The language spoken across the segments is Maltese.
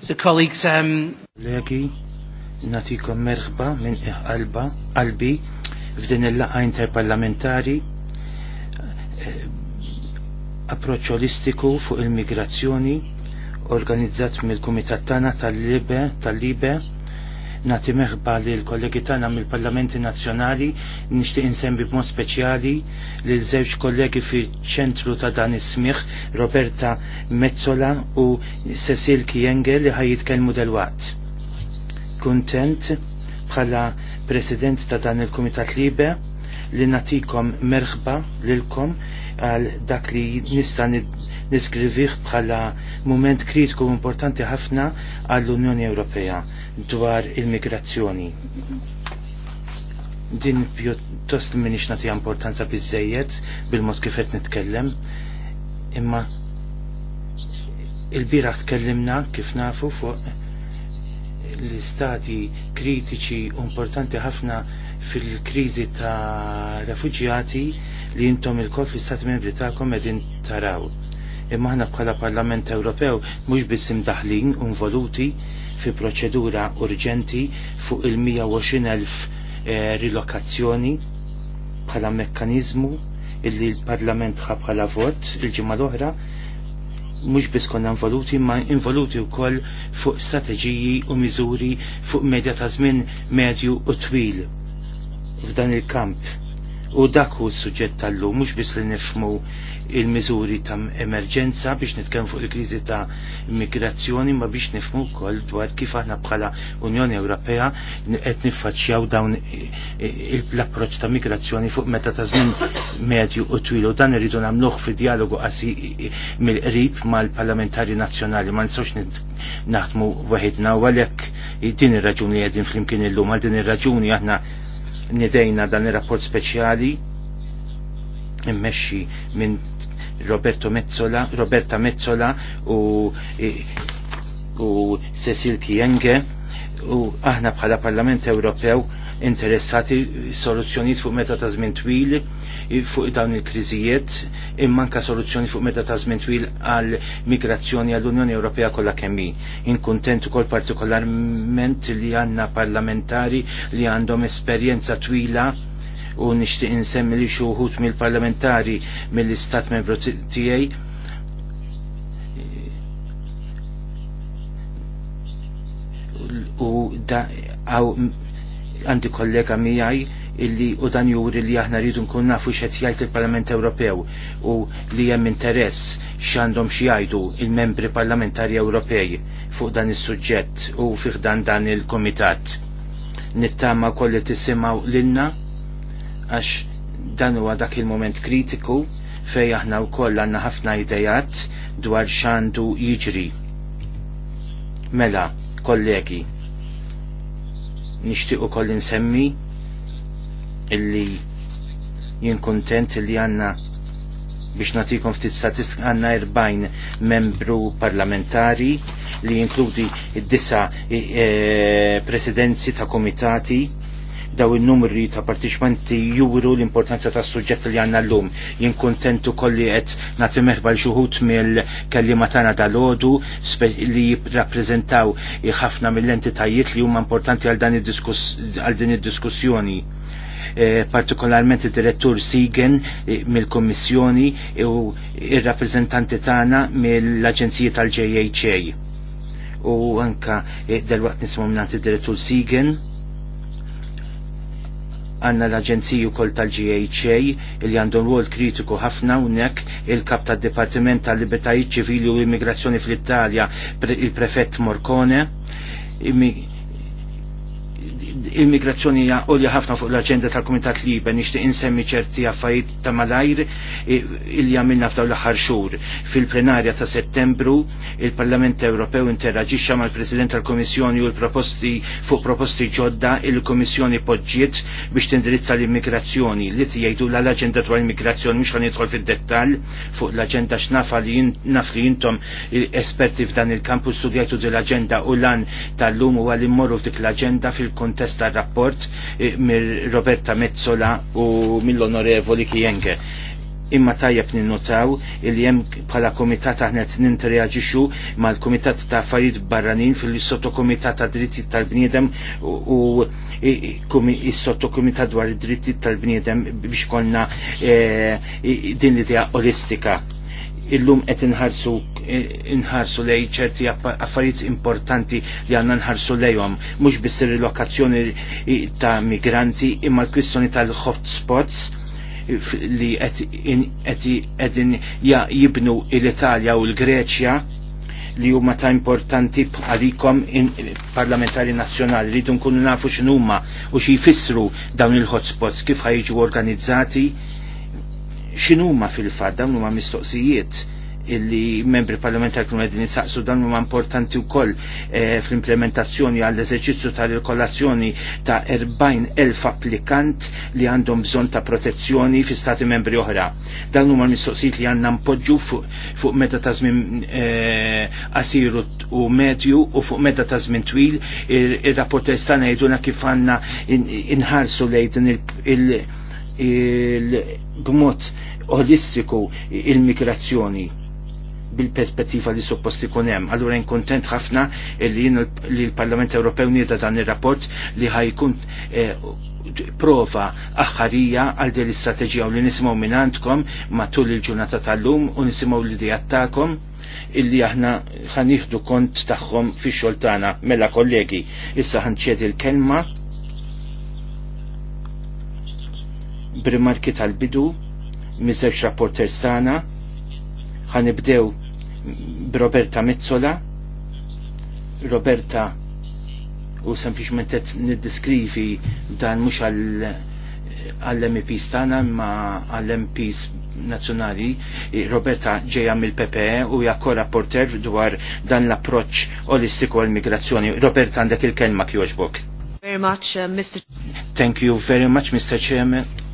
So colleagues, um... Legi, natikom merħba minn qalba, qalbi, f'din il-laqa interparlamentari, eh, approċċolistiku fuq il-migrazzjoni, organizzat mill-Kumitat tagħna tal-Libe, tal-Libe, tal libe tal libe tal libe nati meħba li l-kollegi tagħna mill-Parlamenti Nazzjonali nixtieq insembi b'mod speċjali li żewġ kollegi fiċ-ċentru ta' dan is-smigħ Roberta Mezzola u Cecil Kienge li ħaj jitkellmu wat Kuntent bħala President ta' dan il-Kumitat Libe li natikom merħba lilkom għal dak li nista' niskrivih bħala moment kritiku importanti ħafna għall-Unjoni Ewropea dwar il-migrazzjoni. Din pjuttost minix nagħtiha importanza bizzejiet bil-mod kif qed nitkellem, imma il-bira tkellimna kif nafu fuq l-istati kritiċi importanti ħafna fil-kriżi ta' refugjati li jintom il-kol fl-istati membri ta'kom edin taraw imma ħna bħala Parlament Ewropew mhux biss imdaħlin un involuti fi proċedura urġenti fuq il-120.000 e, rilokazzjoni bħala mekkanizmu illi l-Parlament ħab bħala vot il-ġimgħa l-oħra mhux biss konna involuti ma involuti wkoll fuq strateġiji u miżuri fuq medja ta' żmien medju u twil f'dan il-kamp U dak hu s-suġġett tal-lum mhux biss li nifhmu il-miżuri ta' emerġenza biex nitkem fuq il-kriżi ta' immigrazzjoni ma biex nifhmu wkoll dwar kif aħna bħala Unjoni Ewropea qed niffaċċjaw dawn l-approċċ ta' migrazzjoni fuq meta ta' żmien medju u twil u dan irridu nagħmluh fi dialogu qasi mill-qrib mal-parlamentari nazzjonali ma nistgħux naħdmu waħedna u għalhekk din ir-raġuni qegħdin flimkien illum għal din ir-raġuni aħna nidejna dan il-rapport speċjali immexxi minn Roberto Mezzola, Roberta Mezzola u, u Cecil Kienge u aħna bħala Parlament Ewropew interessati soluzzjonijiet fuq meta ta' żmien twil fuq dawn il-kriżijiet imma anke soluzzjoni fuq meta ta' żmien twil għal migrazzjoni għall unjoni Ewropea kollha kemm hi. Inkuntent ukoll partikolarment li għandna parlamentari li għandhom esperjenza twila u nixtieq insemmi li xi wħud mill-parlamentari mill-istat membru tiegħi u da għandi kollega miħaj illi u dan juri li aħna rridu nkun nafu xed jgħajt il-Parlament Ewropew u li hemm interess x'għandhom x'jgħidu il-membri parlamentari Ewropej fuq dan is-suġġett u fih dan dan il-Komitat. Nittama kolli tisimgħu lilna għax dan huwa dak il-moment kritiku fej aħna wkoll għandna ħafna idejat dwar x'għandu jiġri. Mela, kollegi, nixtieq ukoll insemmi illi jien kontent illi għandna biex natikom ftit statistika għanna 40 membru parlamentari li jinkludi id-disa eh, presidenzi ta' komitati daw il-numri ta' partiċmenti juru l-importanza ta' suġġett li għanna l-lum. Jien kontentu kolli għet nati meħba l-xuhut mill-kellima tana dal-ħodu li jirrapprezentaw ħafna mill-entitajiet li huma importanti għal din id-diskussjoni. E, partikolarment il-direttur Sigen e, mill-Kommissjoni e, u il-rappresentanti tagħna mill-Aġenzija tal-JHA. U anka dalwaqt nisimgħu il direttur Sigen għanna l-Aġenziju kol tal-GHA il għandhom rol kritiku ħafna unnek il-kap tad Dipartiment tal-Libertajiet ċivili u Immigrazzjoni fl-Italja il-prefett Morcone immigrazzjoni għolja ħafna fuq l-agenda tal-Komitat Liba nixtieq insemmi ċerti affarijiet ta' malajr illi għamilna f'daw l-aħħar xhur. Fil-plenarja ta' Settembru il-Parlament Ewropew interaġixxa mal-President tal-Komissjoni u l-proposti fuq proposti ġodda il-Komissjoni poġġiet biex tindirizza l-immigrazzjoni li tgħidu l aġenda dwar l-immigrazzjoni mhux ħanidħol fid-dettall fuq l-aġenda x'nafa li naf li intom esperti f'dan il-kampu studjajtu din l-aġenda u lan tal-lum u għal mmorru f'dik l-aġenda fil-kontest abbozz tar rapport eh, mill Roberta Mezzola u mill-Onorevoli Kienke imma tajjeb ninnotaw li jem bħala komitat aħna qed ninterjaġixxu mal-Kumitat ta' Affarijiet Barranin fil-Sottokumitat ta' Dritti tal-Bniedem u is-Sottokumitat dwar id-Dritti tal-Bniedem biex konna eh, din l-idea olistika illum qed inħarsu inħarsu lej ċerti affarijiet importanti li għandna nħarsu lejhom mhux biss il-lokazzjoni ta' migranti imma l-kwistjoni tal-hotspots li qed jibnu l-Italja u l-Greċja li huma ta' importanti għalikom parlamentari nazzjonali li nkunu nafu x'inhuma u xi jfissru dawn il-hotspots kif ħajġu organizzati x'inhuma fil-fatt dawn huma mistoqsijiet illi membri parlamentari kienu għedin saqsu dan huma importanti wkoll fl-implementazzjoni għall eżerċizzju tal-irkolazzjoni ta' 40,000 applikant li għandhom bżonn ta' protezzjoni fi stati membri oħra. Dan huma mistoqsijiet li għandna mpoġġu fuq meta ta' żmien qasiru u medju u fuq meta ta' żmien twil ir-rapporter stana jgħidulna kif għandna inħarsu lejn il-, il b'mod holistiku il-migrazzjoni bil-perspettiva li suppost ikun hemm. Allura kontent ħafna li l-Parlament Ewropew nieda dan ir-rapport li ħajkun eh, prova aħħarija għal din l-istrateġija u li nisimgħu minantkom matul il-ġurnata tal-lum u nisimgħu l-idea tagħkom illi aħna ħanieħdu kont tagħhom fix-xogħol tagħna mela kollegi. Issa ħanċedi l-kelma b'rimarki tal-bidu mizzeċ rapporter stana, ħanibdew b'Roberta Mezzola. Roberta u sempliċement qed niddiskrivi dan mhux għall-MP stana ma għall-MP nazzjonali Roberta ġeja mill-PPE u jakko rapporter dwar dan l-approċ olistiku għall-migrazzjoni. Roberta għandek il-kelma kjoġbok. Very much, uh, Mr. Thank you very much, Mr. Chairman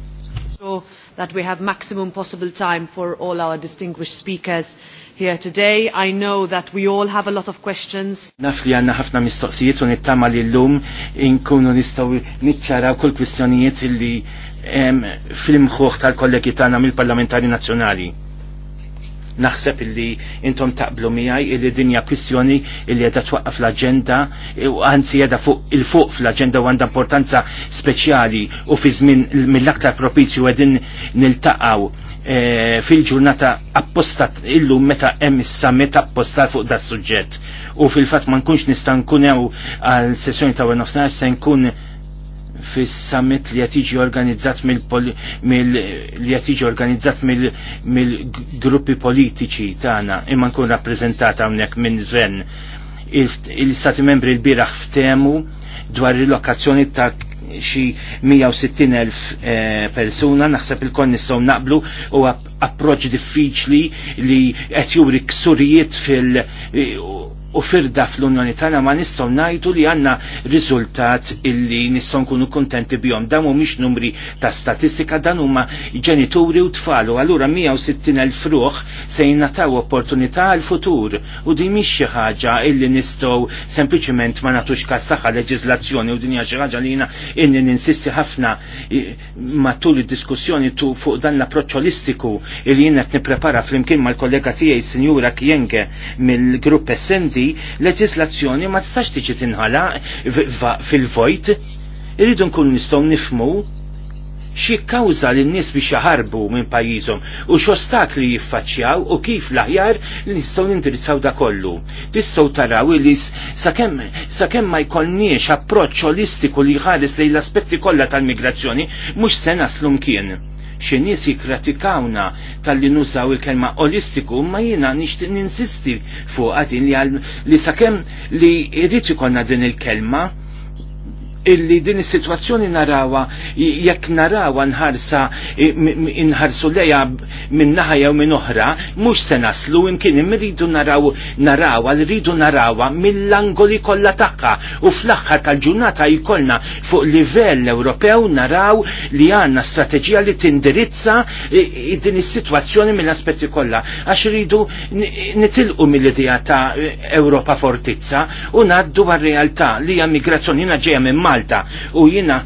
that we have maximum possible time for all our distinguished speakers here today. I know that we all have a lot of questions. Naf li għanna ħafna mistoqsijiet u nittama li l-lum inkunu nistaw nitċara u kull kwistjonijiet li fil-mħuħ tal-kollegi tana mill-parlamentari nazjonali. Naħseb illi intom taqblu miegħi illi dinja kwistjoni illi qiegħda twaqqaf l-aġenda e, u anzi qiegħda fuq il-fuq fl-aġenda u għandha importanza speċjali u fi żmien mill-aktar propizju qegħdin niltaqgħu E, fil-ġurnata appostat illum meta hemm is-summit appostat fuq da' suġġett u fil-fatt ma nkunx nista' nkun hawn għal sessjoni ta' nofsinhar se nkun fis-summit li jatiġi organizzat mill li qed jiġi organizzat mill-gruppi politiċi tagħna imma nkun rappreżentat hawnhekk minn Ren il-Stati membri l-biraħ ftemu dwar il-lokazzjoni ta' xi 160.000 eh, persuna naħseb il-kon nistgħu naqblu u approċċ diffiċli li qed juri ksurijiet fil- u firda fl-Unjoni tagħna ma nistgħu ngħidu li għandna riżultat illi nistgħu nkunu kuntenti bihom. Dan mhumiex numri ta' statistika, dan huma ġenituri u tfal u allura 160,000 ruħ se jingħataw opportunità għal futur u din mhix xi ħaġa illi nistgħu sempliċement ma nagħtux każ tagħha leġiżlazzjoni u din hija xi ħaġa li jiena inni ninsisti ħafna matul id-diskussjoni tu fuq dan l-approċċ holistiku illi jiena qed nipprepara flimkien mal-kollega tiegħi Sinjura Kienke mill-grupp Essendi leġislazzjoni ma tistax tiġi tinħala fil-vojt. Irridu nkun nistgħu nifmu xi li lin nies biex jaħarbu minn pajjiżhom u x'ostakli jiffaċċjaw u kif l-aħjar li nistgħu nindirizzaw da kollu. Tistgħu taraw li sakemm sakemm ma jkollniex approċċ holistiku li jħares lejn l-aspetti kollha tal-migrazzjoni mhux se naslu mkien xi nies jikkritikawna tal-li nużaw il-kelma olistiku ma jiena nixtieq ninsisti fuq din li li sakemm li jrid din il-kelma illi din is-sitwazzjoni narawa jekk narawa nħarsa nħarsu lejha minn naħa jew minn oħra mhux se naslu imkien imridu naraw narawa li rridu narawa mill-angoli kollha tagħha u fl-aħħar tal-ġurnata jkollna fuq livell Ewropew naraw li għandna strateġija li tindirizza din is-sitwazzjoni mill-aspetti kollha għax rridu nitilqu mill-idea ta' Ewropa fortizza u ngħaddu għar-realtà li hija migrazzjoni ġejja minn Malta u jina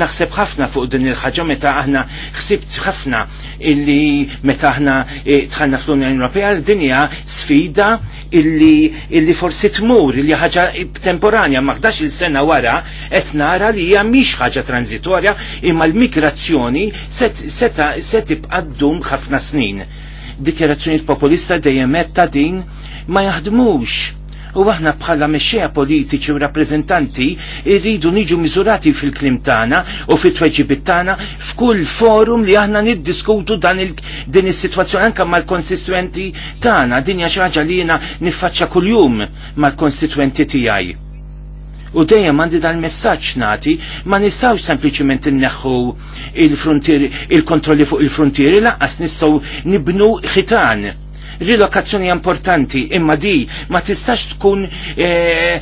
naħseb ħafna fuq din il-ħaġa meta aħna ħsibt ħafna illi meta aħna e, tħanna fl-Unjoni Ewropea l-dinja sfida illi, illi forsi tmur illi ħaġa temporanja maħdax il-sena wara qed nara li hija mhix ħaġa transitorja imma l-migrazzjoni se tibqa' ddum ħafna snin. Dikjerazzjonijiet populista dejjem ta' din ma jaħdmux U aħna bħala mexxejja politiċi u rappreżentanti irridu niġu miżurati fil-klim tagħna u fit tweġibiet tagħna f'kull forum li aħna niddiskutu dan din is-sitwazzjoni anke mal konstituenti tagħna, din hija xi ħaġa li jiena niffaċċa kuljum mal-konstituenti tiegħi. U dejjem għandi dal-messaġġ nagħti ma nistgħux sempliċement inneħħu il-frontieri il-kontrolli fuq il-frontieri laqas nistgħu nibnu ħitan rilokazzjoni importanti, imma di ma tistax tkun eh,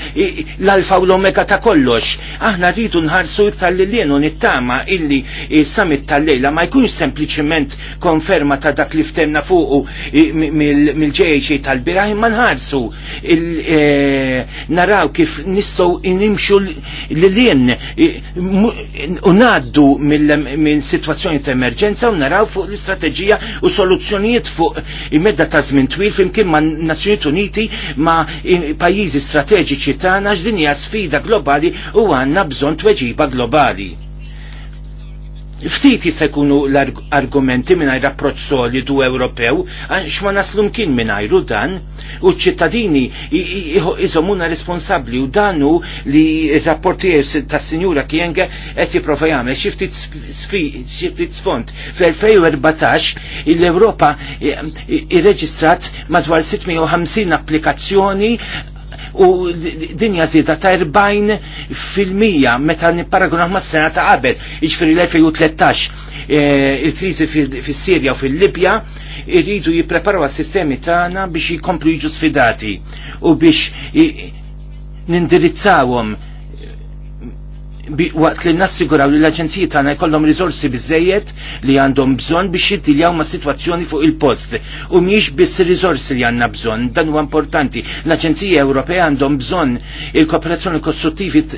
l-alfa u l-omega ta' kollox. Aħna rridu nħarsu iktar li l-lienu nittama illi summit tal-lejla ma jkunx sempliciment konferma ta' dak li ftemna fuqu mill-ġeħiċi tal birah imma nħarsu eh, naraw kif nistow nimxu l-lien unaddu minn situazzjoni ta' emerġenza u naraw fuq l-istrateġija u soluzzjonijiet fuq imedda ta' żmien twil flimkien ma' Nazzjonijiet Uniti ma' pajjiżi strateġiċi tagħna x'din hija sfida globali u għandna bżonn tweġiba globali ftit jista' jkunu l-argumenti mingħajr approċċ solidu Ewropew għax ma kien mkien mingħajru dan u ċ-ċittadini iżomuna responsabbli u danu li r-rapportier tas-Sinjura Kienge qed jipprova jagħmel xi ftit sfond. Fl-2014 l-Ewropa irreġistrat madwar 650 applikazzjoni u dinja zida ta' 40 fil-mija meta nipparagunaw ma' s-sena ta' qabel, iġfiri l-2013 e, il-krizi fil-Sirja u fil-Libja irridu jipreparu għas-sistemi tagħna biex jikomplu jiġu sfidati u biex nindirizzawhom waqt li nassiguraw li l-aġenziji tagħna jkollhom riżorsi biżejjed li għandhom bżonn biex jittiljaw ma' sitwazzjoni fuq il-post. U mhijiex biss riżorsi li għandna bżonn, dan huwa importanti. l aġenzija Ewropea għandhom bżonn il-kooperazzjoni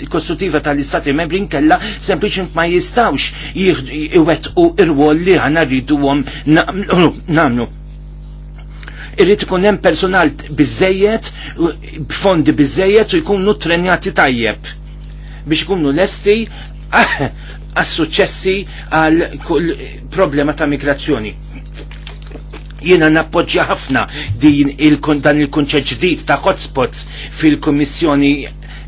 kostruttiva tal-Istati membri nkella sempliċement ma jistgħux iwettqu ir-wol li għandna rriduhom nagħmlu. Irrid ikun hemm personal biżejjed, fondi biżejjed u jkunu trenjati tajjeb biex kunnu lesti għas-suċessi għal problema ta' migrazzjoni. Jiena nappoġġja ħafna din il il-kunċett ġdid ta' hotspots fil kummissjoni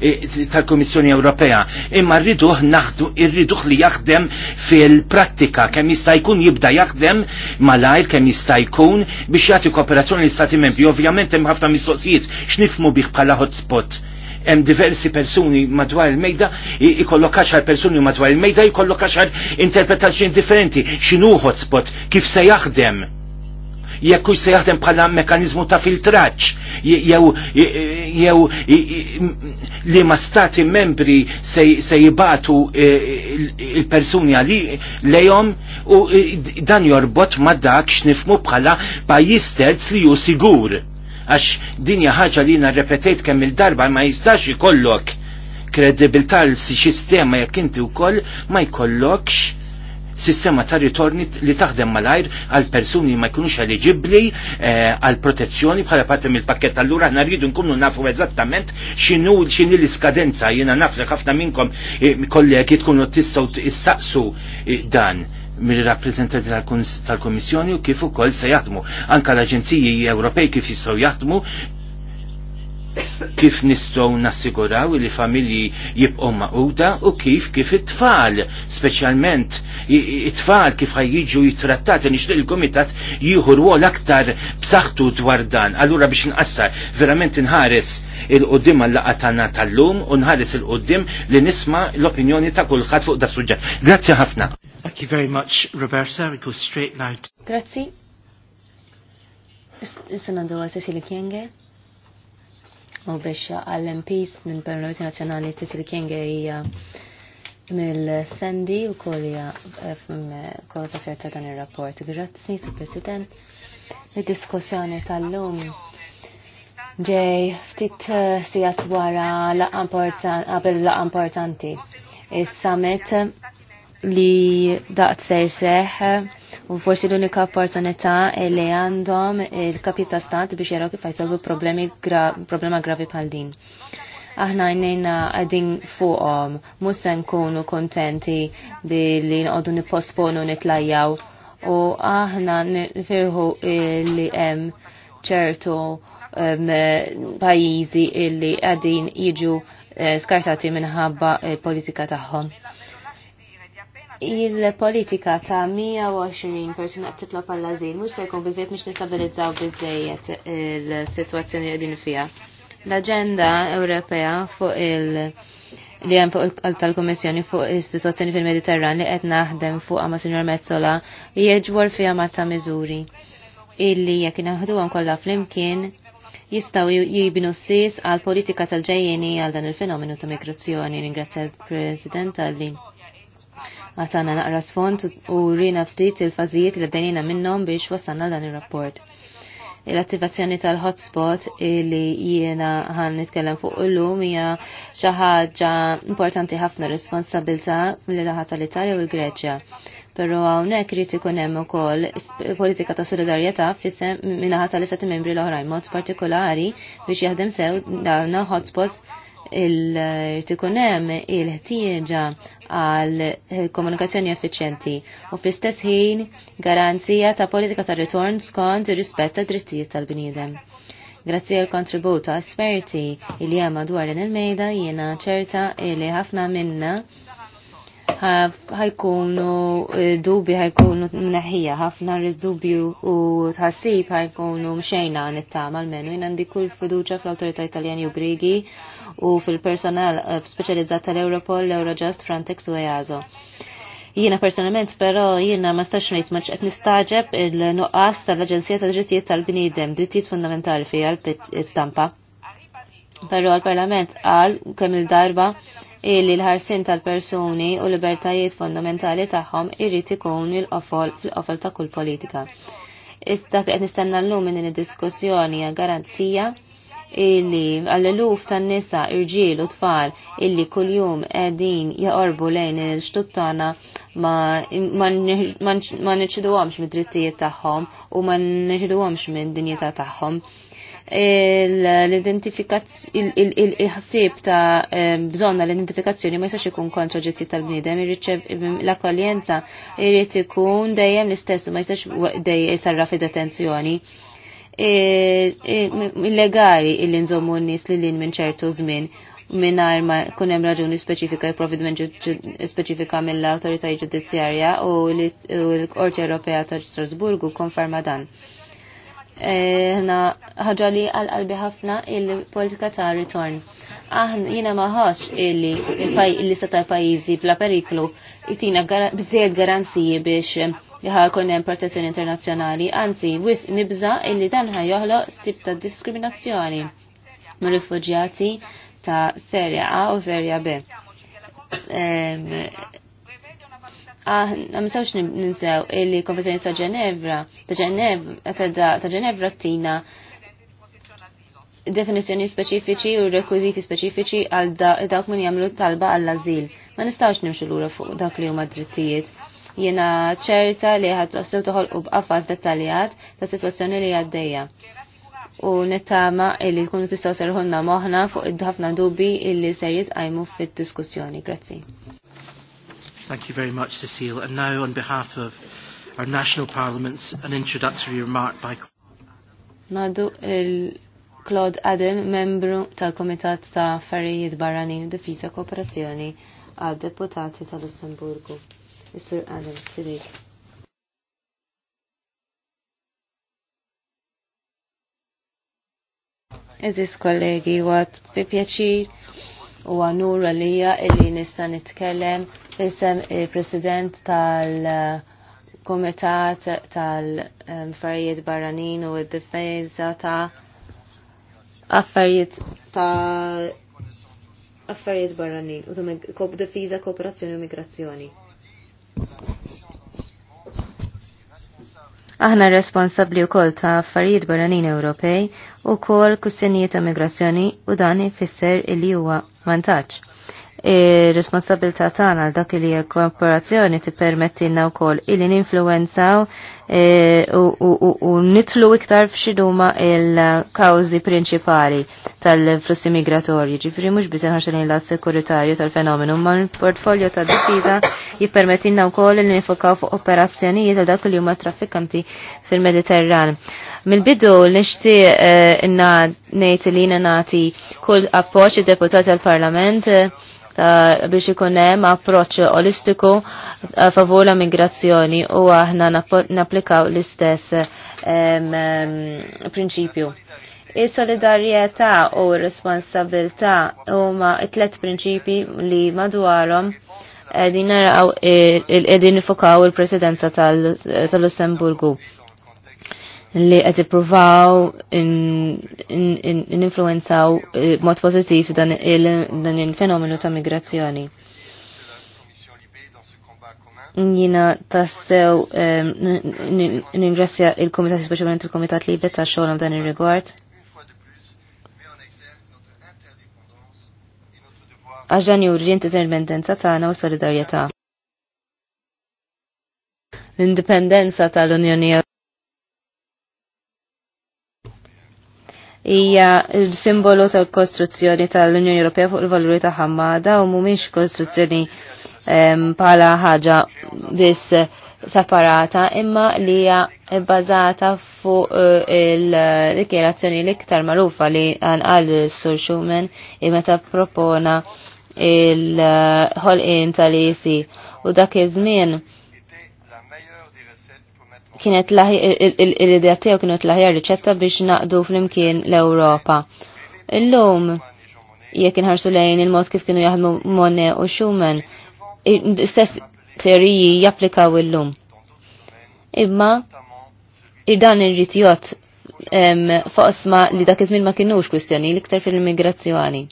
eh, tal-Komissjoni Ewropea. Imma rridu naħdu irriduh li jaħdem fil-prattika kemm jista' jkun jibda jaħdem malajr kemm jista' jkun biex jagħti kooperazzjoni l-Istati Membri. Ovvjament hemm ħafna mistoqsijiet x'nifmu bih bħala hotspot hemm diversi persuni madwar il-mejda, ikollok għaxar persuni madwar il-mejda, ikollok għaxar interpretazzjoni differenti, x'inhu hotspot, kif se jaħdem jekk se jaħdem bħala mekanizmu ta' filtraċ jew jew li ma stati membri se jibatu e, il-persuni għali lejom u dan jorbot ma dak x'nifmu bħala pajjiż terz li hu sigur għax dinja ħaġa li narrepetejt kemm il-darba ma jistax ikollok kredibilità l-sistema jekk inti wkoll ma jkollokx sistema ta' ritorni li taħdem malajr għal persuni ma jkunux eligibli eh, għal protezzjoni bħala parti mill pakket allura ħna rridu nkunu nafu eżattament xinu xini l-iskadenza jiena naf li ħafna minnkom eh, kollegi tkunu tistgħu issaqsu eh, dan mill-rappresentanti tal-Komissjoni u kif ukoll se jaħdmu. Anka l-Aġenziji Ewropej kif jistgħu jaħdmu kif nistgħu nassiguraw li familji jibqgħu maquda u kif kif it-tfal, speċjalment it-tfal kif ħajjiġu jittrattati nixtieq il-kumitat jieħu rwol aktar b'saħħtu dwar dan. Allura biex inqassar verament inħares il-qudiem għall-laqgħa tagħna tal-lum u nħares il-qudiem li nisma' l-opinjoni ta' kulħadd fuq da' suġġett. Grazzi ħafna. Thank you very much, Roberta. We go straight now. To... Grazie. Is-sanandu għal Cecilia Kienge. U biex għall-MPs minn Parlament Nazzjonali Cecilia Kienge hija mill-Sendi u kolja eh, korporazzjoni ta' dan ir-rapport. Grazzi, Sur President. Id-diskussjoni tal-lum ġej ftit eh, sijat wara laqqa importanti. Is-summit li daqt ser seħ u forsi l-unika opportunità li għandhom il kapita ta' stat biex jaraw kif jsolvu problemi gra problema gravi bħal din. Aħna jnejna għadin fuqom, musa nkunu kontenti billi nqodu nipposponu nitlajjaw u aħna nifirħu li hemm ċertu pajizi illi għadin jiġu eh, skarsati minħabba il-politika tagħhom il-politika ta' 120 persuna qed titlob għall azil mhux se jkun biżejjed mhux nistabilizzaw biżejjed il-sitwazzjoni li din fiha. L-aġenda Ewropea fuq il- li hemm fuq tal-Kummissjoni fuq is-sitwazzjoni fil-Mediterran li qed naħdem fuq ma' Sinjor Mezzola jeġwor fiha ta' miżuri illi jekk naħduhom kollha flimkien jistaw jibinu s-sis għal politika tal-ġejjeni għal dan il-fenomenu ta' migrazzjoni. Ringrazzja l-President għalli għatana naqra sfond u rina ftit il-fazijiet li għaddejnina minnom biex wasanna dan il-rapport. l attivazzjoni tal-hotspot li jiena ħan nitkellem fuq illum hija xi ħaġa importanti ħafna responsabilità mill laħat tal-Italja u l-Greċja. Pero hawnhekk irid ikun hemm ukoll politika ta' solidarjetà fisem tal-istati membri l-oħrajn mod partikolari biex jaħdem sew dawn hotspots il-tikunem il-ħtieġa għal komunikazzjoni effiċjenti u fl-istess ħin garanzija ta' politika ta' ritorn skont ir-rispett ta' drittijiet tal-bniedem. Grazzi għal kontribut ta' esperti il hemm dwar din il-mejda jiena ċerta li ħafna minna ħajkunu eh, dubi ħajkunu mneħija, ħafna dubju u tħassib ħajkunu mxejna nittama l-menu. Jina għandi kull fiduċa fl-autorita italjani u gregi u fil-personal eh, specializzat tal-Europol, l-Eurojust, Frontex u EASO. Jiena personalment, però jiena ma stax nejt maċ qed nistaġeb il-nuqqas tal-Aġenzija tad-Drittijiet tal-Bniedem, drittijiet fundamentali fiha l Stampa. Però l-Parlament qal kemm il-darba illi l-ħarsin tal-persuni u libertajiet fundamentali tagħhom irrid ikun il-qofol fil-qofol ta' kull politika. Issa qed nistenna llum minn id-diskussjoni garanzija illi għall-eluf tan nisa irġiel u tfal illi kuljum għedin jaqorbu lejn il-xtuttana ma nċidu għamx mid-drittijiet tagħhom u ma nċidu għamx mid-dinjeta tagħhom il-ħsib ta' bżonna l-identifikazzjoni ma jistax ikun kontra ġitti tal-bniedem, irriċev l-akkoljenza irrid ikun dejjem l-istess ma jistax dejjem jisarra detenzjoni illegali illi nżommu n-nis li l-in minn ċertu żmien minnar ma kunem raġuni speċifika e provvediment speċifika mill-autorità ġudizzjarja u l-Qorti Ewropea ta' Strasburgu konferma dan. E, ħna ħagġali li għal-qalbi ħafna il-politika ta' ritorn. Aħn jina maħħax illi il-lista ta' pajizi bla periklu jtina bżed garanziji biex li ħakon hemm protezzjoni internazzjonali, anzi wis nibża illi dan ħaj joħlo sib ta' diskriminazzjoni mir rifuġjati ta' serja A u serja B. sawx ninsew illi konvenzjoni ta' Ġenevra, ta' Ġenevra tina definizjoni speċifiċi u rekwiziti speċifiċi għal dawk min jagħmlu talba għall azil Ma nistgħux nimxu lura fuq dak li huma drittijiet. Jiena ċerta li ħad sew toħolqu b'qafas dettaljat ta' sitwazzjoni li għaddejja. U nittama illi tkunu tistgħu serħunna moħħna fuq id-ħafna dubi illi se jitqajmu fid-diskussjoni. Grazzi. Thank you very much, Cecile. And now, on behalf of our national parliaments, an introductory remark by Nadu il-Claude Adam, membru tal-Komitat ta' Affarijiet Barranin u Difiża Kooperazzjoni għad deputati tal-Lussemburgu. Mr. Adam, fidik. Eżis kollegi, għat bi pjaċir u għanur għalija illi nista nitkellem isem il-president tal-komitat tal-affarijiet barranin u id-difejza ta' affarijiet tal affarijiet barranin u ta' kop kooperazzjoni u migrazzjoni. Aħna responsabli wkoll ta' affarijiet barranin Ewropej u kol kussinijiet ta' migrazzjoni u dan ifisser illi huwa vantaġġ. Ir-responsabilità tagħna għal dak li hija korporazzjoni tippermettilna wkoll illi ninfluwenzaw Eh, u nitlu iktar f'xiduma il-kawzi prinċipali tal-flussi migratorji. Ġifri mux bizzen ħaxin la sekuritarju tal-fenomenu, ma l-portfolio ta' difiza jippermettinna u koll li nifokaw fuq operazzjonijiet ta' dak li huma traffikanti fil-Mediterran. Mil-bidu nishti eh, inna nejt li nati kull appoċi deputati għal-parlament eh, biex ikun hemm approċċ olistiku eh, favur l-immigrazzjoni u aħna napplikaw l-istess prinċipju. Is-solidarjetà u r-responsabilità huma t-tlet prinċipji li madwarhom qegħdin naraw qegħdin nifokaw il-presidenza tal-Lussemburgu. tal lussemburgu li qed ippruvaw ninfluenzaw eh, mod pożittiv dan il-fenomenu ta' migrazzjoni. Jina tassew ningrassja il-Komitat, speċjalment il-Komitat Libe ta' xogħol dan ir-rigward. Għaxġan juri interdependenza tagħna u solidarjetà. L-indipendenza tal-Unjoni hija l-simbolu tal-kostruzzjoni tal-Unjoni Ewropea fuq il-valuri ta' ħammada u mhumiex kostruzzjoni bħala ħaġa biss separata imma li hija bbażata fuq eh, il-dikjerazzjoni l-iktar magħrufa li għanqal Sur Schumann meta propona il-ħolqien tal-isi u dak iż-żmien kienet l-idea tiegħu kienet l-aħjar riċetta biex naqdu flimkien l-Ewropa. Illum jekk inħarsu lejn il-mod kif kienu jaħdmu Monet u Schumann, stess teoriji japplikaw illum. Imma ir-dan irrid jgħod fosma li dak iż-żmien ma kienux kwistjoni l-iktar fil-immigrazzjoni.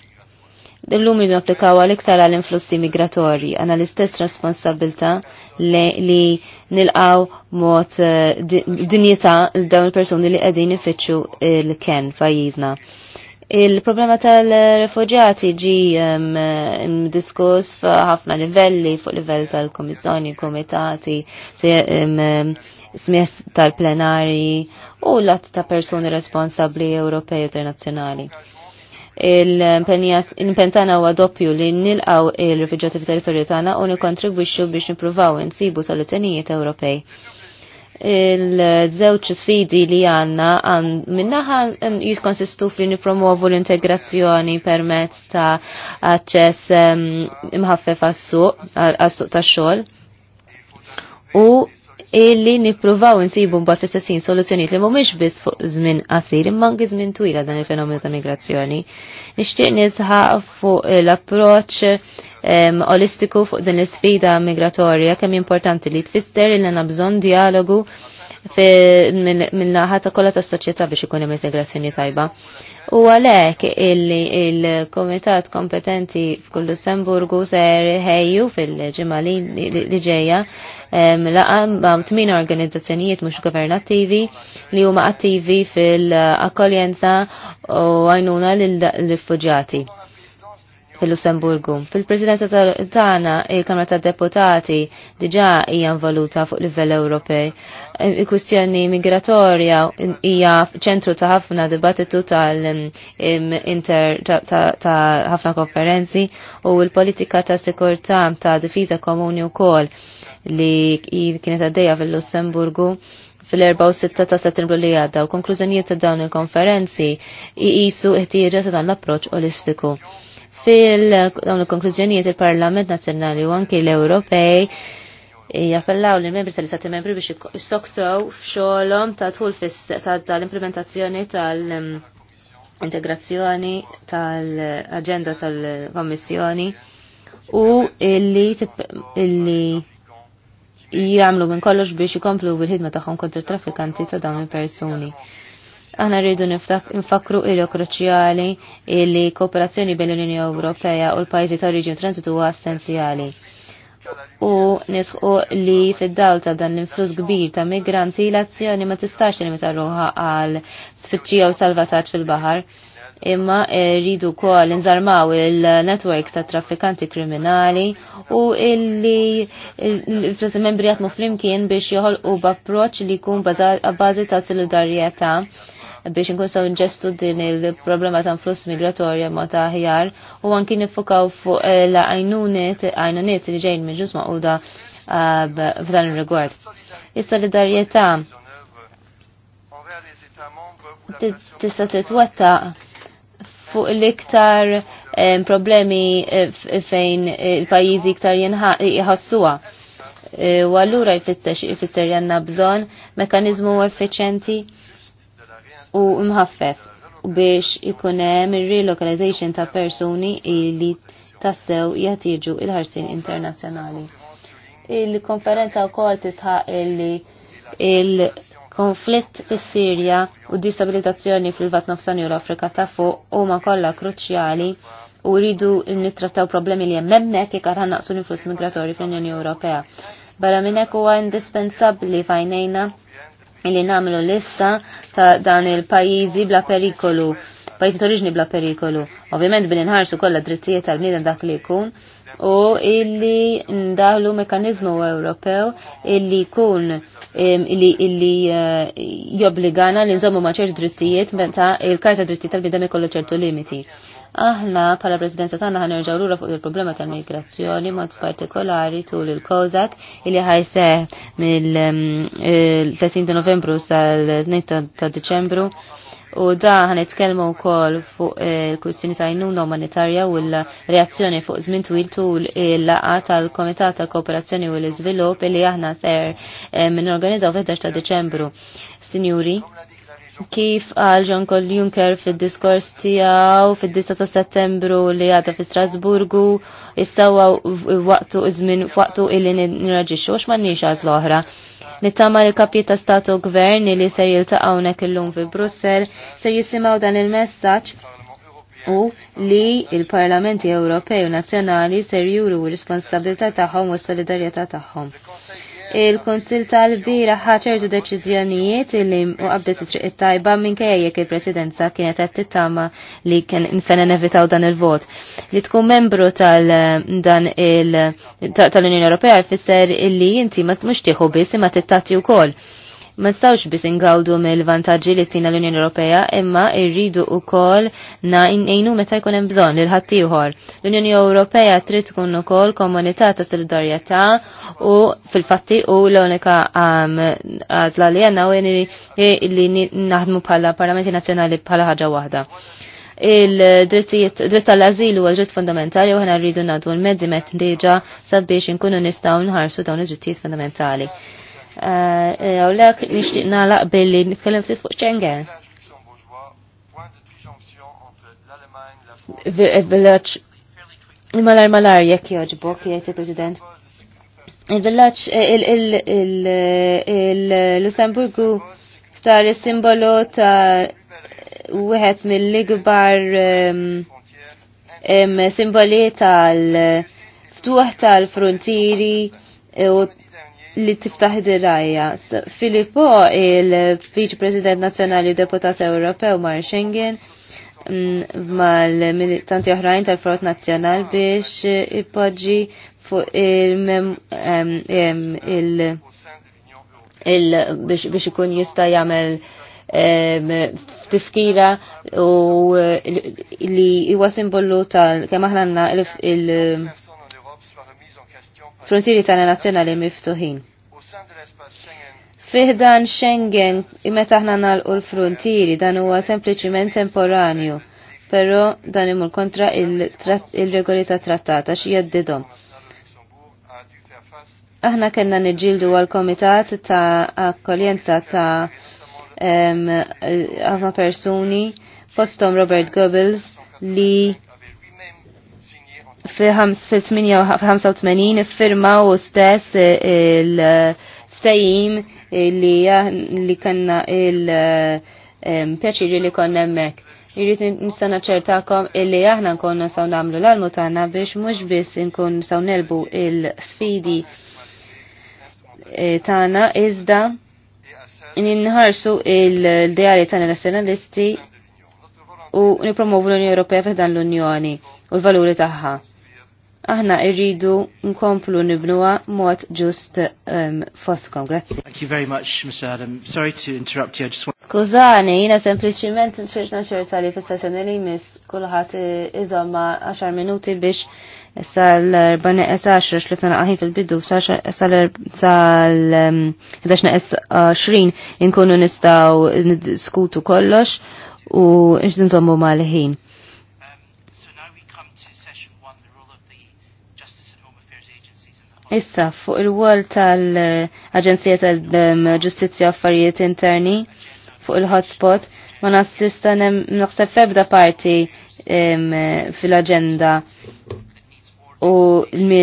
Illum irridu applikaw għal iktar għall influssi migratorji għandha l-istess responsabilta li nilqaw mot eh, dinjità l-dawn il-persuni li qegħdin ifittxu il ken fajizna. Il-problema tal-refugjati ġi diskuss f'ħafna livelli, fuq livell tal-komissjoni, komitati, smies tal-plenari u l-att ta' persuni responsabli Ewropej u internazzjonali il-impentana u doppju li nilqaw il-rifuġjati fit-territorju tagħna u nikontribwixxu biex nippruvaw insibu sal-etenijiet Ewropej. Il-żewġ sfidi li għanna minnaħa jiskonsistu fli nipromovu l-integrazzjoni permezz ta' aċċess mm, imħaffef għas-suq ta' xogħol u illi nippruvaw insibu mbagħad fis-sessin soluzzjonijiet li mhumiex biss fuq żmien qasir imma anke żmien twila dan il-fenomenu ta' migrazzjoni. Nixtieq nisħaq fuq l-approċċ holistiku olistiku fuq din l-isfida migratorja kemm importanti li tfisser li għandna bżonn dialogu mill-naħa ta' kollha tas-soċjetà biex ikun hemm integrazzjoni tajba. U għalek il-komitat kompetenti f'kull Lussemburgu ser ħejju fil-ġimma li ġeja ma' tmin organizzazzjonijiet mhux governattivi li huma attivi fil-akkoljenza u għajnuna l-rifuġjati fil-Lussemburgu. Fil-Presidenza tagħna il-Kamra tad-Deputati diġà hija involuta fuq livell Ewropej il-kustjoni migratorja hija ċentru ta' ħafna dibattitu tal-inter ta' ħafna konferenzi u l-politika ta' sikurtà ta' difiża komuni wkoll li kienet għaddejja fil-Lussemburgu fil-4 u 6 ta' settembru li għadda u konklużjonijiet ta' dawn il-konferenzi jisu ħtieġa ta' dan l-approċċ olistiku fil dawn il-konklużjonijiet il-Parlament Nazzjonali u anki l-Ewropej jappellaw li membri tal-istati membri biex jissoktow f'xogħolhom ta' tħul tal-implementazzjoni tal-integrazzjoni mm, tal-aġenda tal-Kommissjoni u illi illi minn kollox biex ikomplu bil-ħidma tagħhom kontra traffikanti ta' dawn il-persuni. Aħna rridu nfakru il kruċjali li kooperazzjoni bejn l-Unjoni Ewropea u l-pajjiżi ta' oriġin transitu huwa essenzjali u nisħu li fid-dawl ta' dan l-influss kbir ta' migranti l-azzjoni ma tistax li meta ruħa għal sfittxija u salvataġġ fil-baħar. Imma eh, rridu kol nżarmaw il-networks ta' traffikanti kriminali u illi il-presi membri jatmu flimkien biex joħol u b'approċ li jkun bazi ta' solidarieta' biex nkun saw nġestu din il-problema ta' flus migratorja ma ta' ħjar u anki nifokaw fuq eh, la' għajnunet għajnunet li ġejn minn ġus maqquda eh, f'dan il-rigward. Is-solidarjetà tista' titwetta fuq l-iktar eh, problemi fejn il-pajjiżi iktar jħassuha. U allura jfisser janna bżonn mekanizmu effiċenti u u biex ikunem il-relocalization ta' personi li tassew jatiġu il-ħarsin internazzjonali. Il-konferenza u kol tisħaq li il-konflitt fis sirja u disabilitazzjoni fil-vat nafsani u l-Afrika ta' fuq u ma kolla kruċjali u rridu nittrattaw problemi li jemmemmek jekar naqsu l-influss migratori fl-Unjoni Ewropea. Barra minnek huwa indispensabbli fajnejna illi namlu lista ta' dan il-pajizi bla perikolu, pajizi t-oriġni bla perikolu. Ovvijament bil inħarsu kolla drittijiet tal-bniedem dak li jkun u illi ndaħlu mekanizmu Ewropew illi kun illi, illi eh, jobbligana li nżommu ma' drittijiet menta il-karta drittijiet tal-bniedem ikollu ċertu limiti. Aħna bħala presidenza tagħna nerġgħu lura fuq il-problema tal-migrazzjoni mod partikolari tul il-Kozak illi ħajse mill-30 mm, ta' Novembru sal-2 ta' Diċembru. U da itkellmu wkoll fuq eh, il-kwistjoni ta' jnuna umanitarja u l-reazzjoni fuq żmien twil tul il laqgħa tal-Komitat ta' Kooperazzjoni u l-Iżvilupp li aħna ser minn eh, organizzaw 11 ta' Deċembru. Sinjuri, Kif għal John Col Juncker fil-diskors tijaw fil-10 ta' settembru li għada fi Strasburgu, jissawa waqtu izmin waqtu illi nirraġiċu, għax man nix għaz l Nittama li kapji ta' statu gvern li se jiltaqawnek il-lum fi Brussel, se jissimaw dan il-messaċ u li il-Parlamenti Ewropej u Nazzjonali ser juru responsabilta tagħhom u s-solidarjetà tagħhom il-Konsil tal-bira deċizjonijiet deċiżjonijiet li u qabdet it-triq tajba minn kejjek il-Presidenza kienet qed tittama li kien nsena nevitaw dan il-vot. Li tkun membru tal-dan unjoni Ewropea jfisser illi inti ma mhux tieħu biss imma tittati wkoll ma nistawx biss ingawdu mill-vantaġġi li tina l-Unjoni Ewropea imma irridu wkoll ngħinu meta jkun hemm bżonn lil ieħor. L-Unjoni Ewropea trid tkun ukoll komunità ta' solidarjetà u fil-fatti u l-unika għażla li għandna u li naħdmu bħala Parlamenti Nazzjonali bħala ħaġa waħda il dritt tal-azil huwa dritt fundamentali u ħana rridu nadu l-mezzi met deġa sabiex inkunu nistgħu nħarsu dawn il drittijiet fundamentali. Għawlek nishtiq nalaq billi nitkellem ftit fuq Schengen. Villaċ Malar malar jekk joġbok, jgħid il-President. villaċ il-Lussemburgu sar simbolo ta' wieħed mill-ikbar ehm, ehm, simboli tal-ftuħ tal frontiri u li tiftaħ dirajja. Filippo, il vice President Nazzjonali Deputat Ewropew mar Schengen, mm, mal-militanti oħrajn tal-Front Nazzjonal biex ipoġġi fuq il- biex ikun jista' jagħmel tifkira u li huwa simbolu tal kemm aħna il- frontieri tagħna nazzjonali miftuħin. Fih dan Schengen meta aħna nagħlqu l-frontieri dan huwa sempliċiment temporanju, però dan imur kontra il-regoli ta' trattata xi jeddidhom. Aħna kellna niġġieldu għal-Komitat ta' Akkoljenza ta' għafna eh, persuni fostom Robert Goebbels li fil firma u stess eh, il-ftajim eh, eh, li, li kanna il-pjaċiri li konna emmek. Irrit nistana ċertakom illi aħna nkonna saw namlu l-almu tagħna biex mhux biss nkun saw nelbu il-sfidi tagħna iżda ninħarsu il-dejali tagħna nazzjonalisti u nipromovu l-Unjoni Ewropea f'dan l-Unjoni u l-valuri tagħha aħna irridu nkomplu nibnuha mod ġust um, foskom. Grazzi. Thank you very much, Ms. Adam. Sorry to interrupt you. I just want... Skużani, jina sempliciment nċertna ċerta li fil li mis kullħat iżomma 10 minuti biex sal-14 li fna għahin fil-bidu es 20 inkunu nistaw diskutu kollox u nġdinżommu mal-ħin. Issa, fuq il-wol tal-Aġenzija tal-Ġustizja Affarijiet Interni, fuq il-hotspot, ma nassista naħseb febda parti fil-agenda u li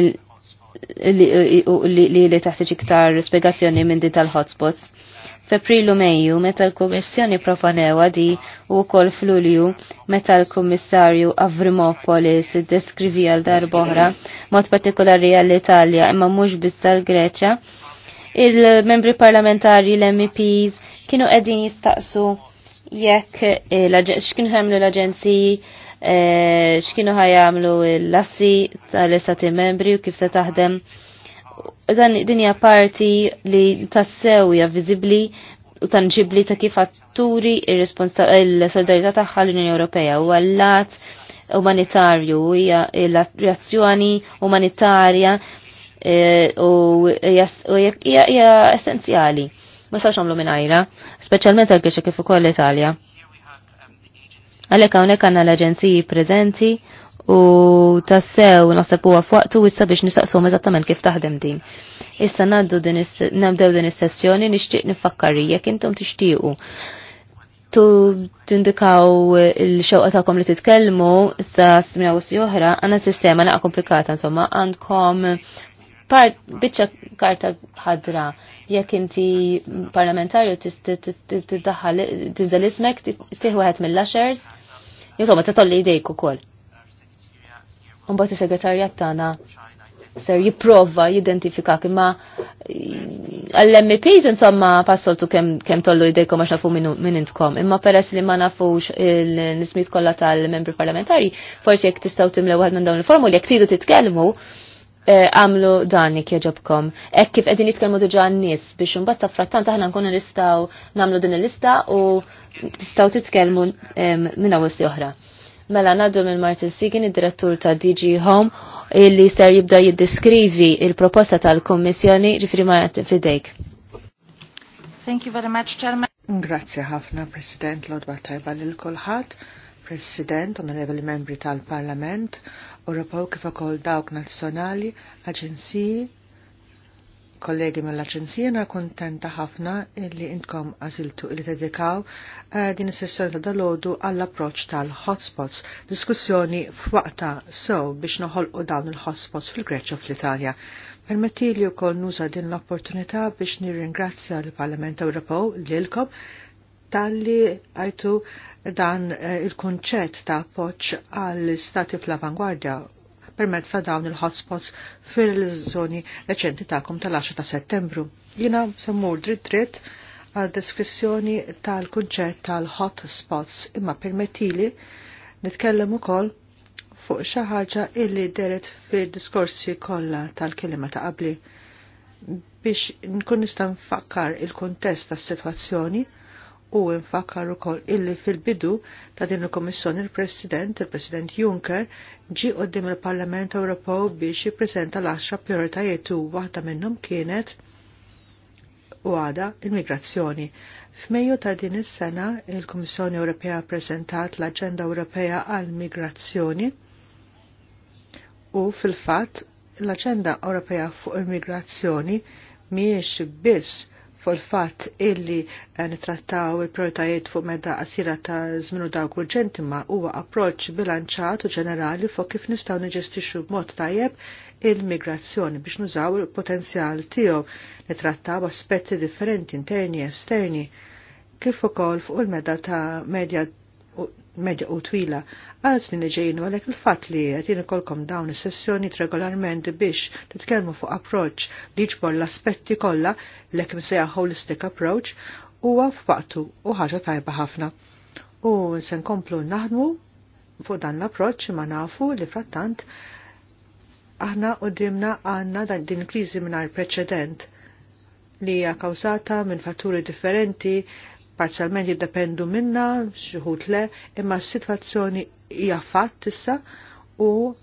li taħtiġ iktar spiegazzjoni minn din tal-hotspots f'Aprilu Mejju meta l-Kummissjoni proponewa di u wkoll f'Lulju meta l-Kummissarju Avrimopolis deskrivi għal darb'oħra, mod partikolari għall-Italja imma mhux biss għall-Greċja, il-membri parlamentari l-MEPs kienu qegħdin jistaqsu jekk eh, x'kienu jagħmlu l aġenzi eh, x'kienu ħajamlu l-assi tal-istati membri u kif se taħdem dan dinja parti li tassewja viżibbli u tanġibli ta' kif atturi il-solidarità tagħha l-Unjoni Ewropea u għallat umanitarju hija l-reazzjoni umanitarja eh, u hija essenzjali. Ma sarx nagħmlu ajra, speċjalment għal kif ukoll l-Italja. Għalhekk hawnhekk għandna l-aġenziji preżenti u tassew naħseb huwa f'waqtu issa biex nistaqshom eżattament kif taħdem din. Issa naddu din nabdew din is-sessjoni nixtieq nifakkar jekk intom tixtiequ. Tu tindikaw il-xewqa tagħkom li titkellmu issa smina u oħra għandna sistema naqa' komplikata insomma għandkom part biċċa karta ħadra jekk inti parlamentarju tiddaħħal tiżel ismek tieħu mill-lashers. Insomma, titolli jdejk ukoll Unbat il-segretarjat tagħna ser jipprova jidentifika kima għall-MPs insomma passoltu kemm kem tollu jdejkom għax nafu minn intkom. Imma peress li ma nafux il nismit kollha tal-membri parlamentari, forsi jekk tistgħu timlew waħed minn dawn il-formuli jekk tridu titkellmu eh, għamlu dan jek jaġobkom. Ek kif għedin jitkelmu diġa n-nis biex unbat saffrattant aħna nkunu nistaw namlu din il-lista u tistaw titkelmu eh, minna wis oħra. Mela naddu minn Martin Sigin, id-direttur ta' DG Home, illi ser jibda jiddiskrivi il-proposta tal-Kommissjoni ġifri ma' fidejk. Thank you very much, Chairman. Grazie ħafna, President Lodba Tajba l kolħat President, Onorevoli Membri tal-Parlament, Europol kif ukoll dawk nazzjonali, aġenziji, kollegi mill-Aġenzija na kontenta ħafna li intkom għaziltu li dedikaw eh, din is-sessjoni ta' dalodu għall-approċ tal-hotspots, diskussjoni f'waqta sew biex noħolqu dawn il-hotspots fil-Greċja u fl-Italja. Permetti li wkoll nuża din l-opportunità biex nirringrazzja l-Parlament Ewropew lilkom tal-li għajtu dan eh, il-konċett ta' poċ għall-stati fl-avangwardja permezz ta' dawn il-hotspots fil-żoni reċenti tagħkom tal-10 ta' Settembru. Jiena semmur dritt dritt għal deskrizzjoni tal-kunċett tal-hotspots imma permettili nitkellem ukoll fuq xi ħaġa illi deret fid-diskorsi kollha tal-kelima ta' qabli biex nkun nista' nfakkar il-kuntest tas-sitwazzjoni u nfakkar ukoll illi fil-bidu ta' din il komissjoni il-President, il-President Juncker, ġi qoddim il-Parlament Ewropew biex jippreżenta l-10 prioritajiet u waħda minnhom kienet u għada immigrazzjoni. F'Mejju ta' din is-sena il-Kummissjoni Ewropea preżentat l-Aġenda Ewropea għal migrazzjoni u fil-fatt l-Aġenda Ewropea fuq immigrazzjoni mhijiex biss fuq fat fatt illi eh, nitrattaw il-prioritajiet fuq medda qasira ta' zminu dawk urġenti ma huwa approċċ bilanċat u ġenerali fuq kif nistgħu niġestixxu b'mod tajjeb il-migrazzjoni biex nużaw il-potenzjal tiegħu nitrattaw aspetti differenti interni esterni kif ukoll fuq il medda ta' medja medja u twila. Għal snin neġejnu għalek il-fat li għatini kolkom dawn is-sessjoni regolarment biex titkellmu fuq approach li ġbor l-aspetti kollha l-ek msejja holistic approach huwa f'waqtu u ħaġa tajba ħafna. U se nkomplu naħdmu fuq dan l-approċ ma nafu li frattant aħna dimna għanna dan din krizi mingħajr preċedent li hija kawżata minn fatturi differenti parzialment jiddependu minna, xuħut le, imma s-situazzjoni hija fatt issa u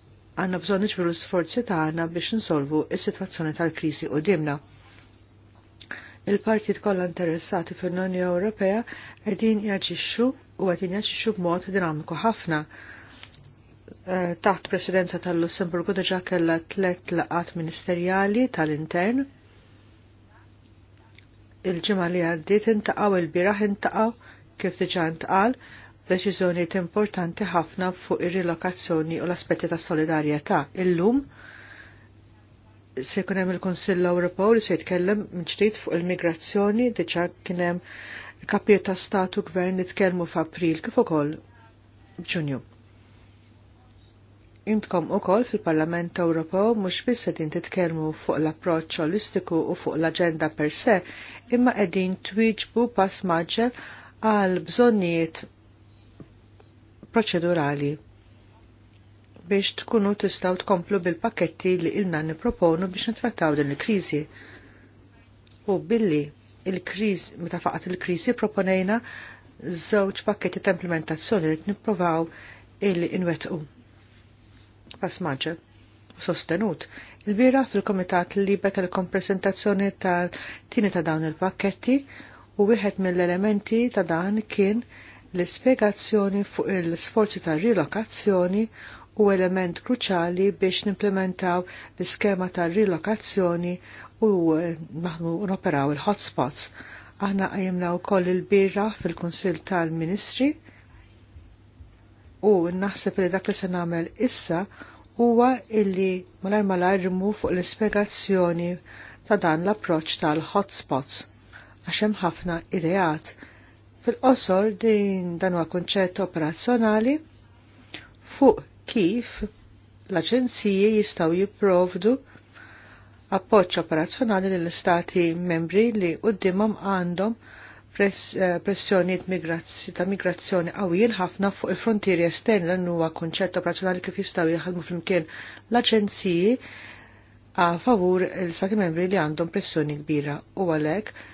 għanna bżonni iġbru l-sforzi tagħna biex insolvu s sitwazzjoni tal-krisi dimna. Il-partit kollha interessati fil-Unjoni Ewropea qegħdin jaġixxu u qegħdin jaġixxu b'mod dinamiku ħafna. Eh, taħt presidenza tal-Lussemburgu diġà kellha tliet laqat ministerjali tal-intern il-ġimgħa li għaddiet intaqgħu il-biraħ intaqgħu kif diġà ntqal deċiżjonijiet importanti ħafna fuq ir-rilokazzjoni u l-aspetti ta' solidarjetà. Illum se jkun hemm il-Kunsill Ewropew li se jitkellem ġdid fuq il-migrazzjoni diġà kien hemm il-Kapijiet ta' statu gvern nitkellmu f'April kif ukoll b'Ġunju intkom u kol fil-Parlament Ewropew mhux biss edin titkelmu fuq l-approċċ holistiku u fuq l-aġenda per se, imma qegħdin twieġbu pass maġġer għal bżonnijiet proċedurali biex tkunu tistaw tkomplu bil-paketti li ilna niproponu biex nitrattaw din il-kriżi. U billi il-kriż meta faqat il-kriżi proponejna żewġ pakketti ta' implementazzjoni li nipprovaw il-inwetqu pass maġġel sostenut. Il-bira fil-Komitat li tal-kom tal-tini ta' dawn il-pakketti u wieħed mill-elementi ta' dan kien l-spiegazzjoni fuq il-sforzi ta' rilokazzjoni u element kruċali biex nimplementaw l-iskema ta' rilokazzjoni u naħdmu eh, noperaw il-hotspots. Aħna għajemna u koll il-birra fil-Konsil tal-Ministri u naħseb li dak li se nagħmel issa huwa illi malar malar rimu fuq l-ispiegazzjoni ta' dan l-approċ tal-hotspots għax hemm ħafna ideat. Fil-qosor din dan huwa kunċett operazzjonali fuq kif l-aġenziji jistgħu jipprovdu appoġġ operazzjonali lill istati membri li qudiemhom għandhom Eh, pressjoni ta' migrazzjoni għawil ħafna fuq il-frontieri esterni dan huwa konċett operazzjonali kif jistgħu jaħdmu flimkien l-aġenziji a favur il-stati membri li għandhom pressjoni kbira u għalhekk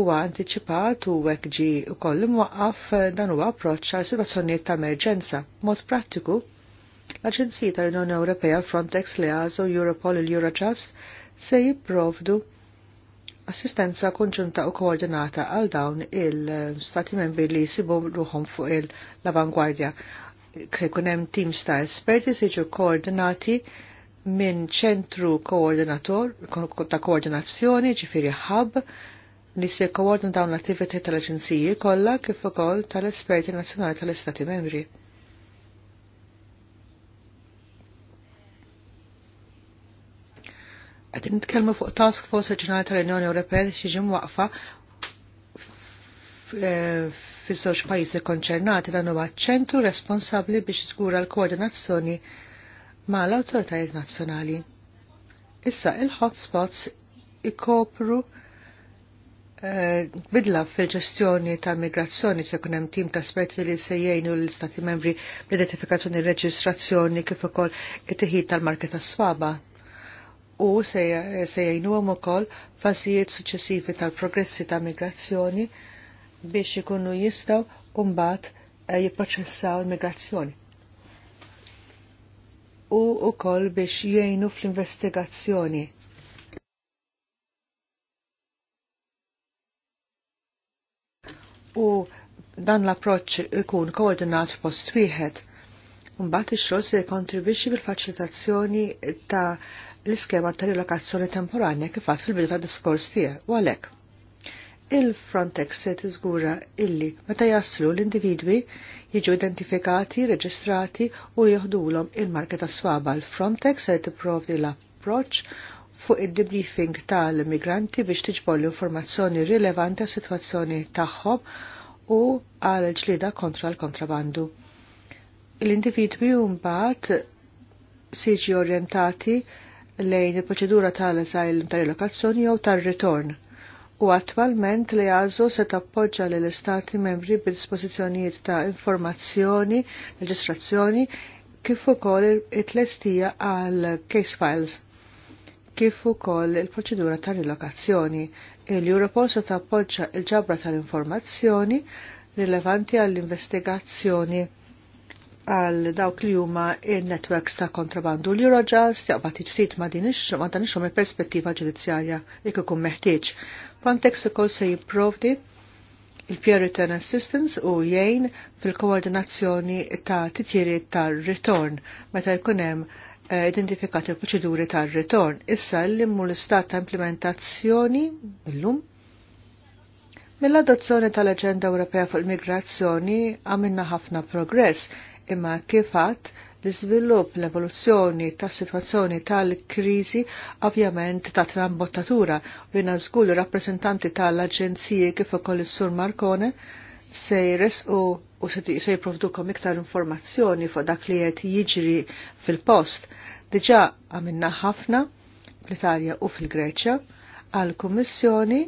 huwa antiċipat u hekk ġi wkoll imwaqqaf eh, dan huwa approċċ għal sitwazzjonijiet ta' emerġenza. Mod prattiku, l-Aġenziji tal-Unjoni Ewropea Frontex, l EASO, Europol il Eurojust se jipprovdu assistenza konġunta u koordinata għal dawn il-stati membri li jisibu ruħom fuq il-avangwardja. Kekun hemm teams ta' esperti seġu koordinati minn ċentru koordinator ta' koordinazzjoni ġifiri hub li se koordina dawn l-attività tal-aġenziji kollha kif ukoll tal-esperti nazzjonali tal-istati membri. Qed nitkellmu fuq Task Force Reġjonali tal-Unjoni Ewropea li xiġi waqfa eh, fi żewġ pajjiżi konċernati dan huwa ċentru responsabbli biex iżgura l-koordinazzjoni ma' l-awtoritajiet nazzjonali. Issa il-hotspots ikopru eh, bidla fil-ġestjoni ta' migrazzjoni se jkun hemm tim ta' esperti li se jgħinu l-Stati membri bl-identifikazzjoni reġistrazzjoni kif ukoll it-tieħid tal-market tas-swaba u se jajnuhom ukoll fasijiet suċċessivi tal-progressi ta' migrazzjoni biex ikunu jistaw umbat eh, jipproċessaw l-migrazzjoni. U kol biex jgħinu fl-investigazzjoni u dan l-approċ ikun koordinat post wieħed. Mbagħad ix-xogħol se jikkontribwixxi bil-faċilitazzjoni ta' l-iskema ta' rilokazzjoni temporanja kif kifat fil-bidu ta' diskors tiegħek u għalhekk. Il-Frontex se tiżgura illi meta jaslu l-individwi jiġu identifikati, reġistrati u jieħdulhom il-marki ta' swaba. l frontex se tipprovdi l-approċċ fuq id-debriefing tal-migranti biex tiġbol l-informazzjoni rilevanti għas sitwazzjoni tagħhom u għal ġlida kontra l-kontrabandu. L-individwi mbagħad siġi orientati lejn il-proċedura tal-asylum tal-relokazzjoni jew tal-ritorn u attwalment li għazu se tappoġġa l istati membri bil disposizjonijiet ta' informazzjoni, reġistrazzjoni kif ukoll it-tlestija għal case files, kif ukoll il-proċedura ta' rilokazzjoni. Il-Europol se tappoġġa il-ġabra tal-informazzjoni rilevanti għall-investigazzjoni għal dawk li huma il-networks ta' kontrabandu li roġas jaqbad jitfit ma' din ma' dan il perspettiva ġudizzjarja jekk ikun meħtieġ. Frontex ukoll se jipprovdi il-peer return assistance u jgħin fil-koordinazzjoni ta' titjiri ta' return meta jkun hemm eh, identifikat il-proċeduri ta' return. Issa l-immu l-istat ta' implementazzjoni illum Mill-adozzjoni tal-Aġenda Ewropea fuq il-Migrazzjoni għamilna ħafna progress imma kifat l-iżvilupp l-evoluzzjoni ta' situazzjoni tal-kriżi ovvjament ta' trambottatura u jina zgull rappreżentanti tal-aġenziji kif ukoll is-Sur Marcone se jresqu u se jiprovdukom iktar informazzjoni fuq dak li qed jiġri fil-post. Diġà għamilna ħafna fl-Italja u fil-Greċja għal-Kummissjoni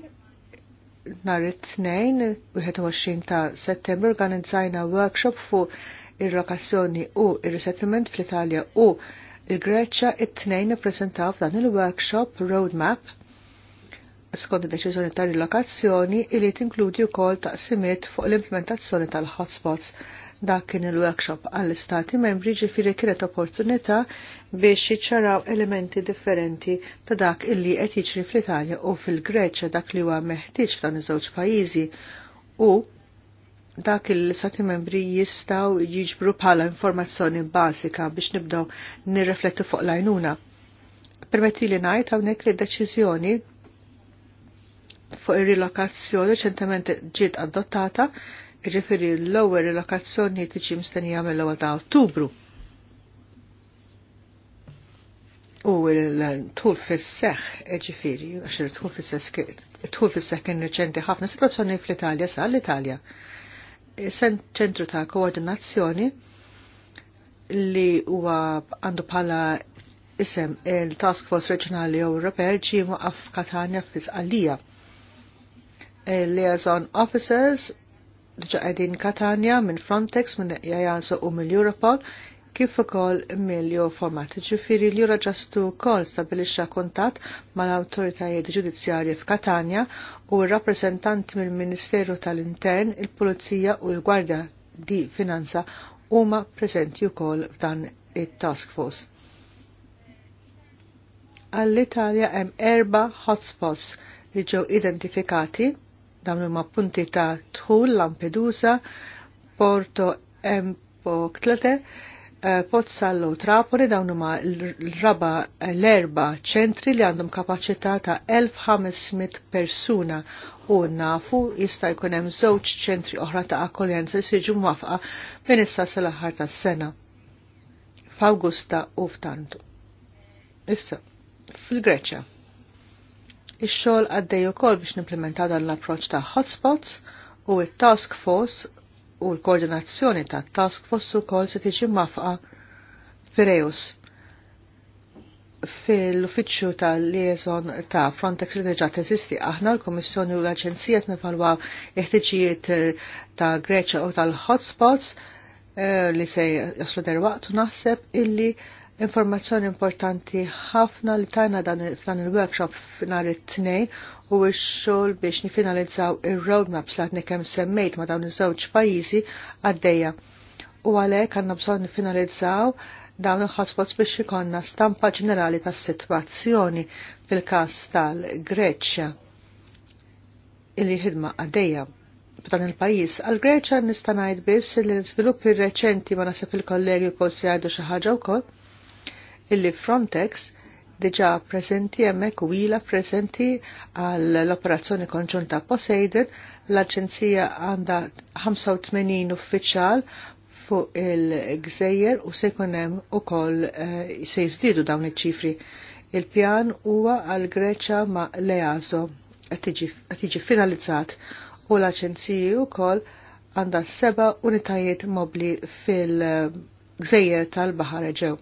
nhar it-tnejn 21 ta' Settembru organizzajna workshop fuq ir-rokazzjoni u ir-resettlement fl-Italja u il greċja it-tnejn ippreżentaw f'dan il-workshop roadmap skont id-deċiżjoni ta' rilokazzjoni li tinkludi wkoll taqsimiet fuq l-implementazzjoni tal-hotspots. Dak kien il-workshop għall-istati membri ġifiri kienet opportunità biex jiċċaraw elementi differenti ta' dak illi qed jiġri fl-Italja u fil greċja dak li huwa meħtieġ f'dan iż-żewġ pajjiżi u dak il-sati membri jistaw jiġbru bħala informazzjoni basika biex nibdaw nirrifletti fuq lajnuna. Permetti li najt għawnek li deċizjoni fuq il-rilokazzjoni reċentement ġiet adottata, ġifiri l-ewwel rilokazzjoni tiġi mistennija mill-ewwel ta' Ottubru. U l-tul fis-seħ, ġifiri, għax il-tul fis-seħ kien reċenti ħafna situazzjoni fl-Italja sa l-Italja ċentru ta' koordinazzjoni li huwa għandu bħala isem il-Task Force Regionali Ewropej ġie għaf Katania fl-Isqalija. Liaison Officers ġaqedin Katania minn Frontex, minn Jajanso u mill Europol kif ukoll milju format. Ġifieri li jura ġastu wkoll stabilixxa kuntatt mal-awtoritajiet ġudizzjarji f'Katanja u r-rappreżentanti mill-Ministeru tal-Intern, il-Pulizija u l-Gwardja di Finanza huma preżenti wkoll f'dan it-task force all italja hemm erba' hotspots li ġew identifikati dawn huma punti ta' Tħul, Lampedusa, Porto Empoklete, Eh, Pozzallo Trapoli dawn huma l-raba eh, l-erba ċentri li għandhom kapaċità ta' 1500 persuna u nafu jista' jkun hemm żewġ ċentri oħra ta' akkoljenza jsiġu mwafqa minn issa sal-aħħar tas-sena f'Awgusta u f'Tantu. Issa, fil-Greċja. Ix-xogħol għaddej ukoll biex nimplementaw dan l-approċċ ta' hotspots u it task force u l-koordinazzjoni ta' task force kol se tiġi mafqa Fireus fil-uffiċċju tal-liaison ta' Frontex li deġa teżisti aħna l-Komissjoni u l-Aġenzija nevalwaw iħtiġijiet ta' Greċa u tal-hotspots eh, li se jaslu derwaqtu naħseb illi informazzjoni importanti ħafna li tajna dan il-workshop f'nar it-tnejn u x-xogħol biex nifinalizzaw ir-roadmaps li għadni kemm semmejt ma' dawn iż-żewġ pajjiżi għaddejja. U għalhekk għandna bżonn nifinalizzaw dawn il-hotspots biex ikonna stampa ġenerali tas-sitwazzjoni fil-każ tal-Greċja il ħidma għaddejja f'dan il-pajis. Għal-Greċja nista' ngħid biss li l-iżviluppi reċenti ma nasib il-kollegi wkoll se jgħidu xi ħaġa wkoll illi Frontex diġa prezenti jemmek u ila prezenti għall-operazzjoni konġunta Poseidon, l-Aġenzija għanda 85 uffiċjal fuq il-gżejjer u se jkunem ukoll eh, se jżdiedu dawn iċ-ċifri. Il-pjan huwa għal Greċa ma' Leazo qed jiġi finalizzat u l-Aġenziji wkoll għandha seba' unitajiet mobli fil-gżejjer tal-Baħar Eġew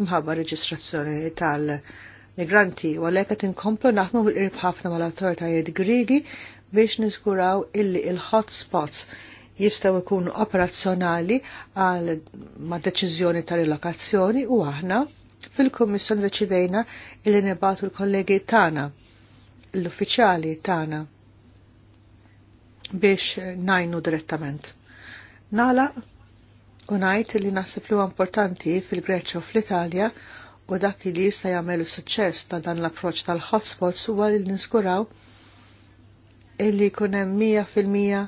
imħabba reġistrazzjoni tal-migranti u għalhekk qed inkomplu naħmu bil-qrib ħafna mal-awtoritajiet Grigi biex niżguraw illi il-hotspots jistgħu jkunu operazzjonali għal ma' deċiżjoni ta' rilokazzjoni u aħna fil-Kommissjoni deċidejna illi nibatu l-kollegi tagħna l-uffiċjali tagħna biex najnu direttament. Nala, unajt li naħseb li importanti fil-Greċja fl-Italja u dak li jista' jagħmel suċċess ta' dan l-approċċ tal-hotspots huwa li niskuraw illi jkun hemm mija fil-mija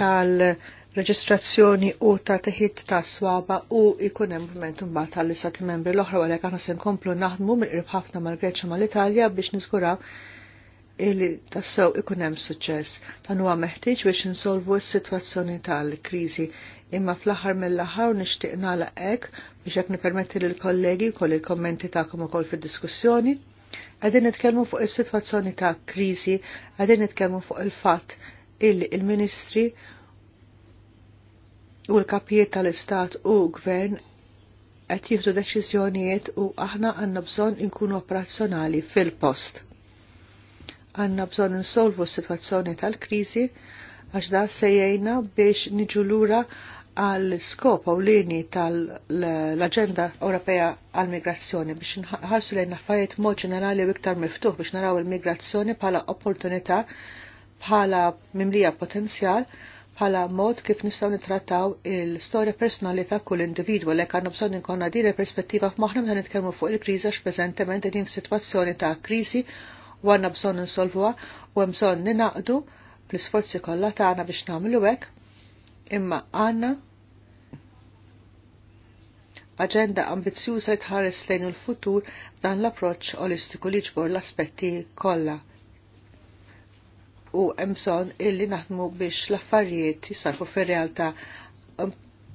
tal-reġistrazzjoni u ta' teħid ta' swaba u jkun hemm movement imbagħad tal-istati membri l-oħra għalhekk aħna se nkomplu naħdmu mill-qrib ħafna mal-Greċja mal-Italja biex niskuraw illi tassew ikun hemm suċċess. Dan huwa meħtieġ biex insolvu s-sitwazzjoni tal-kriżi imma fl-aħħar mill-aħħar nixtieq nagħlaq hekk biex hekk nippermetti lill kollegi wkoll il-kommenti tagħkom ukoll fid-diskussjoni. Qegħdin nitkellmu fuq is-sitwazzjoni ta' kriżi, qegħdin nitkellmu fuq il-fatt illi il-Ministri u l-kapijiet tal-Istat u Gvern qed jieħdu deċiżjonijiet u aħna għandna bżonn inkunu operazzjonali fil-post. Għanna bżon insolvu s-situazzjoni tal-krizi għax da sejjajna biex niġu lura għal skop lini tal-Aġenda Ewropea għal migrazzjoni biex nħarsu lejn affarijiet mod ġenerali u iktar miftuħ biex naraw il-migrazzjoni bħala opportunità bħala mimlija potenzjal bħala mod kif nistgħu nittrattaw il-storja personali ta' kull individwu lek għandna bżonn inkonna din il-perspettiva f'moħħna meta nitkellmu fuq il-kriżi għax preżentement din f'sitwazzjoni ta' kriżi u għanna bżon insolvuha u hemm bżonn ninaqdu bl-isforzi kollha tagħna biex nagħmlu hekk imma għandna aġenda ambizzjuża tħares lejn il-futur dan l-approċċ olistiku li ġbor l-aspetti kollha. U hemm bżonn illi naħdmu biex l-affarijiet jisarfu fir-realtà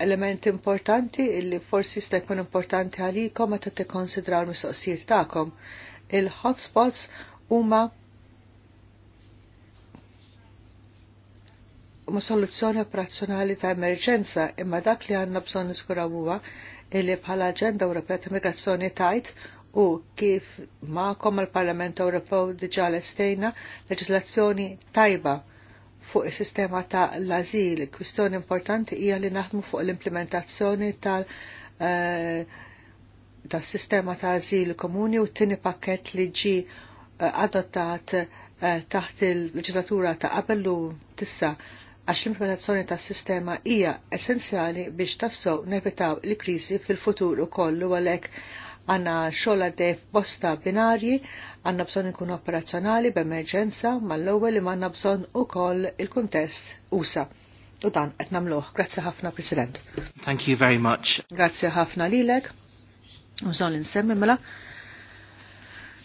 element importanti illi forsi jista' jkun importanti għalikom meta tikkonsidraw l-mistoqsijiet tagħkom il-hotspots huma ma soluzzjoni operazzjonali ta' emerġenza imma dak li għanna bżon niskuraw huwa li bħala Aġenda Ewropea ta' Migrazzjoni tajt u kif ma'kom il parlament Ewropew diġà l-estejna leġislazzjoni tajba fuq is-sistema ta' l-azil. Kwistjoni importanti hija li naħdmu fuq l-implementazzjoni tal- eh, tas sistema ta' azil komuni u t-tini pakket li ġi adottat eh, taħt il-leġislatura ta' qabellu tissa għax l-implementazzjoni ta' sistema hija essenzjali biex tassow nevitaw il-krisi fil-futur u kollu għalek għanna xola def bosta binarji, għanna bżon ikun operazzjonali b'emerġenza mal-ewwel li għanna bżon u koll il-kuntest USA. U dan qed nagħmluh. Grazzi ħafna President. Thank you very much. Grazzi ħafna lilek. l insemmi mela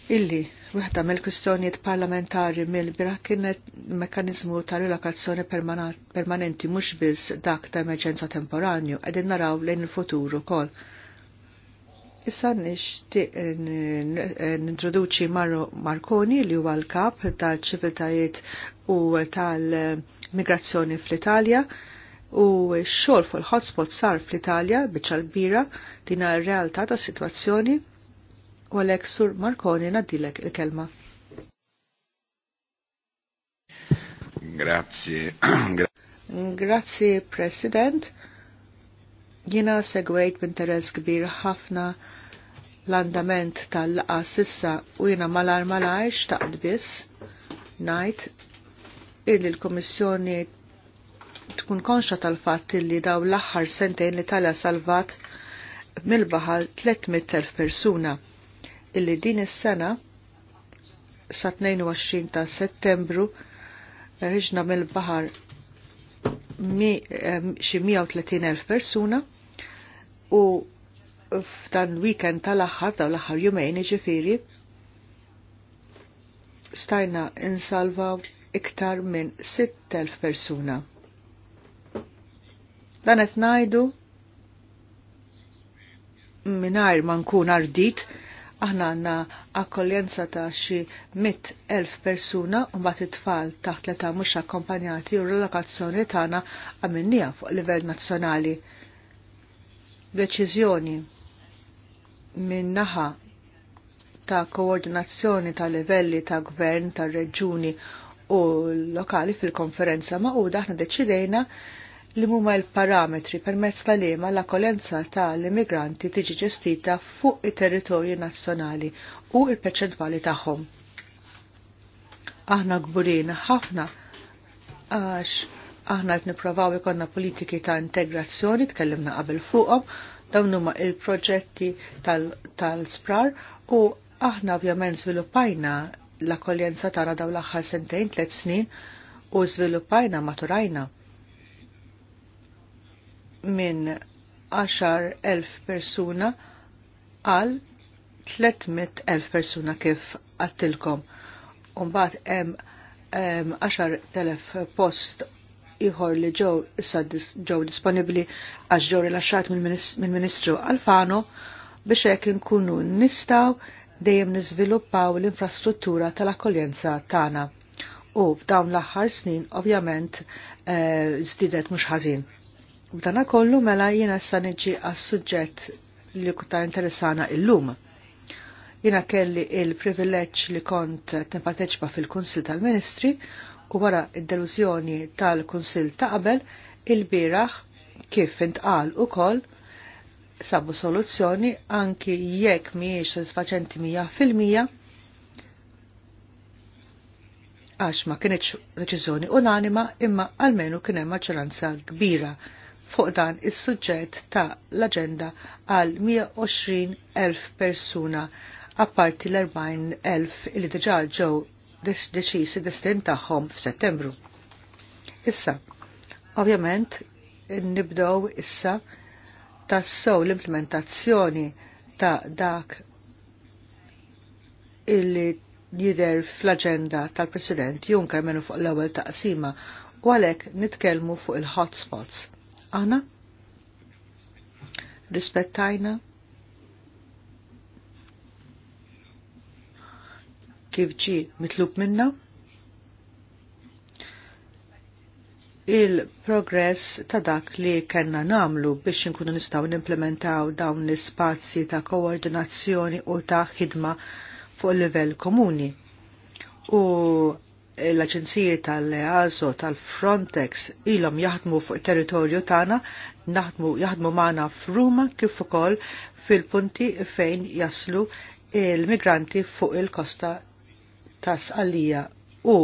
illi Waħda mill-kwistjonijiet parlamentari mill-bira kienet mekanizmu ta' relokazzjoni permanenti mhux biss dak ta' emerġenza temporanju qegħdin naraw lejn il-futur ukoll. Issa nixtieq nintroduċi Marro Marconi li huwa l-kap tal-ċiviltajiet u tal-migrazzjoni fl-Italja u x-xogħol fuq il-hotspot sar fl-Italja biċċa l-bira din realtà ta' situazzjoni u għalek sur Marconi naddilek il-kelma. Grazie. Grazie, President. Jina segwejt b'interess kbir ħafna l-andament tal-laqa sissa u jina malar malar xtaqt biss najt illi l-Komissjoni tkun konxa tal-fatt illi daw l-aħħar sentejn li tala salvat mill-baħal 300.000 persuna illi din is-sena sa 22 ta' settembru reġna mill-bahar xi 130.000 persuna u f'dan weekend tal-aħħar daw l-aħħar jumejn ġifiri stajna insalva iktar minn 6.000 persuna. Dan qed ngħidu mingħajr ma nkun ardit aħna għanna akkoljenza ta' xi mit elf persuna u mbagħad it-tfal taħt li ta' mhux akkompanjati u l relokazzjoni tagħna għamilniha fuq livell nazzjonali. Deċiżjoni minn naħa ta' koordinazzjoni ta' livelli ta' gvern ta' reġuni u lokali fil-konferenza ma' u daħna deċidejna li huma l-parametri permezz tal-ema l ta' tal-immigranti tiġi ġestita fuq it-territorju nazzjonali u il-perċentwali tagħhom. Aħna gburin ħafna għax aħna qed nipprovaw ikonna politiki ta' integrazzjoni tkellimna qabel fuqhom dawn huma il-proġetti tal-sprar u aħna ovvjament żviluppajna l-akkoljenza tara daw l-aħħar sentejn tliet snin u żviluppajna maturajna minn 10.000 persuna għal 300.000 persuna kif għattilkom. Umbat hemm 10.000 post iħor li ġew issa ġew disponibbli għax ġew rilaxxat mill-Ministru Alfano biex hekk inkunu nistgħu dejjem niżviluppaw l-infrastruttura tal-akkoljenza tagħna. U f'dawn l-aħħar snin ovvjament żdiedet eh, mhux ħażin. U tana kollu mela jiena s niġi għas-suġġett li kutar interessana lum Jiena kelli il-privileġġ li kont t-nipateċba fil konsil tal-Ministri u wara id-deluzjoni tal konsil ta' qabel il-biraħ kif intqal u koll sabu soluzzjoni anki jekk miex s-sfaċenti mija fil-mija għax ma kienieċ deċiżjoni unanima imma almenu kien hemm maġġoranza kbira fuq dan is-suġġett ta' l-aġenda għal 120.000 persuna apparti l-40.000 li diġà ġew deċisi destin tagħhom f'Settembru. Issa, ovvjament nibdow issa tassew l-implementazzjoni ta' dak illi jider fl-agenda tal-President Juncker menu fuq l-ewwel taqsima u għalhekk nitkellmu fuq il-hotspots. Aħna rispettajna kif ġi mitlub minna il-progress ta' dak li kena namlu biex nkunu nistaw nimplementaw dawn l-spazji ta' koordinazzjoni u ta' ħidma fuq livell komuni. U l aġenzija tal-EASO tal-Frontex ilhom jaħdmu fuq territorju tagħna, naħdmu jaħdmu magħna f'Ruma kif ukoll fil-punti fejn jaslu il-migranti fuq il-kosta tas Sqalija u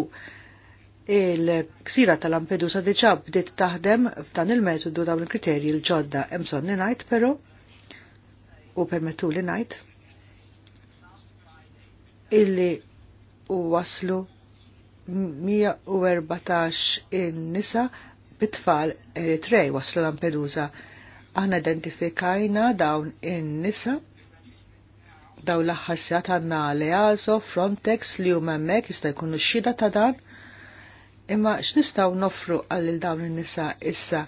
il-ksira tal-Lampedusa diġà bdiet taħdem f'dan il-metodu dawn il-kriterji l-ġodda emson li ngħid però u permettu li ngħid illi u waslu 114 in-nisa bit-tfal Eritrej waslu Lampedusa. Aħna identifikajna dawn in-nisa daw l-aħħar sigħat għandna Leazo, Frontex li huma hemmhekk jista' jkunu xhieda ta' dan. Imma x'nistgħu nofru għal dawn in-nisa issa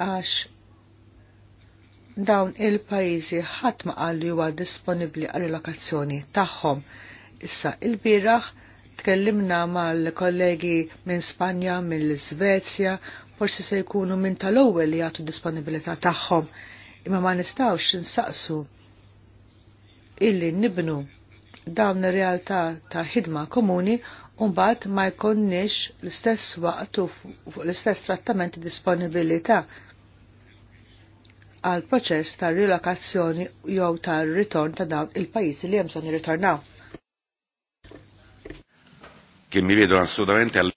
għax dawn il-pajjiżi ħadd ma qal li huwa disponibbli għal relokazzjoni tagħhom. Issa il-bieraħ Tkellimna mal-kollegi minn Spanja, mill-Svezja, forsi se jkunu minn tal-ewwel li jagħtu disponibilità tagħhom. Imma ma nistgħux insaqsu illi nibnu dawn ir-realtà ta' ħidma komuni u mbagħad ma jkunniex l-istess waqt u l-istess trattament disponibilità għal proċess ta' rilokazzjoni jew ta' ritorn ta' dawn il-pajjiżi li bżonn jirritornaw che mi vedono assolutamente al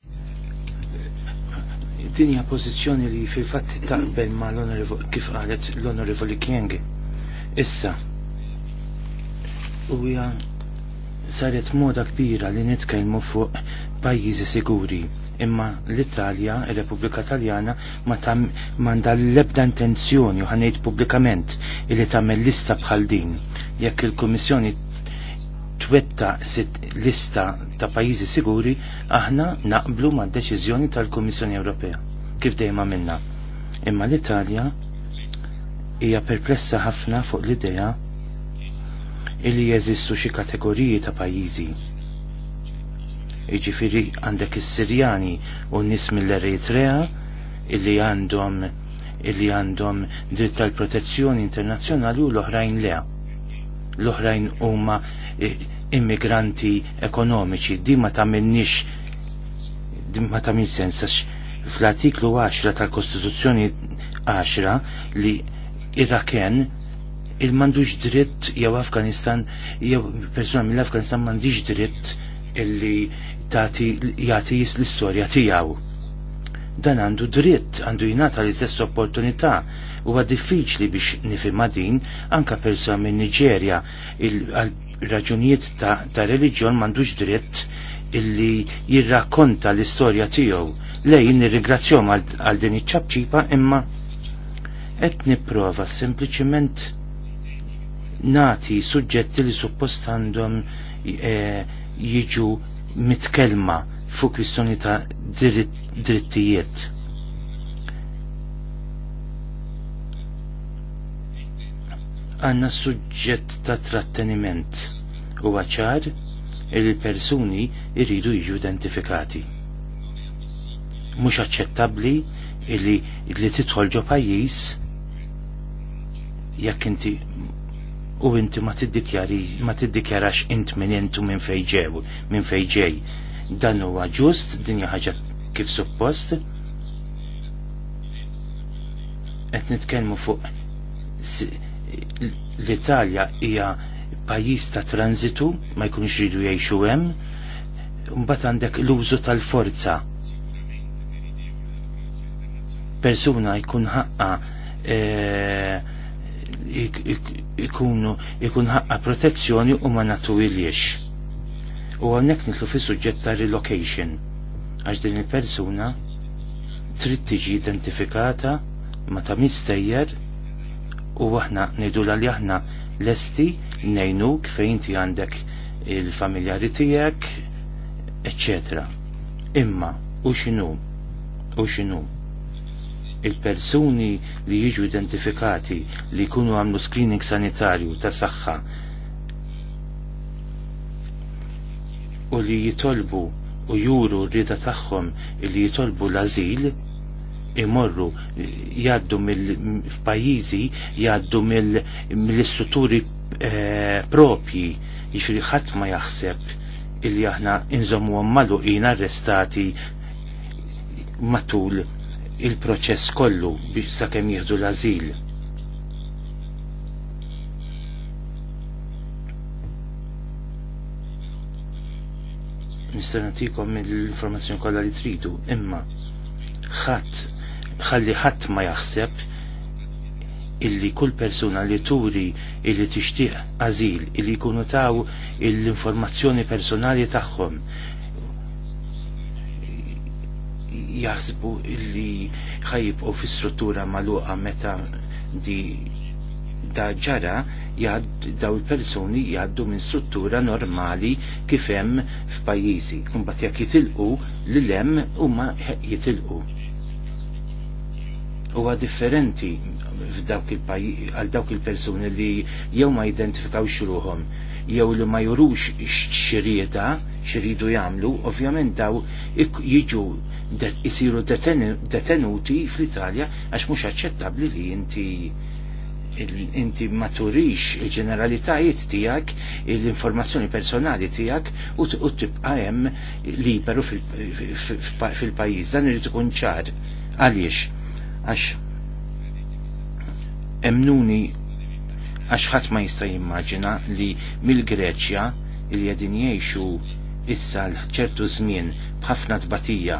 dinja pozizjoni li fil-fatt taqbel ma kif qalet l-onorevoli Kieng. Issa, u hija saret moda kbira li nitkellmu fuq pajjiżi siguri imma l-Italja, il-Repubblika Taljana ma tam manda l-ebda intenzjoni u ħanejt pubblikament li tagħmel lista bħal din jekk il-Kummissjoni twetta sit lista ta' pajjiżi siguri aħna naqblu ma' deċiżjoni tal-Kummissjoni Ewropea kif dejjem minna. Imma l-Italja hija perplessa ħafna fuq l-idea illi jeżistu xi kategoriji ta' pajjiżi. Jiġifieri għandek is-Sirjani u n mill-Eritrea illi għandhom illi għandhom dritt tal-protezzjoni internazzjonali u l-oħrajn leha. L-oħrajn huma eh, immigranti ekonomiċi. Di ma tagħmilniex di ma tagħmil sensax fl-artiklu 10 tal-Kostituzzjoni 10 li Iraken il-mandux dritt jew Afganistan jew persona mill-Afganistan mandux dritt illi tati jati l-istorja tijaw. Dan għandu dritt, għandu jinata li stess opportunità u għad diffiċli biex nifimadin din anka persona minn Nigeria raġunijiet ta', ta religjon m'għandux dritt illi jirrakkonta l-istorja tiegħu lejn nirrigrazzjom għal din iċ-ċabċipa imma qed nipprova sempliċiment nati suġġetti li suppost għandhom e, jiġu mitkelma fuq kwistjoni ta' drittijiet. għanna suġġett ta' tratteniment u għacħar il-persuni irridu jiġu identifikati. Mux aċċettabli illi li titħol ġo pajis jekk inti u inti ma tiddikjari ma tiddikjarax int minn intu minn fejġew minn fejġej dan huwa ġust dinja ħaġa kif suppost qed nitkellmu fuq l-Italja hija pajjiż ta' tranzitu ma jkunx ridu jgħixu hemm, mbagħad għandek l-użu tal-forza. Persuna jkun ħaqqa e, ikun ħaqqa protezzjoni u ma natuwiliex. U għannek nitlu fi suġġett ta' relocation għax din il-persuna trid tiġi identifikata ma ta' mistejjer u aħna nidula li aħna lesti nejnuk fejn inti għandek il-familjari tijek, etc. Imma, u xinu, u xinu, il-persuni li jiġu identifikati li kunu għamlu screening sanitarju ta' saħħa u li jitolbu u juru rrida tagħhom li jitolbu l-azil imorru jaddu mill-pajizi jaddu mill-istruturi eh, propji jiġri ħadd ma jaħseb illi aħna inżommu għammalu jina arrestati matul il-proċess kollu biex sakemm jieħdu l-azil. nistanatikom mill-informazzjoni kollha li tridu, imma ħadd ħalli ħadd ma jaħseb illi kull persuna li turi illi tixtieq għażil illi jkunu taw l-informazzjoni personali tagħhom jaħsbu illi u fi struttura magħluqa meta di da ġara daw il-persuni jgħaddu minn struttura normali kif hemm f'pajjiżi. Mbagħad jekk jitilqu lil hemm huma jitilqu huwa differenti għal dawk il-persuni li jew ma jidentifikaw xruħom jew li ma jurux xirieta xiridu jagħmlu, ovvjament daw jiġu jisiru detenuti fl-Italja għax mhux aċċettabbli li inti inti maturix il-ġeneralitajiet tijak, l-informazzjoni personali tijak u tibqa hemm liberu fil-pajjiż. Dan irid ikun ċar. Għaliex? għax emnuni għax ħadd ma jista' jimmaġina li mill-Greċja li qegħdin jgħixu issa ċertu żmien b'ħafna tbatija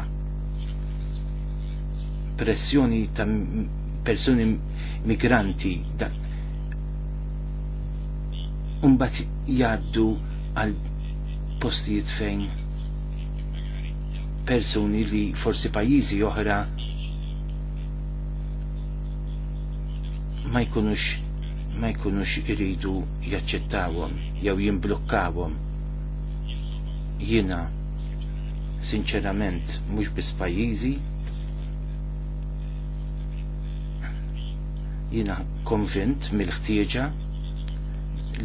pressjoni ta' persuni migranti da' unbat jaddu għal postijiet fejn persuni li forsi pajjiżi oħra ma jkunux ma jkunux iridu jaċċettawhom jew jimblukkawhom. Jiena sinċerament mhux biss pajjiżi jiena konvint mill-ħtieġa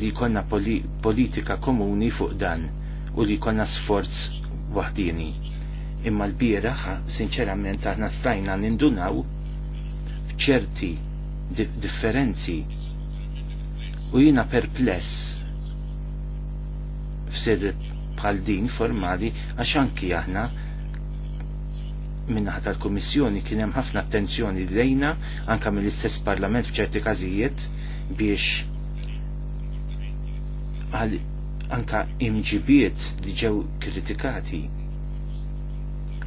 li jkollna poli politika komuni fuq dan u li jkollna sforz waħdini. Imma l-bieraħ, sinċerament, aħna stajna nindunaw f'ċerti differenzi u jina perpless f'sir bħal din formali għax anki aħna minnaħat tal-Komissjoni kien hemm ħafna attenzjoni lejna anka mill-istess Parlament f'ċerti każijiet biex għal anka imġibiet li ġew kritikati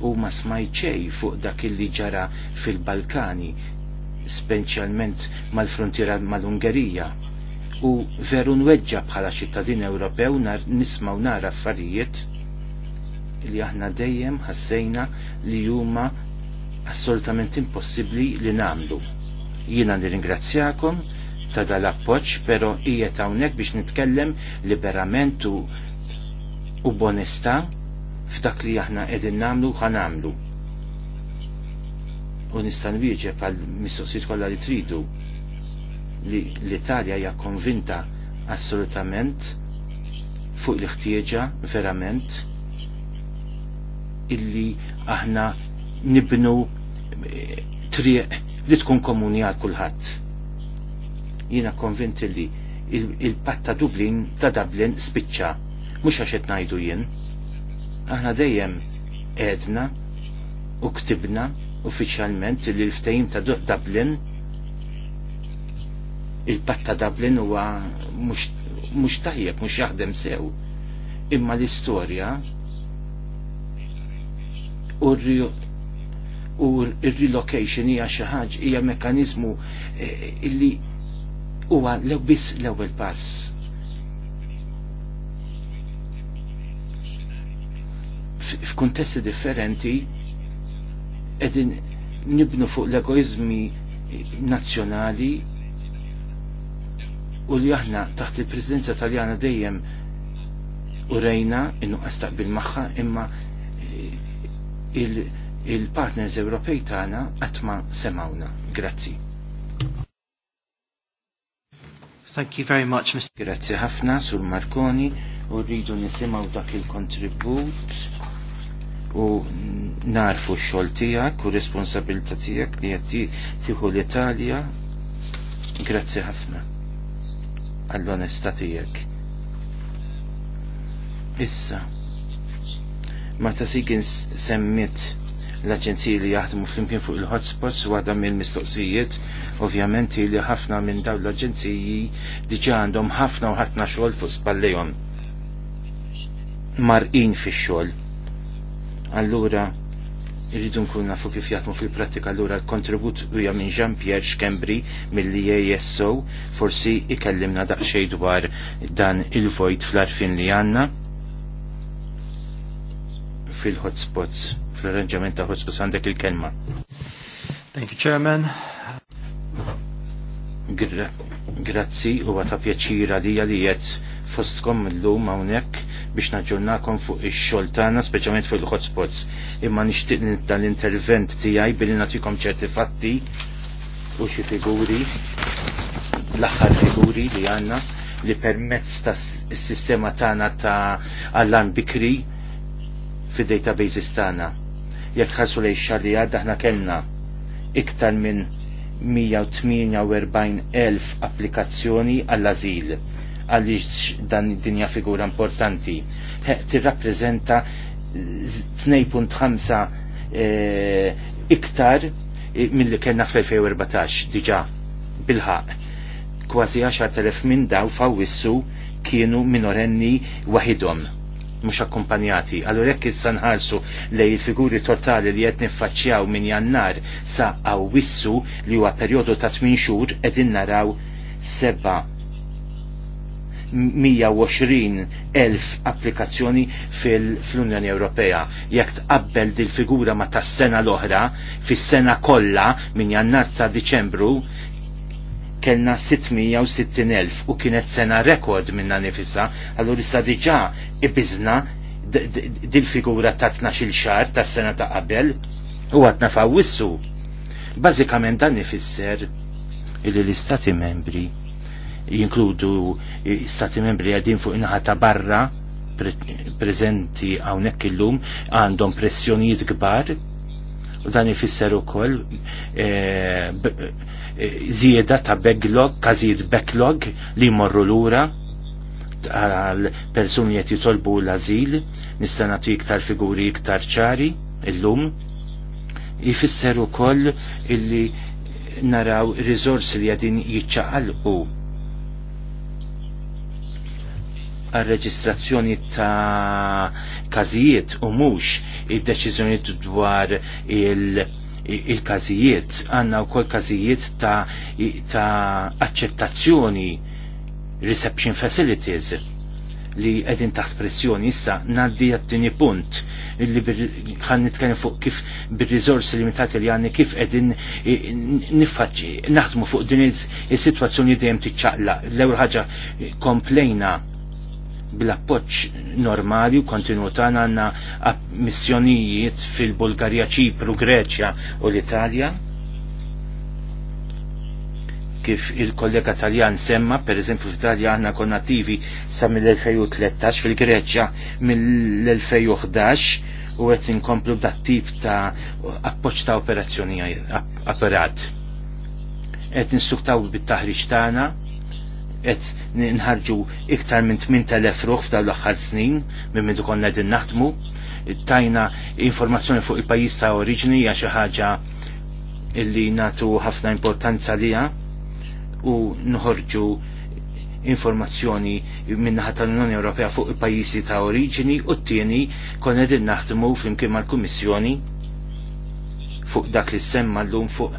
u ma smajċej fuq dak li ġara fil-Balkani speċjalment mal-frontiera mal-Ungerija. U veru nweġġa bħala ċittadin Ewropew nar nismaw nara affarijiet li aħna dejjem ħassejna li huma assolutament impossibbli li nagħmlu. Jiena nirringrazzjakom ta' dal-appoġġ, però qiegħed hawnhekk biex nitkellem liberament u bonesta f'dak li aħna qegħdin nagħmlu ħanamlu u nistan wieġeb għal mistoqsijiet kollha li tridu li l-Italja hija konvinta assolutament fuq li ħtieġa verament illi aħna nibnu eh, triq li tkun komuni għal kulħadd. Jiena konvint illi il-patta Dublin ta' Dublin spiċċa, mhux għax qed ngħidu jien. Aħna dejjem edna u ktibna uffiċjalment li l-ftehim ta' Dublin il-patt ta' Dublin huwa mhux tajjeb mhux jaħdem sew. Imma l-istorja u r-relocation hija xi ħaġa hija mekkaniżmu eh, li huwa lew biss l-ewwel pass. F'kuntesti differenti edin nibnu fuq l-egoizmi nazzjonali u li aħna taħt il-Presidenza Taljana dejjem u rejna innu qastaqbil maħħa imma eh, il-partners il Ewropej tagħna qatt ma semawna. Grazzi. Thank you very much, Mr. Grazzi ħafna sur Marconi u rridu nisimgħu dak il-kontribut u narfu x-xol tijak u responsabilta tijak li jatti tiħu l-Italja grazzi ħafna għall-onesta tijak issa ma ta' sigin semmit l-aġenziji li jaħdmu flimkien fuq il-hotspots u għadha mill mistoqsijiet ovvjament li ħafna minn dawn l-aġenziji diġa għandhom ħafna u ħatna xogħol fuq spallejhom marqin fix-xogħol allura irridu nkun nafu kif jatmu fil-prattika allura l-kontribut huja minn Jean Pierre Xkembri mill jesso forsi ikellimna daqsxejn dwar dan il-vojt fl-arfin li għandna fil-hotspots fl-arranġament ta' hotspots għandek il-kelma. Thank you, Chairman. Gra grazzi u għata pjaċira li għalijiet fostkom l-lum għawnek biex naġurnakom fuq ix-xogħol tagħna speċjalment fuq il-hotspots. Imma nixtieq tal-intervent tiegħi billi nagħtikom ċerti fatti u xi figuri l-aħħar figuri li għandna li permezz ta' s-sistema tagħna ta' allarm bikri fid-databases tagħna. Jekk tħarsu lejn xahar li għadda aħna kellna iktar minn 148,000 applikazzjoni għall-azil għaliex dan dinja figura importanti. Tirrappreżenta 2.5 e, iktar e, mill-li kellna fl-2014 diġà bil-ħaq. Kważi 10.000 minn daw fawissu kienu minorenni waħidhom mhux akkumpanjati. Allura jekk issa nħarsu il-figuri totali li qed niffaċċjaw minn jannar sa' għawissu li huwa perjodu ta' 8 xhur qegħdin naraw seba' elf applikazzjoni fil-Unjoni Ewropea. Jekk tqabbel dil-figura ma tas sena l-oħra, fis-sena kollha minn jannar sa' Diċembru, kellna 660.000 u kienet sena rekord minna nifissa, allura issa diġà ibizna dil-figura ta' 12 xar tas sena ta' qabel u għatna fawissu. Bażikament dan ifisser il l-istati membri jinkludu stati membri għadin fuq inħa ta' barra prezenti għawnek illum għandhom pressjonijiet kbar u dan ifisser ukoll e, e zieda ta' backlog, każijiet backlog li morru lura għal persuni qed jitolbu l-azil, nista' nagħtu iktar figuri iktar ċari illum. Ifisser ukoll illi naraw rizors li qegħdin jiċċaqalqu għal-reġistrazzjoni ta' kazijiet u mux id-deċizjoni dwar il- kazijiet għanna u kol kazijiet ta', ta accettazzjoni reception facilities li għedin taħt pressjoni issa naddi għattini punt li għan nitkellem fuq kif bil-rizors limitati li għanni kif għedin niffaċi naħdmu fuq din il-situazzjoni dejjem tiċċaqla l-ewwel ħaġa komplejna bil-appoċ normali u kontinutan għanna missjonijiet fil-Bulgarija, Ċipru, Greċja u l-Italja kif il-kollega Taljan semma, per eżempju f'Italja għanna konnativi sa mill-2013, fil-Greċja mill-2011 u għet inkomplu da' tip ta' appoċ ta' operazzjoni apparat. Għet nistuktaw bit-taħriċ tagħna qed nħarġu iktar minn 8000 ruħ f'dawn l-aħħar snin minn minn konna qegħdin naħdmu. Tajna informazzjoni fuq il-pajjiż ta' oriġini hija xi ħaġa illi natu ħafna importanza liha u nħorġu informazzjoni naħat tal-Unjoni Ewropea fuq il-pajjiżi ta' oriġini u t-tieni konna din naħdmu flimkien mal-Kummissjoni fuq dak li semma l-lum fuq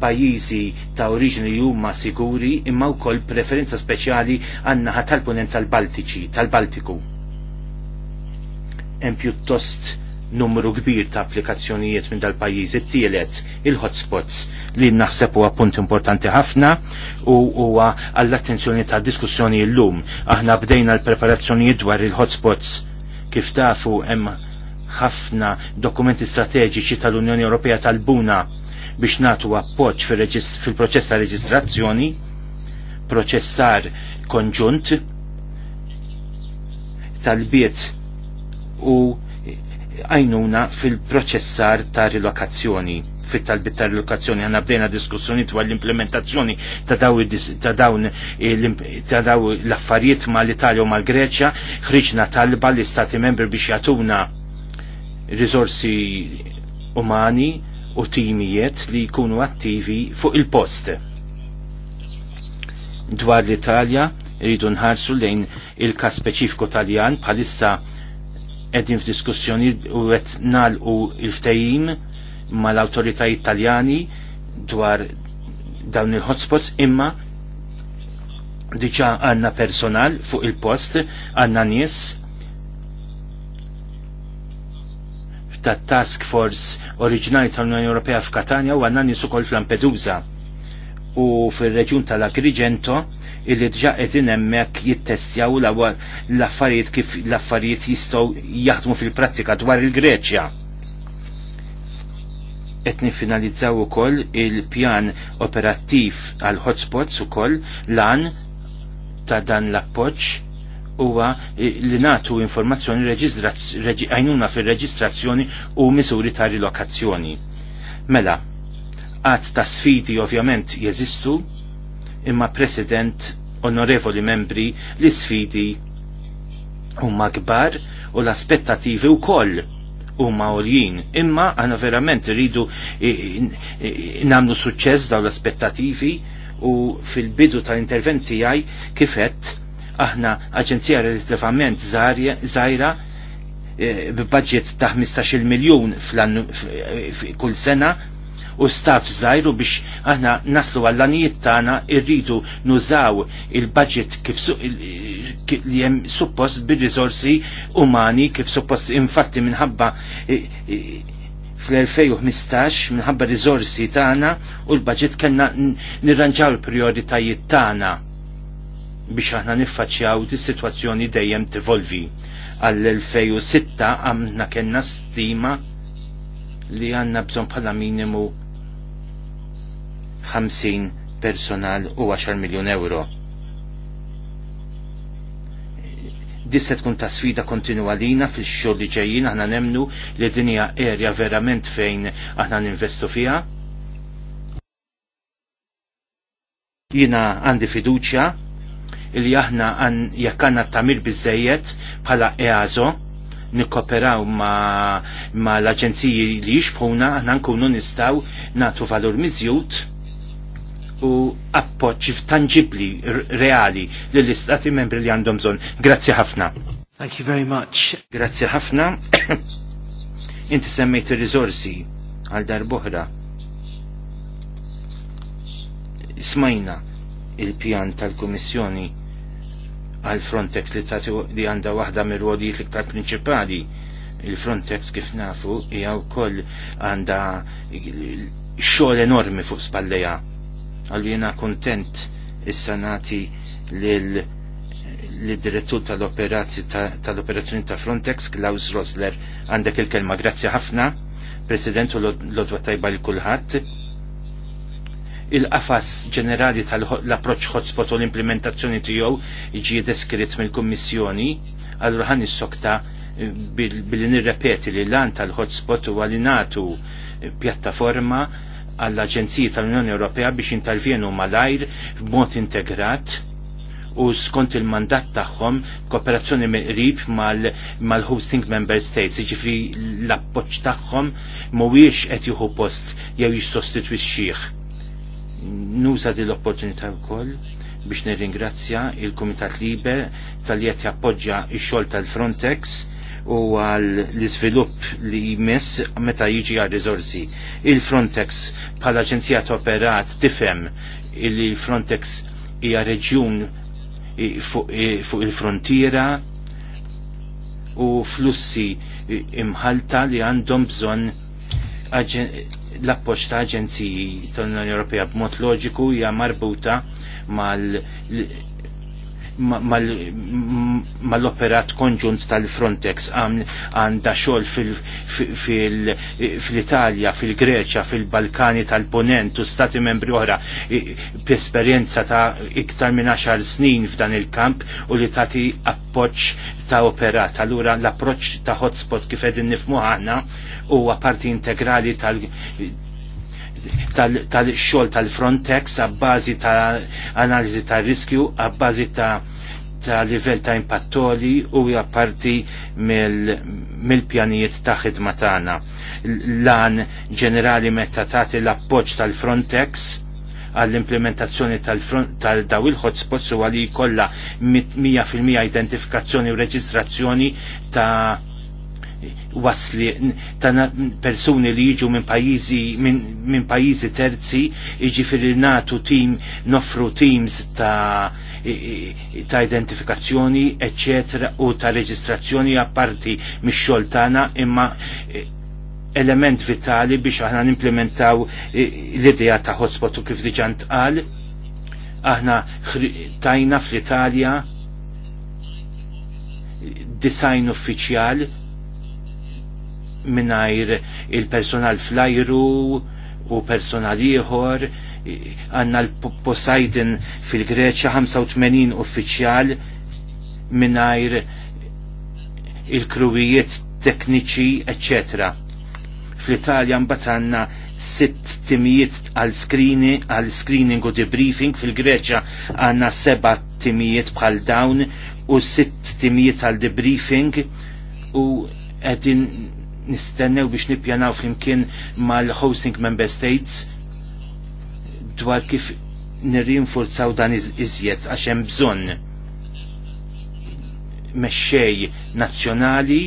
pajizi ta' oriġini li huma siguri imma wkoll preferenza speċjali għannaħa tal-punent tal-Baltiċi, tal-Baltiku. Hemm pjuttost numru kbir ta' applikazzjonijiet minn dal-pajjiż it-tielet il-hotspots li naħseb huwa punt importanti ħafna u huwa għall-attenzjoni ta' diskussjoni llum. Aħna bdejna l-preparazzjonijiet dwar il-hotspots kif tafu hemm ħafna dokumenti strateġiċi tal-Unjoni Ewropea tal-Buna biex natu appoġġ fil-proċess ta' reġistrazzjoni, proċessar konġunt tal-biet u għajnuna fil-proċessar ta' rilokazzjoni fit talbit ta' rilokazzjoni għanna bdejna diskussjoni dwar l-implementazzjoni ta' dawn l-affarijiet ma' l-Italja u ma' l-Greċja ħriġna talba l-Istati membri biex jatuna risorsi umani u timijiet li jkunu attivi fuq il-post. Dwar l-Italja, rridu nħarsu lejn il-kas speċifiku taljan bħalissa edin f'diskussjoni u għet nalqu il-ftajim mal autoritajiet taljani dwar dawn il-hotspots imma diġa għanna personal fuq il-post għanna nies ta' Task Force oriġinali tal-Unjoni Ewropea f'Katania u għannan ukoll fl-Lampedusa u fil-reġjun tal-Agrigento illi dġa edin hemmhekk jittestjaw l-affarijiet kif l-affarijiet jistgħu jaħdmu fil-prattika dwar il-Greċja. Qed u ukoll il-pjan operattiv għal hotspots ukoll lan ta' dan l-appoġġ huwa li natu informazzjoni għajnuna fil-reġistrazzjoni u misuri ta' rilokazzjoni. Mela, għad ta' sfidi ovvjament jeżistu, imma President, onorevoli membri, li sfidi huma kbar u l-aspettativi u koll huma għoljien. Imma għana verament rridu namlu suċċess daw l-aspettativi u fil-bidu tal-interventi għaj kifet Aħna aġenzija relativament zaħira eh, b'budget ta' 15 miljun eh, kull sena u staff zaħiru biex aħna naslu għallanijiet tagħna irridu nużaw il-budget kif li hemm suppost bil-rizorsi umani kif suppost infatti minħabba eh, fl-2015 minħabba rizorsi tagħna u l-budget kellna nirranġaw il-prioritajiet tagħna biex aħna niffaċċjaw dis sitwazzjoni dejjem tivolvi. Għall-2006 għamna kellna stima li għandna bżonn bħala minimu 50 personal u 10 miljon euro. Disset tkun ta' sfida kontinualina fil-xogħol li ġejjin aħna nemnu li din hija erja verament fejn aħna ninvestu fiha. Jina għandi fiduċja li aħna jekk għandna tamir bizzejiet bħala EASO nikoperaw ma, ma l-aġenziji li jixbħuna aħna nkunu nistaw natu valur mizjut u appoċ tangibli, reali lill-istati membri li għandhom bżonn. Grazzi ħafna. Thank you very much. Grazzi ħafna. Inti semmejt ir rizorsi għal darboħra. Smajna il-pjan tal-Kummissjoni għal Frontex li tagħti li għandha waħda mir-rwodijiet l-iktar prinċipali. Il-Frontex kif nafu hija wkoll għandha xogħol enormi fuq spallejha. Għallu jiena kontent issa nagħti lil l-direttur tal-operazzi tal-operazzjoni ta' Frontex, Klaus Rosler, għandek il-kelma. Grazzi ħafna, President u l-odwa tajba l-kulħadd il-qafas ġenerali tal-approċ hotspot u l-implementazzjoni tiegħu iġi deskritt mill-Kummissjoni, allura ħan sokta eh, billi nirrepeti li l għan tal-hotspot huwa li natu eh, pjattaforma għall-Aġenziji tal-Unjoni Ewropea biex intervjenu mal-ajr b'mod integrat u skont il-mandat tagħhom kooperazzjoni qrib mal-hosting mal member states, jiġifieri l-appoġġ tagħhom mhuwiex qed jieħu post jew jissostitwixxih nuża din l-opportunità wkoll biex nirringrazzja il-Kumitat Libe tal qed jappoġġja x-xogħol tal-Frontex u għal l li jmiss meta jiġi għal riżorsi. Il-Frontex bħala aġenzija ta' operat tifhem illi l-Frontex hija reġjun fuq il-frontiera u flussi imħalta li għandhom bżonn l-appoġġ ta' aġenziji tal-Unjoni Ewropea b'mod loġiku hija marbuta mal mal-operat konġunt tal-Frontex għanda xol fil-Italja, fil-Greċja, fil-Balkani tal-Ponent u stati membri oħra b'esperjenza ta' iktar minn 10 snin f'dan il-kamp u li tagħti appoċ ta' operat. Allura l-approċ ta' hotspot kif qegħdin nifmu ħana huwa parti integrali tal- tal-xol tal-Frontex għabbażi ta' analizi ta' riskju, għabbażi ta' ta' livell ta' impattoli u għaparti mill-pjanijiet ta' ħidma tagħna. Lan ġenerali meta tagħti l-appoġġ tal-Frontex għall-implementazzjoni tal-daw il-hotspots u għalli kolla 100% identifikazzjoni u reġistrazzjoni ta' wasli ta' persuni li jiġu minn pajjiżi minn pajjiżi terzi jiġifieri natu tim nofru teams ta' ta' identifikazzjoni eccetera, u ta' reġistrazzjoni apparti mix-xogħol tagħna imma e, element vitali biex aħna nimplementaw e, l-idea ta' hotspot u kif diġà tqal. Aħna tajna fl-Italja design uffiċjal minajr il-personal flajru u personal ieħor għanna l posajdin fil-Greċja 85 uffiċjal minajr il-kruwijiet tekniċi, eccetera. Fl-Italja mbagħad għandna sitt timijiet għal skrini għal screening u debriefing fil-Greċja għandna seba' timijiet bħal dawn u 6 timijiet għal debriefing u qegħdin nistennew biex nippjanaw flimkien mal-hosting member states dwar kif nirrinforzaw dan iżjed għax hemm bżonn mexxej nazzjonali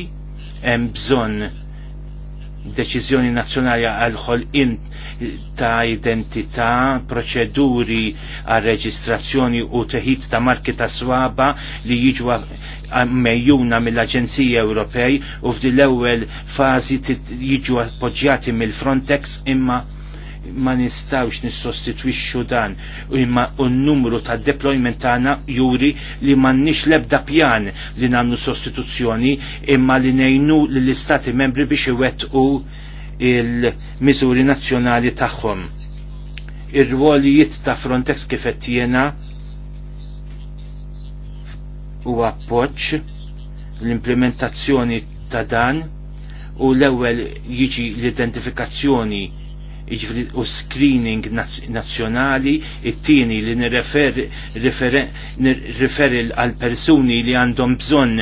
hemm bżonn deċiżjoni nazzjonali għal ħolqien ta' identità, proċeduri għal reġistrazzjoni u teħid ta' marki ta' swaba li jiġu mejjuna mill-Aġenzija Ewropej u f'din l-ewwel fażi jiġu appoġġjati mill-Frontex imma ma nistawx nissostitwixxu dan u imma n-numru ta' deployment tagħna juri li ma l-ebda pjan li nagħmlu sostituzzjoni imma li ngħinu lill-istati membri biex iwettqu il-miżuri nazzjonali tagħhom. Ir-rwolijiet ta' Frontex kif qed jiena u appoġġ l-implementazzjoni ta' dan u l-ewwel jiġi l-identifikazzjoni iġveri u screening nazjonali, it-tieni li nirreferi għal persuni li għandhom bżon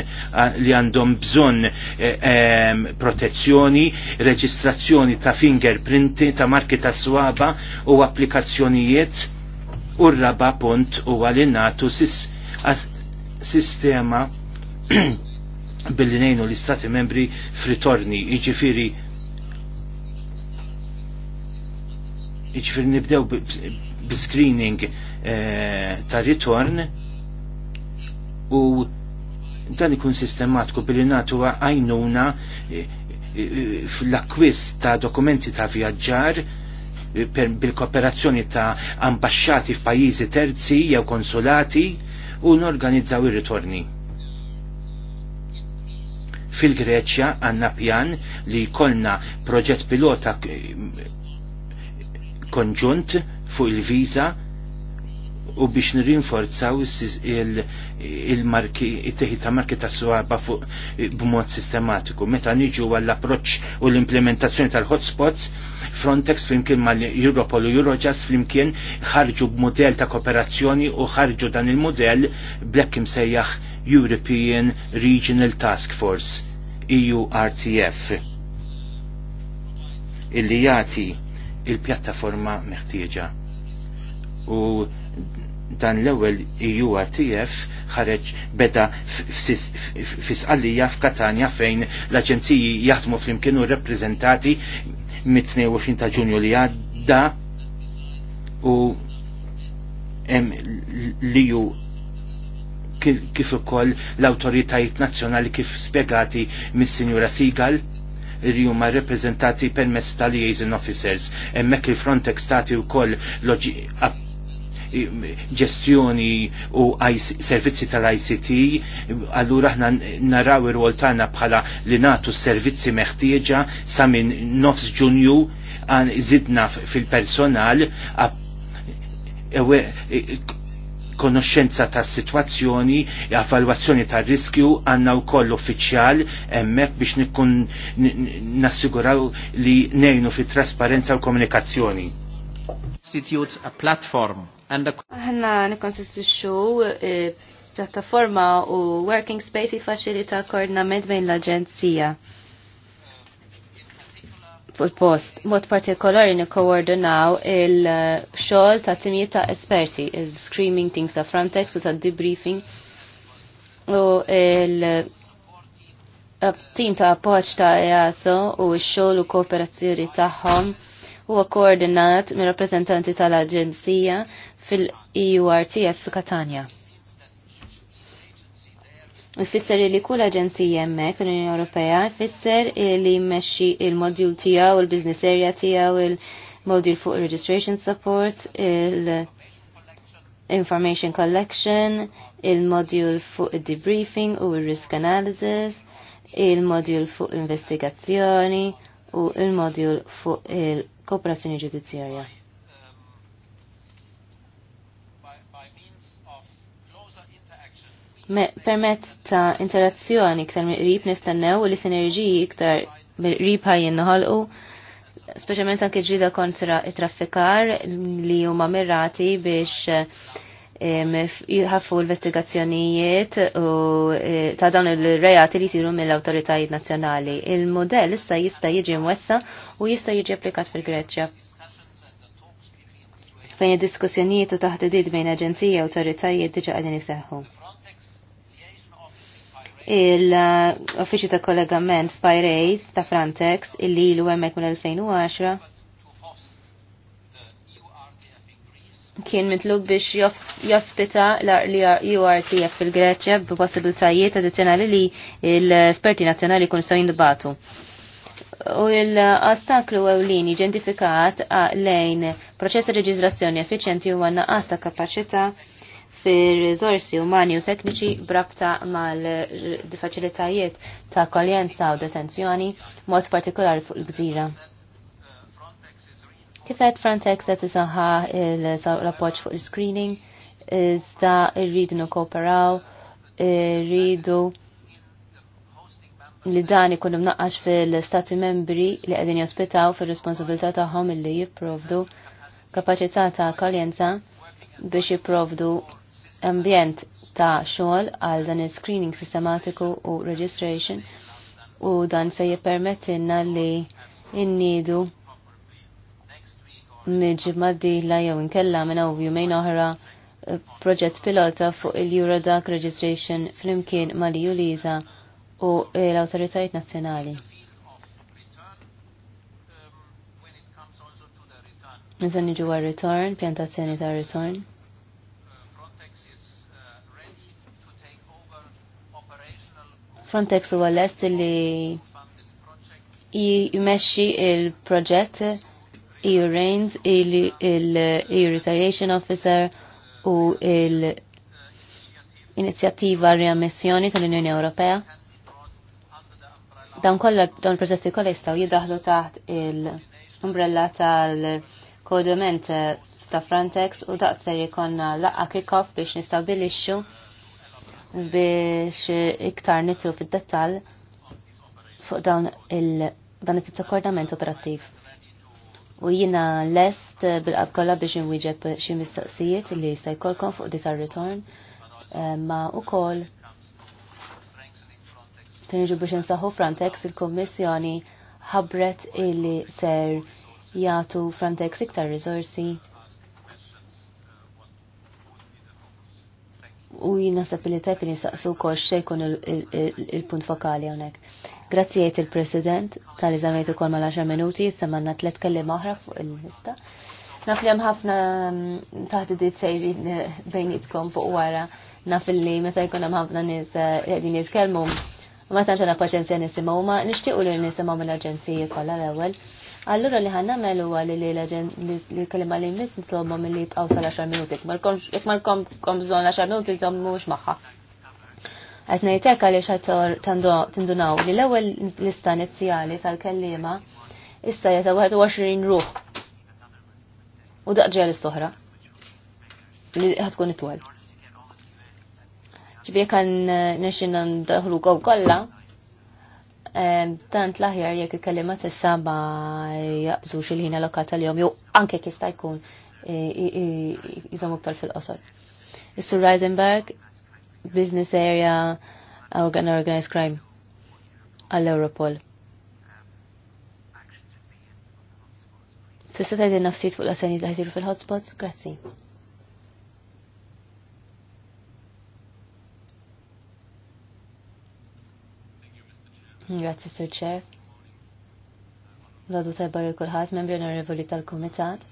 li għandhom bżon e, protezzjoni, reġistrazzjoni ta' fingerprinti, ta' marki ta' swaba u applikazzjonijiet u raba punt u għalinatu sistema billi nejnu l-istati membri fritorni, iġifiri Iġifir nibdew b-screening eh, ta' ritorn u dan ikun sistematiku billi natu għajnuna eh, eh, fl-akwist ta' dokumenti ta' vjaġġar bil-kooperazzjoni ta' ambasċati f'pajjiżi terzi jew konsulati u norganizzaw ir-ritorni. Fil-Greċja għanna pjan li kolna proġett pilota konġunt fuq il viza u biex nirinforzaw il-marki it-teħi ta' marki ta' swaba fuq b'mod sistematiku. Meta niġu għall-approċ u l-implementazzjoni tal-hotspots, Frontex flimkien mal Europol u Eurojust flimkien ħarġu b'modell ta' kooperazzjoni u ħarġu dan il-modell blekk imsejjaħ European Regional Task Force, EURTF. Illi jati il-pjattaforma meħtieġa. U dan l-ewwel EURTF ħareġ beda fisqallija f'Katanja fejn l-aġenziji jaħdmu flimkien kienu rappreżentati mit-22 ta' Ġunju li għadda u li ju kif ukoll l-awtoritajiet nazzjonali kif spjegati mis-Sinjura Sigal li huma reprezentati permezz tal-liaison officers. emmek il-Frontex koll wkoll ġestjoni u servizzi tal-ICT, allura ħna naraw ir-rol tagħna bħala li nagħtu s-servizzi meħtieġa sa minn nofs Ġunju zidna fil-personal konoxenza ta' situazzjoni, evalwazzjoni ta' riskju għanna u koll uffiċjal emmek biex nikun nassiguraw li nejnu fi trasparenza u komunikazzjoni. Institutes a platform Għanna nikonsistixxu e, pjattaforma u working space jiffaċilita koordinament bejn l-Aġenzija fuq post Mod partikolari nikkoordinaw il-xogħol ta' timijiet ta' esperti, il-screaming things ta' Frontex u ta' debriefing u il-tim ta' appoġġ ta' EASO u x-xogħol u kooperazzjoni tagħhom huwa koordinat mir rappreżentanti tal-Aġenzija fil-EURTF Katania. Fisser li kull aġenzija hemmhekk l-Unjoni Ewropea fisser li jmexxi il-modul tiegħu, il-business area tiegħu, il-modul fuq registration support, il-information collection, il-modul fuq il-debriefing u il-risk analysis, il-modul fuq investigazzjoni u il-modul fuq il-kooperazzjoni ġudizzjarja. permezz ta' interazzjoni iktar qrib nistennew u li sinerġiji iktar qrib ħaj noħolqu speċjalment anke ġrida kontra traffikar li huma mirati biex jħaffu investigazzjonijiet u e, ta' dawn il-rejati li jsiru mill-awtoritajiet nazzjonali. Il-modell issa jista' jiġi mwessa u jista' jiġi applikat fil-Greċja fejn id-diskussjonijiet u taħdidiet bejn aġenzija u autoritajiet diġa għadin iseħħu il-Uffiċċju ta' Kollegament Fajrejs ta' Frontex illi ilu hemmhekk mill-2010 kien mitlub biex jospita l-URTF fil-Greċja b'possibiltajiet addizzjonali li l-esperti nazzjonali kun so jindbatu. U l-ostaklu ewlini ġentifikat lejn proċess ta' reġizrazzjoni effiċjenti u għanna għasta kapacita' fir rizorsi umani u tekniċi brabta mal-faċilitajiet ta' koljenza u detenzjoni mod partikolari fuq il-gżira. Kifet Frontex qed isaħħa l-appoġġ fuq il-screening, iżda rridu nkooperaw rridu li dan ikun imnaqqax fil-stati membri li qegħdin jospitaw fir-responsabilità tagħhom illi jipprovdu kapaċità ta' akkoljenza biex jipprovdu ambjent ta' xogħol għal dan il-screening sistematiku u registration u dan se jippermettilna li innidu miġib maddila jew inkella minn u mejn oħra eh, proġett pilota fuq il-Eurodac Registration flimkien mal u Liza u l-autoritajiet nazzjonali. Nizan niġu għal-return, pjantazzjoni ta' return. Frontex huwa lest li jimexxi il-proġett EU Reigns, il-EU Retaliation Officer u l-Inizjattiva Riammissjoni tal-Unjoni Ewropea. Dawn kollha dawn proġetti kollha jistgħu jiddaħlu taħt il-umbrella tal-Kodument ta' Frontex u daqser jkollna laqgħa kick-off biex nistabilixxu biex iktar nitru fid-dettal fuq dawn il dan it-tip ta' koordinament operattiv. U jina lest bil-qab kollha biex inwieġeb xi mistaqsijiet li jistaj jkollkom fuq dit return eh, ma ukoll tinġu biex nsaħu Frontex il-Kommissjoni ħabret illi ser jagħtu Frontex iktar rizorsi. u jinasab li tajp li saqsu kol xejkun il-punt fokali għonek. Grazzi għajt il-President tal iżamajtu kol mal-10 minuti, jitsamanna tlet kelli maħra fuq il-lista. Naf li ħafna taħt id bejn bejnietkom fuq wara, naf li meta jkun hemm ħafna nies eh, qegħdin jitkellmu, ma tantx għandna paċenzja nisimgħu ma nixtiequ li nisimgħu mill-aġenziji kollha l-ewwel. Allora li ħanna melu għalli li li kelima li mis nitlobu mill li jibqaw sal-10 minuti. Jek ma kom bżonn 10 minuti jizom mux maħħa. Qed ngħid hekk għaliex tindunaw li l ewel lista inizjali tal-kelliema issa jeta 21 ruħ. U daqġa l-istoħra. Li ħatkun it itwal. Ġbie kan nesċin eh, nexin ndaħlu kolla tant laħjar jekk il-kelima tissa ma jaqbżux il-ħin allokat tal-jom, jew anke kista jkun e, e, e, jizom iktar fil-qosor. Is-Sur Reisenberg, Business Area Organ Organized Crime għall-Europol. Tista' tgħidilna ftit fuq l-azzjonijiet li ħsiru fil-hotspots? Grazzi. Grazzi Sir Chair. Vladu tajba li kulħadd membri onorevoli tal-Kumitat.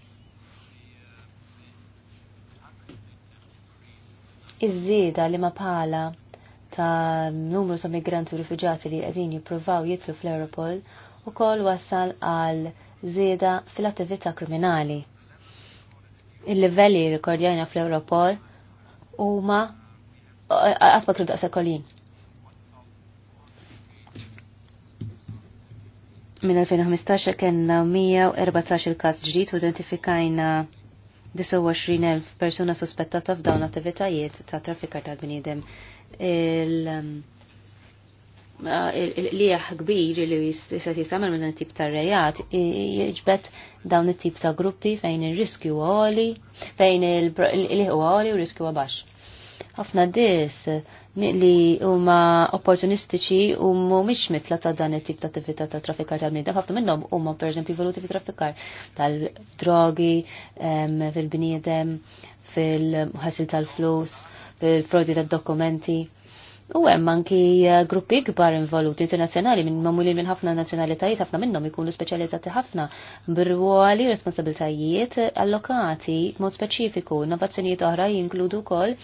Iż-żieda li ma bħala ta' numru ta' migranti u rifuġati li qegħdin jippruvaw jitru fl-Europol ukoll wasal għal żieda fil-attività kriminali. Il-livelli rikordjajna fl-Europol huma għatma ma daqsa kolin. minn 2015 kena 114 kas ġdijt u identifikajna 29.000 persuna suspettata f'dawn attivitajiet ta' traffikar tal-bnidem. Il-liħ kbir li jistat jistamil minn tip ta' rejat jieġbet dawn it-tip ta' gruppi fejn il-riskju għoli, fejn il-liħu għoli u riskju għabax ħafna dis li huma opportunistiċi u mhumiex mitla ta' dan it-tip ta' attività ta' traffikar tal-bniedem, ħafna minnhom huma pereżempju voluti fi traffikar tal-drogi, fil-bniedem, fil-ħasil tal-flus, fil-frodi tad-dokumenti. U hemm anki eh, gruppi kbar involuti internazzjonali minn mamulin minn ħafna nazzjonalitajiet ħafna minnhom ikunu speċjalizzati ħafna b'rwoli responsabiltajiet allokati mod speċifiku, innovazzjonijiet oħra jinkludu wkoll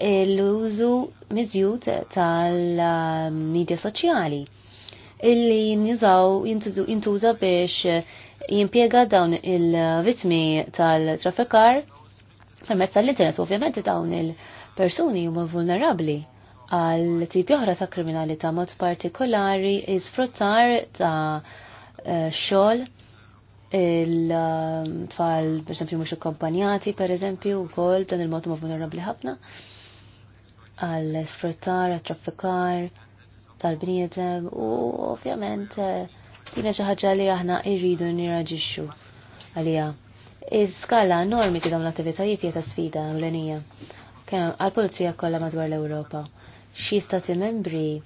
l-użu miżjud tal-medja soċjali illi jintużaw jintuża biex jimpiega dawn il-vitmi tal-trafikar permezz tal-internet ovvjament dawn il-persuni huma vulnerabbli għal tipi oħra ta' kriminalità mod partikolari sfruttar ta' eh, xogħol il-tfal, per esempio, mux kompanjati, per esempio, u kol, dan il-mod ma vulnerabli ħafna għal sfruttar, traffikar tal-bniedem u ovvjament tina eh, xi ħaġa li aħna irridu nirraġixxu għalija. Iż-skala normi ta' dawn l-attivitajiet hija ta' sfida ewlenija kemm għal pulizija kollha madwar l-Ewropa. Xi stati membri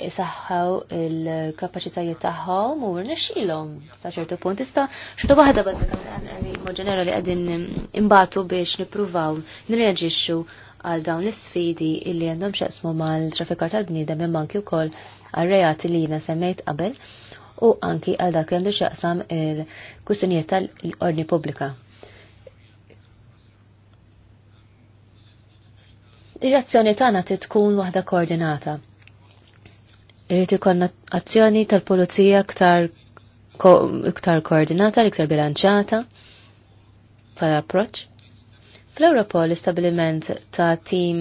isaħħaw il-kapaċitajiet tagħhom u rnexxilhom ta' ċertu punt. Ista' xorta waħda bażikament eh, mod ġenerali qegħdin imbagħtu biex nippruvaw nirreġixxu għal dawn l-sfidi illi għandhom xaqsmu mal-trafikar tal-bniedem manki u wkoll għal-rejati li jina semmejt qabel u anki għal dak li għandu xaqsam il-kustinijiet tal-ordni pubblika. ir reazzjoni tagħna tkun waħda koordinata. Irid ikollna azzjoni tal-pulizija iktar iktar koordinata, iktar bilanċata, bħala approċċ. Fl-Europol l-istabiliment ta' tim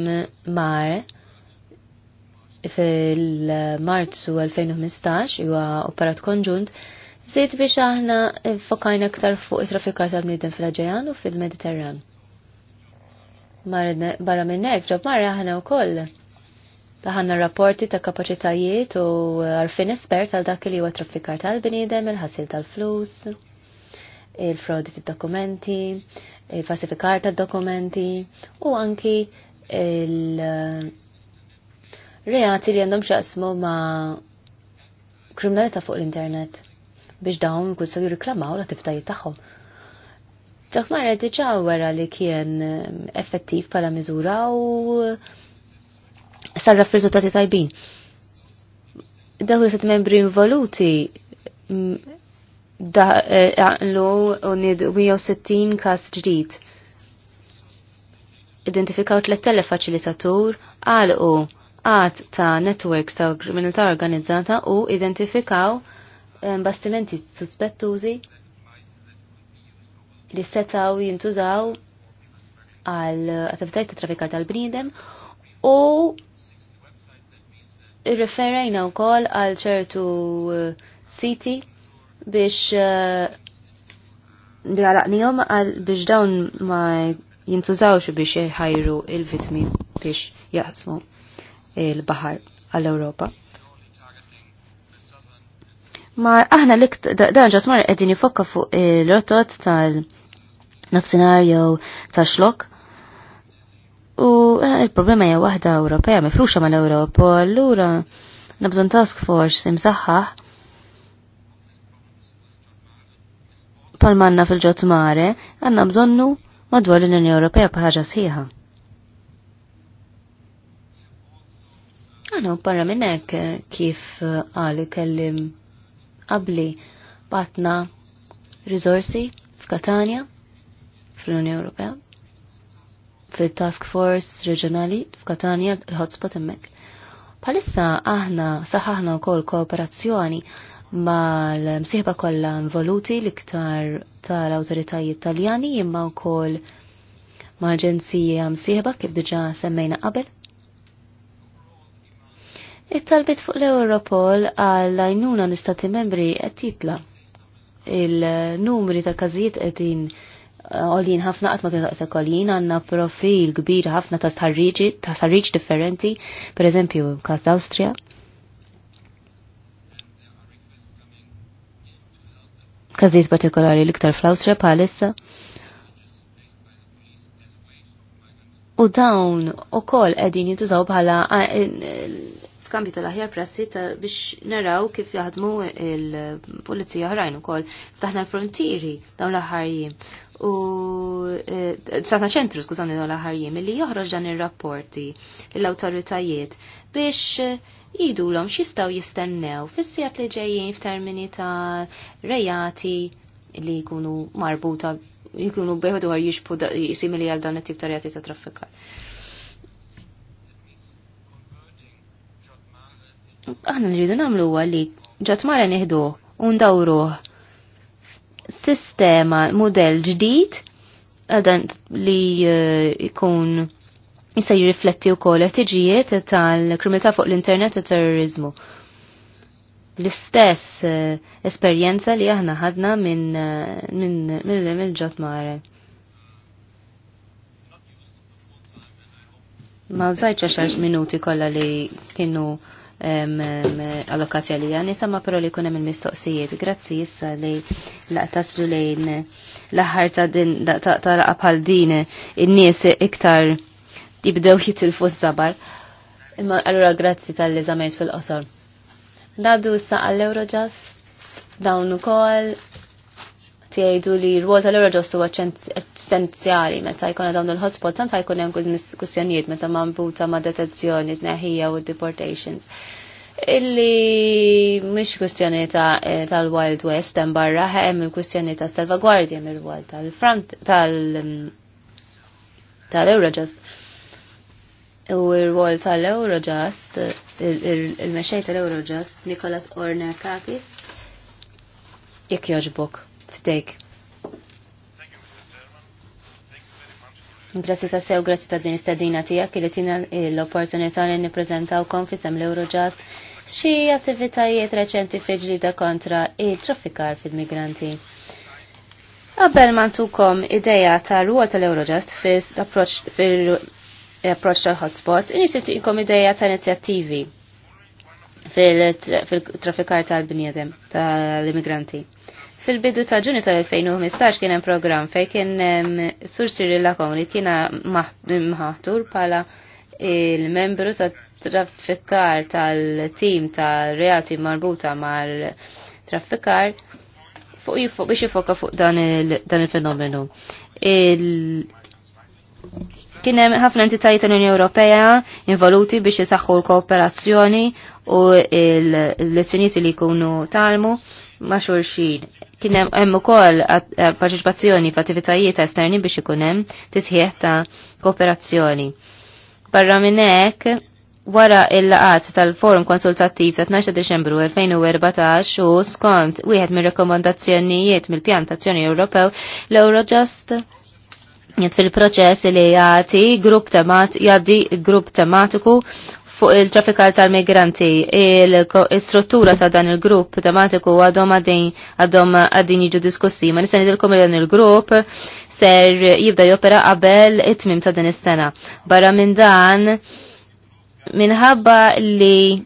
mar fil-Marzu 2015 huwa operat konġunt Zid biex aħna fokajna aktar fuq it-traffikar tal-bniedem fil-Aġejan u fil-Mediterran. Barra minnek, ġob marra aħna u koll. Taħanna rapporti ta' kapacitajiet u għarfin espert għal dak li huwa traffikar tal-bniedem, il-ħasil tal-flus il fraud fil-dokumenti, il-falsifikar ta' dokumenti u anki il-reati li għandhom xaqsmu ma' kriminalità fuq l-internet biex dawn kull sew jirriklamaw l-attivitajiet tagħhom. Dak mara diġà wara li kien mm, effettiv bħala miżura u sarraf riżultati tajbin. Dawk li set membri involuti mm, daħlu eh, u nid 160 kas ġdid. Identifikaw 3,000 għal għalqu għat ta' networks ta' kriminalità organizzata u identifikaw eh, bastimenti suspettużi li setaw jintużaw għal attivitajt ta' trafikar tal-bnidem u referajna u kol għal ċertu eh, siti biex eh, nraqnijom għal biex dawn ma jintużawx biex jħajru il-vitmi biex jaqsmu il-bahar għall-Europa. Ma aħna l dan ġat mar qegħdin jifokka fuq il-rotot tal nafsinar jew tal xlok U eh, il-problema hija waħda Ewropea mifruxa mal-Ewropa, allura nabżon task force imsaħħaħ palmanna fil-ġot mare għanna bżonnu madwar l-Unjoni Ewropea bħaġa sħiħa. Għana barra minnek kif għali kellim għabli batna rizorsi f'Katania fl-Unjoni Ewropea fil-Task Force Regionali f'Katania l-hotspot emmek. Palissa aħna u wkoll kooperazzjoni mal-msieħba kollha involuti l-iktar tal-awtoritajiet Taljani imma wkoll ma' aġenzija msieħba kif diġà semmejna qabel. It-talbit fuq l-Europol għal għajnuna l-istati membri qed titla Il-numri ta' każijiet qegħdin uh, għolin ħafna għatma kienu daqsa kolin għanna profil kbir ħafna ta' sarriġi, ta' sarriġ differenti, per eżempju, kas każijiet partikolari l-iktar fl-Awstrija U dawn u koll edin jintużaw bħala eh, skambju tal-aħjar prassi biex naraw kif jaħdmu il-polizija ħrajn u koll. Ftaħna l-frontieri dawn l-ħarjim u eh, ftaħna ċentru skużani dawn l-ħarjim li joħroġ dan ir rapporti l-autoritajiet biex eh, jidulhom xistaw jistennew fissijat li ġejjin f'termini ta' rejati li jkunu marbuta jikunu beħdu għar jixbu jisimili għal dan it-tip ta' reati ta' traffikar. Aħna nridu namlu għalli ġatmara nieħdu undawruh sistema, model ġdid għadan li eh, jkun jissa jirrifletti wkoll ħtiġijiet tal-kriminalità fuq l-internet u terrorizmu. L-istess eh, esperjenza li aħna ħadna minn eh, mill ġot mare. Ma użajċa xarx minuti kollha li kienu allokati għalija, ma pero li kunem il-mistoqsijiet. Grazzi jissa li laqtasġu lejn laħar ta' din ta' laqqa din in-nies iktar jibdew jitilfu s-sabar. Imma allura grazzi tal-li fil-qosor. Dadu issa għall-Eurojust dawn ukoll jgħidu li r wol tal-Eurojust huwa essenzjali meta jkun dawn il-hotspot tant jkun hemm kull diskussjonijiet meta mambuta ma' detenzjoni tneħħija u deportations illi mish kustjoni tal-Wild West hemm barra hemm il-kustjoni ta' salvaguardja mill-wall tal-front tal- mm, tal-Eurojust u r wol tal-Eurojust, il-mexej tal-Eurojust, Nikolas Orner Kakis, jek joġbok, t-dejk. Grazzi ta' sew, grazzi ta' din istadina tijak li tina l-opportunità li niprezentaw konfisem l-Eurojust xie attivitajiet reċenti da kontra il-traffikar fil-migranti. Qabel mantukom ideja ta' ruwa tal-Eurojust fil-approċ fil approach tal-hotspots, injisit inkom ideja ta' inizjattivi fil-trafikar tal-bniedem tal-immigranti. Fil-bidu ta' ġunju tal-2015 kien hemm programm fejn kien Sur Siri Lakon li kien maħtur pala il-membru ta' traffikar tal-tim ta' reati marbuta mal-traffikar fuq biex jifoka fuq dan il-fenomenu. Kien hemm ħafna entitajiet tal-Unjoni Ewropea involuti biex jisaxħu l-kooperazzjoni u l-lezzjonijiet li jkunu talmu ma' xulxin kien hemm ukoll parteċipazzjoni f'attivitajiet esterni biex ikun hemm tisħieħ ta' kooperazzjoni. Barra minn hekk, wara il-laqat tal-forum konsultattiv ta' 12 Deċembru 2014 u skont wieħed mir-rekomandazzjonijiet mill-pjan tazzjoni Ewropew l-Eurojust Jent fil-proċess li jgħati grupp temat, jgħaddi grupp tematiku fuq il-traffikar tal-migranti. Il-struttura ta' dan il-grupp tematiku għadhom għadhom għaddin jġu diskussi. Ma nistan dil-kom dan il-grupp ser jibda jopera qabel it-tmim ta' din is-sena. Barra minn dan, minħabba li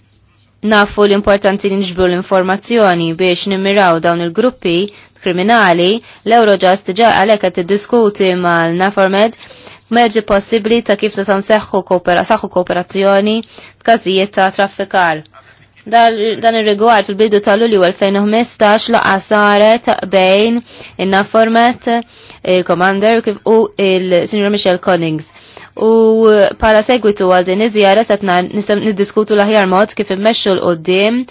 nafu l-importanti li nġbru l-informazzjoni biex nimmiraw dawn il-gruppi kriminali, l-Eurojust ġa għalek għat diskuti mal-Naformed merġi possibli ta' kif ta' saħħu kooperazzjoni f'kazijiet ta' traffikar. Dan ir-rigward fil-bidu tal-Lulju 2015 laqa saret bejn in-Naformet il-Commander kif u il-Sinjor Michel Connings. U pala segwitu għal din iżjara setna nistem niddiskutu l-aħjar mod kif immexxu l qudiem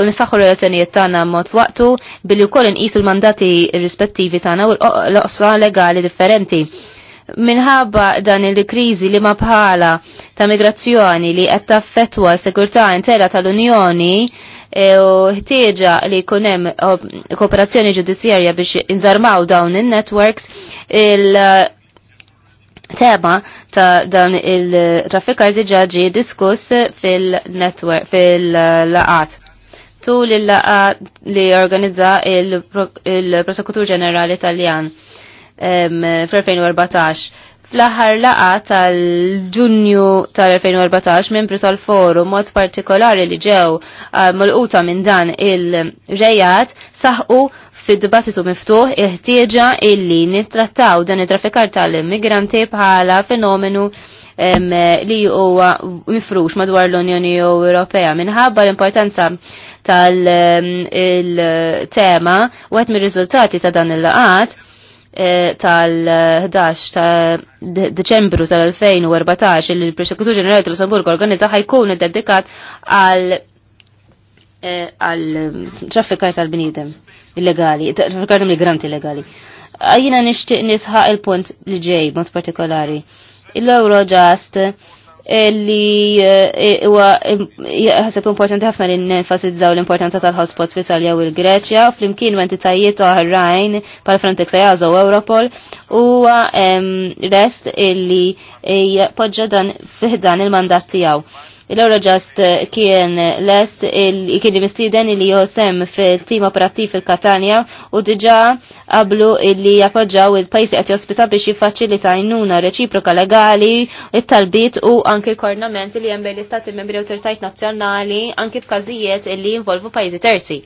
u nisaxħu relazzjonijiet tagħna mod waqtu billi wkoll inqisu l-mandati rispettivi tagħna u l oqsra legali differenti. Minħabba dan il-kriżi li ma bħala ta' migrazzjoni li qed taffettwa s-sigurtà intera tal-Unjoni e, u ħtieġa li jkun hemm kooperazzjoni ġudizzjarja biex inżarmaw dawn in-networks il tema ta' dawn il-traffikar diġa ġi diskuss fil-network fil-laqat tul li laqa li organizza il-Prosekutur Ġenerali Taljan fl-2014. Fl-aħħar laqa tal-ġunju tal-2014 membri tal-forum mod partikolari li ġew eh, mal-quta minn dan il-rejat saħqu fid-dibattitu miftuħ il-ħtieġa illi nittrattaw dan it-traffikar tal-immigranti bħala fenomenu li huwa mifrux madwar l-Unjoni Ewropea minħabba l-importanza tal-tema u għet mir-riżultati ta' dan il-laqat eh, tal-11 ta' Deċembru tal-2014 li l-Prosekutur Ġenerali tal-Lussemburg organizza ħajkun id-dedikat għal eh, għal traffikar tal-bnidem illegali, traffikar tal-migranti illegali. Għajina nishtiq nisħaq il-punt li ġej, mod partikolari. Il-Eurojust li eh, huwa ħaseb importanti ħafna li nenfasizzaw l-importanza tal-hotspots fl-Italja u l-Greċja, flimkien entitajiet oħrajn pal Frontex Easo u Europol huwa rest illi eh, poġġa dan fiħdan il-mandat tiegħu l-Eurojust kien lest kien mistiden li josem fil-tim operattiv fil-Katania u diġa qablu li jappoġġaw il-pajsi qed jospita biex jiffaċilita jnuna reċiproka legali, it-talbit u anke kornament li hemm l-istati membri u tertajt nazzjonali anke f'każijiet li jinvolvu pajjiżi terzi.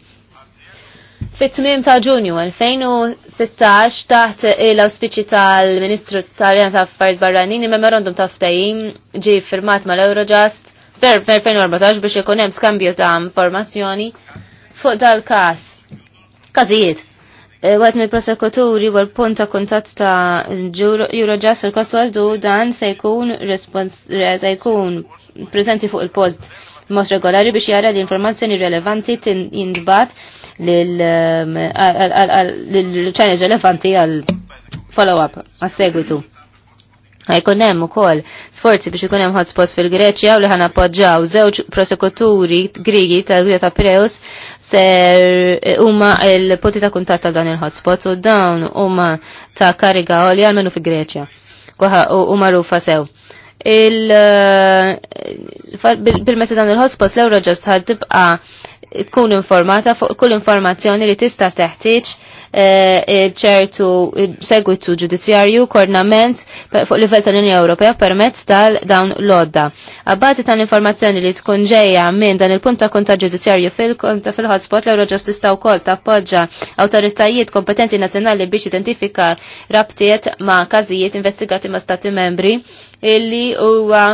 Fit-tmim ta' ġunju 2016 taħt l-auspiċi tal-Ministru tal-Jan ta' Affarijiet Barranini, memorandum ta' ftajim ġi firmat mal-Eurojust 2014 biex ikun hemm skambju ta' informazzjoni fuq dal-każ. Każijiet. Eh, Wet mill prosekuturi wal punt ta' kuntatt ta' Eurojust u Kosoldu dan se jkun se jkun prezenti fuq il-post mod regolari biex jara l-informazzjoni relevanti jindbat lil ċajniż eh, relevanti għal follow-up għas segwitu. Għajkun hemm ukoll sforzi biex ikun hemm hotspots fil-Greċja u li ħan appoġġaw żewġ prosekuturi Grigi ta' Gwja ta' Preus ser huma l-poti ta' kuntatt ta' dan il-hotspots u dawn huma ta' kariga li għalmenu fi Greċja u marufa sew. Eh, bil messi dan il-hotspots l-Eurojust ħad tibqa' tkun informata fuq kull informazzjoni li tista' teħtieġ Eh, eh, ċertu eh, segwitu ġudizzjarju, kornament fuq livell tal-Unja Ewropea permezz tal-dawn l-odda. Abbati tal-informazzjoni li tkun ġejja minn dan il-punt ta' konta ġudizzjarju fil-konta fil-hotspot l-Eurojust istaw kol tappoġġa autoritajiet kompetenti nazzjonali biex identifika rabtiet ma' kazijiet investigati ma' stati membri illi huwa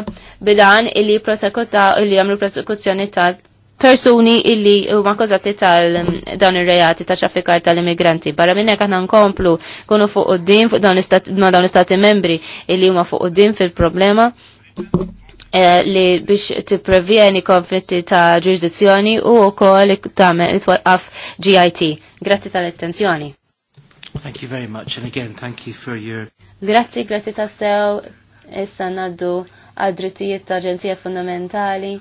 bilan illi prosekuta illi għamlu prosekuzzjoni ta' persuni illi huma kozati tal mm, dawn ir-reati ta' xaffikar tal-immigranti. Barra minn għanna nkomplu kunu fuq quddiem fuq dawn ma' dawn istati membri illi huma fuq quddiem fil-problema eh, li biex tipprevjeni konflitti ta' ġurisdizzjoni u wkoll tagħmel itwaqqaf GIT. Grazzi tal-attenzjoni. Thank you very much and again thank you for your Grazzi, grazzi tassew. Issa naddu għad-drittijiet ta' Aġenzija Fundamentali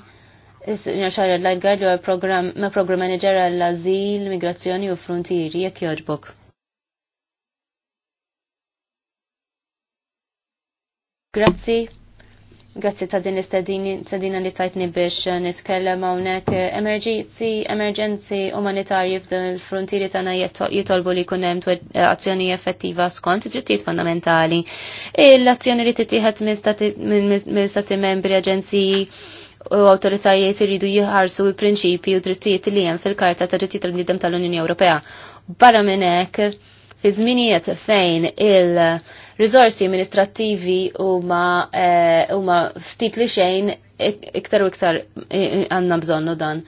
Xarja l-Lagard u program, ma program manager għall-azil, migrazzjoni u frontieri, jek joġbok. Grazzi. Grazzi ta' din istadina li tajtni biex eh, nitkellem hawnhekk emerġenzi, emerġenzi umanitarji f'dan il-frontieri tagħna jitolbu li jkun hemm eh, azzjoni effettiva skont id-drittijiet fondamentali. L-azzjoni li titieħed minn stati membri aġenziji u autoritajiet iridu jħarsu il-prinċipi u drittijiet li hemm fil-Karta ta' Drittijiet tal-Bniedem tal-Unjoni Ewropea. Barra minn hekk, fi żminijiet fejn il-riżorsi amministrattivi huma eh, huma ftit li xejn iktar u iktar eh, għandna bżonnu dan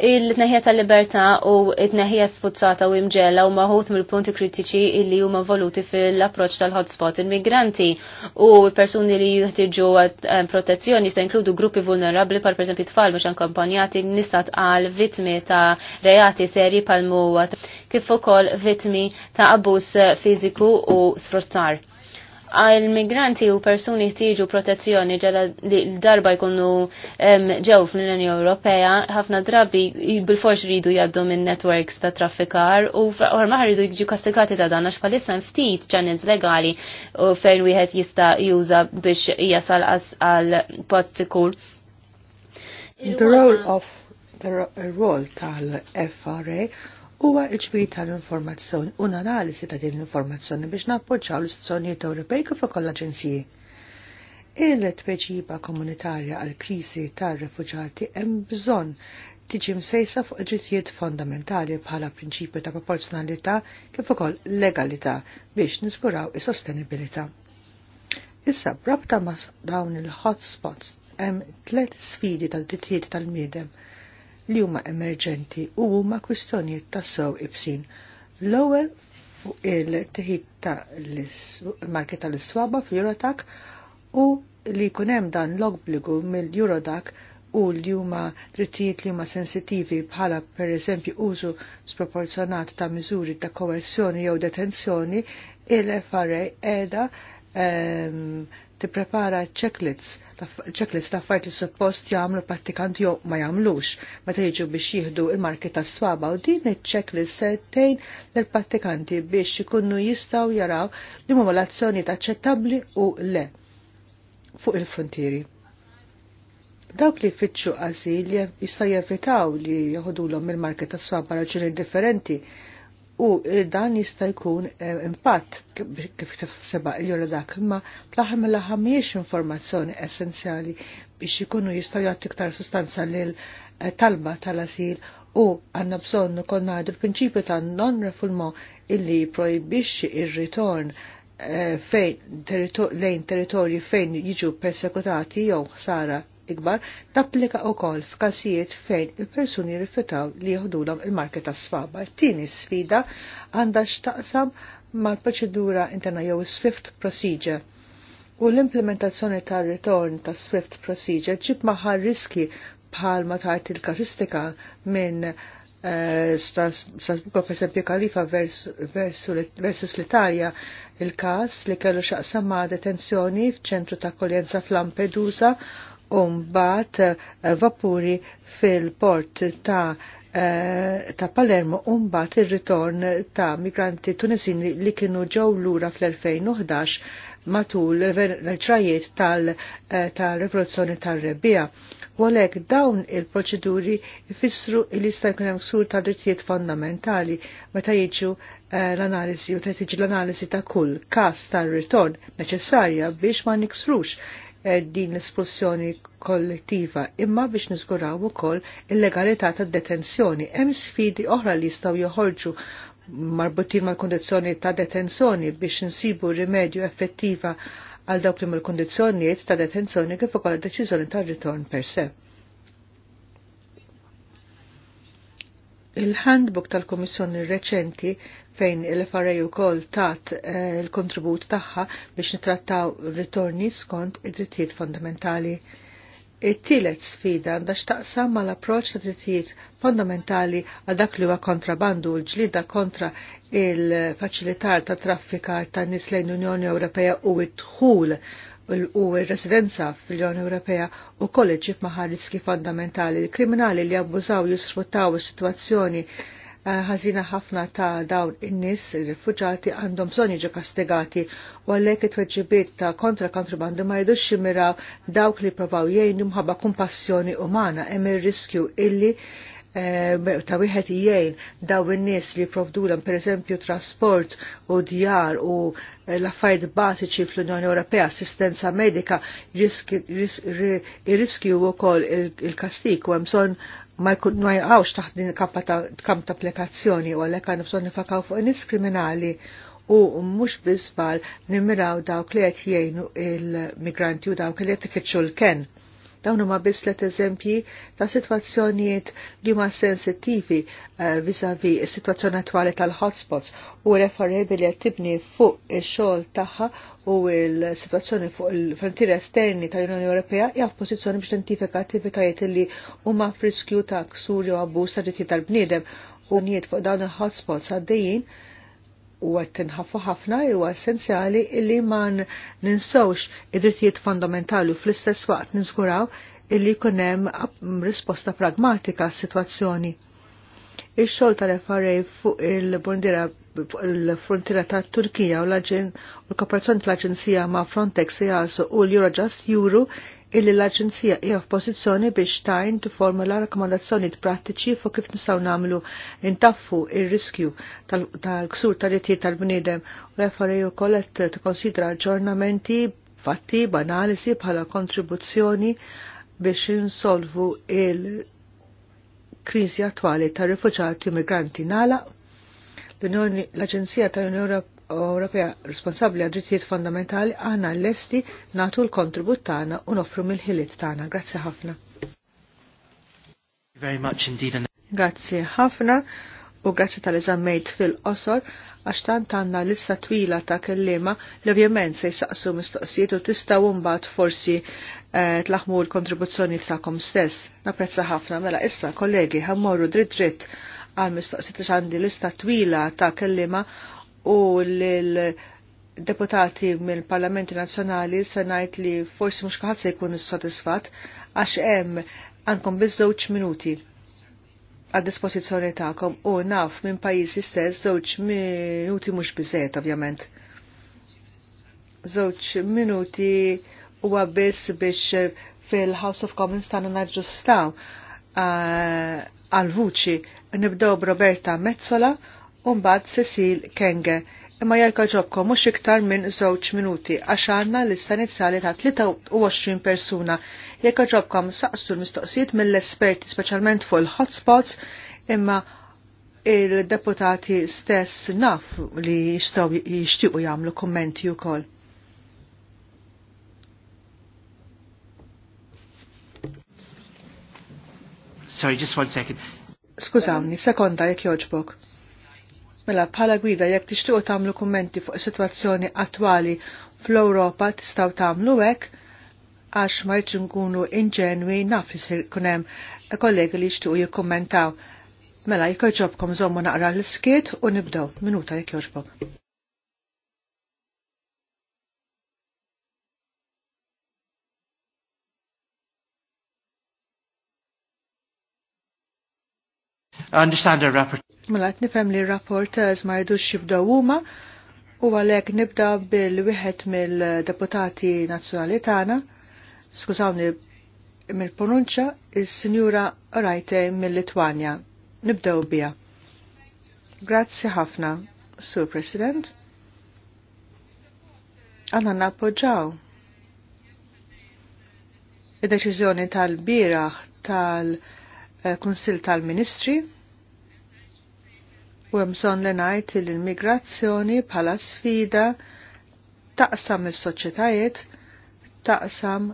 il-tneħija tal-libertà u it-tneħija sfuzzata u imġella u maħut mill-punti kritiċi illi huma voluti fil-approċ tal-hotspot il-migranti u persuni li jħtiġu eh, protezzjoni jista' inkludu gruppi vulnerabli par pereżempju tfal mhux akkompanjati nista' tqal vittmi ta' reati serji pal kif ukoll vittmi ta' abbuż fiżiku u sfruttar għal migranti u persuni tiġu protezzjoni ġala li l-darba jkunu ġew fl-Unjoni Ewropea, ħafna drabi bil-forx ridu jaddu minn networks ta' traffikar u ormaħ ridu jġu kastikati ta' dan għax palissa ftit channels legali u fejn wieħed jista' juża biex jasal għal post sikur. The role of the role tal-FRA huwa l-ġbir tal-informazzjoni u analisi ta' din l-informazzjoni biex nappoġġaw l-istituzzjonijiet Ewropej kif ukoll l-aġenziji. Il-tweġiba komunitarja għal krisi tar-refuġati hemm bżonn tiġi msejsa fuq drittijiet fondamentali bħala prinċipju ta' proporzjonalità kif ukoll legalità biex niżguraw is-sostenibilità. Issa brabta ma' dawn il-hotspots hemm tliet sfidi tal-drittijiet tal-miedem li huma emerġenti u huma kwistjonijiet ta' sew ibsin. L-ewwel fuq il-teħid ta' marki tal-iswaba fil u li jkun hemm dan l-obbligu mill-Eurodac u li huma drittijiet li huma sensitivi bħala pereżempju użu sproporzjonat ta' miżuri ta' koersjoni jew detenzjoni il-FRA e e qiegħda ehm, tipprepara checklists checklist ta' affarijiet li suppost jagħmlu l-pattikant jew ma jagħmlux meta jiġu biex jieħdu il-marki tas-swaba u din iċ-checklist se tgħin lill pattikanti biex ikunu jistgħu jaraw li huma l-azzjonijiet aċċettabbli u le fuq il-frontieri dawk li fitxu għazil jista' jevitaw li jħodulhom il-market tas swaba raġuni differenti u eh, dan jista' jkun eh, impatt kif seba' il dak imma fl-aħħar ħamiex informazzjoni essenzjali biex ikunu jistgħu jagħtu iktar sustanza lil eh, talba tal-asil u għanna bżonn ukoll ngħidu l-prinċipju ta' non refulmo illi projbixxi ir-ritorn fejn lejn territorji fejn jiġu persekutati jew ħsara ikbar tapplika wkoll f'każijiet fejn il-persuni rifjutaw li jieħdulhom il-market tas-swaba. Tieni sfida għandha x'taqsam mal-proċedura interna jew Swift Procedure u l-implementazzjoni tar ritorn ta' Swift Procedure ġib maħar riski bħal ma tajt il-kazistika minn eh, Strasburgo per esempio Kalifa versus l-Italja il-kas li kellu xaqsam ma' detenzjoni f'ċentru ta' kolienza fl-Lampedusa umbat eh, vapuri fil-port ta' eh, ta' Palermo umbat il-ritorn ta' migranti tunisini li kienu ġew lura fl-2011 matul l-trajiet tal eh, revoluzzjoni tal-rebija. Walek dawn il-proċeduri jfissru il-lista jkun hemm ta' drittijiet fondamentali meta jiġu l-analisi u tiġi l-analisi ta' kull każ tar-ritorn neċessarja biex ma niksrux Eh, din l-espulsjoni kollettiva imma biex niżguraw ukoll il-legalità tad-detenzjoni. Hemm sfidi oħra li jistgħu joħorġu marbutin mal-kondizzjoni ta' detenzjoni biex insibu rimedju effettiva għal dawk li mal-kondizzjonijiet ta' detenzjoni kif ukoll deċiżjoni ta' ritorn per se. Il-handbook tal-Komissjoni reċenti fejn il-FRA u kol tat eh, il-kontribut taħħa biex nitrattaw ritorni skont id-drittijiet fondamentali. It-tielet sfida għandha x'taqsam mal-approċċ ta' drittijiet fondamentali għal dak li huwa kontrabandu l ġlida kontra il-faċilitar ta' traffikar ta' nies lejn Unjoni Ewropea u id-dħul u residenza fil-Unjoni Ewropea u kolleġi maħar riski fondamentali. Kriminali li abbużaw jisfruttaw is-sitwazzjoni eh, ħażina ħafna ta' dawn in-nies ir-rifuġati għandhom bżonn jiġu kastigati u għallek it-tweġibiet ta' kontra kontrabandu ma jidux jimmiraw dawk li provaw jgħinu mħabba kumpassjoni umana hemm ir-riskju illi Eh, ta' wieħed jgħin daw in-nies li jprovdulhom pereżempju trasport u djar u eh, l-affarijiet bażiċi fl-Unjoni Ewropea, assistenza medika, jiriskju wkoll il-kastik u hemm bżonn ma jkun jgħawx taħt din kamp ta' applikazzjoni u għalhekk għandna bżonn nifakaw fuq in-nies kriminali u mhux biżbal nimmiraw dawk li qed jgħinu il-migranti u dawk li qed ifittxu l-ken Dawn huma biss let eżempji ta' sitwazzjonijiet li huma sensittivi eh, vis-à-vis s-sitwazzjoni attwali tal-hotspots u referebi li tibni fuq ix-xogħol tagħha u l-sitwazzjoni fuq il-frontieri esterni tal-Unjoni Ewropea hija f'pożizzjoni biex tentifika attivitajiet li huma friskju ta' ksur jew abbuż ta' tal-bniedem u niet fuq dawn il-hotspots għaddejjin u għed tinħafu ħafna u essenzjali illi ma ninsawx id-drittijiet fondamentali u fl-istess waqt nizguraw illi kunem risposta pragmatika s-situazzjoni. Ix-xogħol tal-FRA fuq il-bondira il-frontiera ta' Turkija u l u l-kooperazzjoni tal-Aġenzija ma' Frontex EASO u l-Eurojust juru illi l-Aġenzija hija f'pożizzjoni biex tajn tiformula rakkomandazzjonijiet prattiċi fuq kif nistgħu nagħmlu intaffu ir-riskju tal-ksur tal-ittijiet tal-bniedem u referej ukoll qed tikkonsidra aġġornamenti fatti b'analisi bħala kontribuzzjoni biex insolvu il-kriżi attwali tar-rifuġati u migranti nala l-Aġenzija tal-Unjoni Ewropea responsabbli għad drittijiet fondamentali l lesti nagħtu l-kontribut tagħna u nofru mill-ħiliet tagħna. Grazzi ħafna. Very much indeed. Grazzi ħafna u grazzi tal-eżammejt fil-qosor għax tant għandna lista twila ta' kellima li ovvjament se jsaqsu mistoqsijiet u tistaw mbagħad forsi eh, tlaħmu l-kontribuzzjoni tagħkom stess. Napprezza ħafna mela issa kollegi ħammorru dritt dritt għal mistoqsijiet għandi lista twila ta' kellima u lil deputati mill-Parlamenti Nazzjonali se ngħid li forsi mhux kulħadd se jkun issodisfatt għax hemm għandkom biss żewġ minuti għad dispożizzjoni tagħkom u naf minn pajjiżi stess żewġ minuti mhux biżejt ovvjament. Żewġ minuti huwa biss biex fil-House of Commons tagħna naġġustaw eh, għal-vuċi. Nibdew Roberta Mezzola Umbad Cecil Kenge. Imma jarka ġobkom mux iktar minn żewġ minuti, għax għanna l-istanit inizjali ta' 23 persuna. Jelka ġobkom saqsu l-mistoqsijiet mill-esperti, specialment fuq il-hotspots, imma il-deputati stess naf li jistaw jishtiqu jamlu kommenti u kol. Sorry, just one second. Skużawni, sekonda jek joġbok. Mela bħala gwida jekk tixtiequ tagħmlu kummenti fuq is-sitwazzjoni attwali fl-Ewropa tistgħu tagħmlu hekk għax ma rridx nkunu inġenwi naf li sir kunem kollegi li jixtiequ jikkommentaw. Mela jkollġobkom żommu naqra l-iskiet u nibdew minuta jekk jogħġbok. understand our rapport. Mela nifem li r-rapporters ma jidux jibda huma u għalek nibda bil wihet mill-deputati nazzjonali tagħna, skużawni mill-pronunċa, il sinjura Rajte mill-Litwanja. Nibdew biha. Grazzi ħafna, Sur President. Għanna nappoġġaw id-deċiżjoni tal-biraħ tal-Kunsil tal-Ministri U hemm bżonn li ngħid li l-migrazzjoni bħala sfida taqsam is-soċjetajiet, taqsam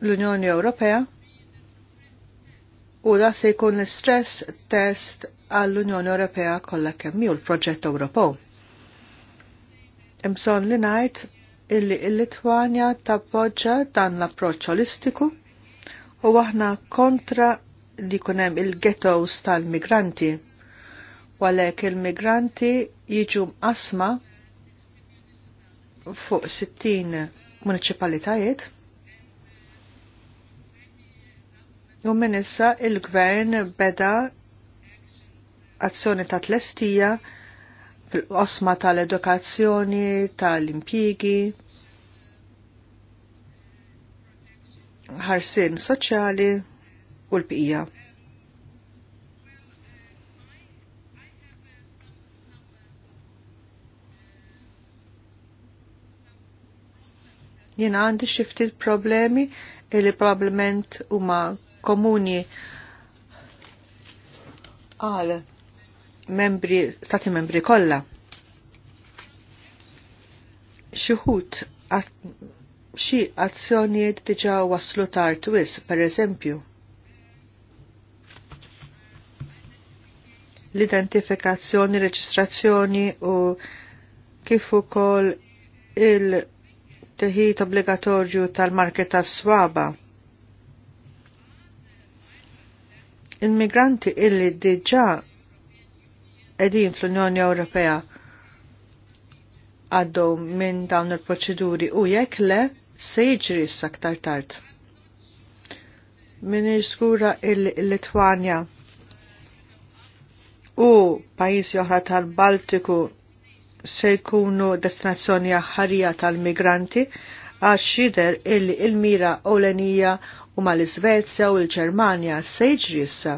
l-Unjoni Ewropea u da se jkun l-stress test għall-Unjoni Ewropea kollha kemm hu l-proġett Ewropew. Imson li ngħid illi l-Litwanja tappoġġa dan l-approċċ olistiku u aħna kontra li kunem il-ghettos tal-migranti. Walek il-migranti jiġu mqasma fuq 60 municipalitajiet. U minn issa il-gvern beda azzjoni ta' tlestija fil-qosma tal-edukazzjoni, tal-impjigi, ħarsin soċjali, u l-bqija. Jena għandi xifti l-problemi li probablement huma komuni għal membri, stati membri kolla. Xieħut xi azzjonijiet diġa waslu tard twis per eżempju. l-identifikazzjoni, reġistrazzjoni u kif ukoll il-teħid obbligatorju tal-marki tas-swaba. Il-migranti illi diġà qegħdin fl-Unjoni Ewropea għaddew minn dawn il-proċeduri u jekk le se jiġri s-aktar tard. Minni skura il-Litwanja il litwanja u pajjiżi oħra tal-Baltiku se jkunu destinazzjoni ħarija tal-migranti għax xider illi il-mira ewlenija u mal iżvezja u l-Ġermanja se jiġri issa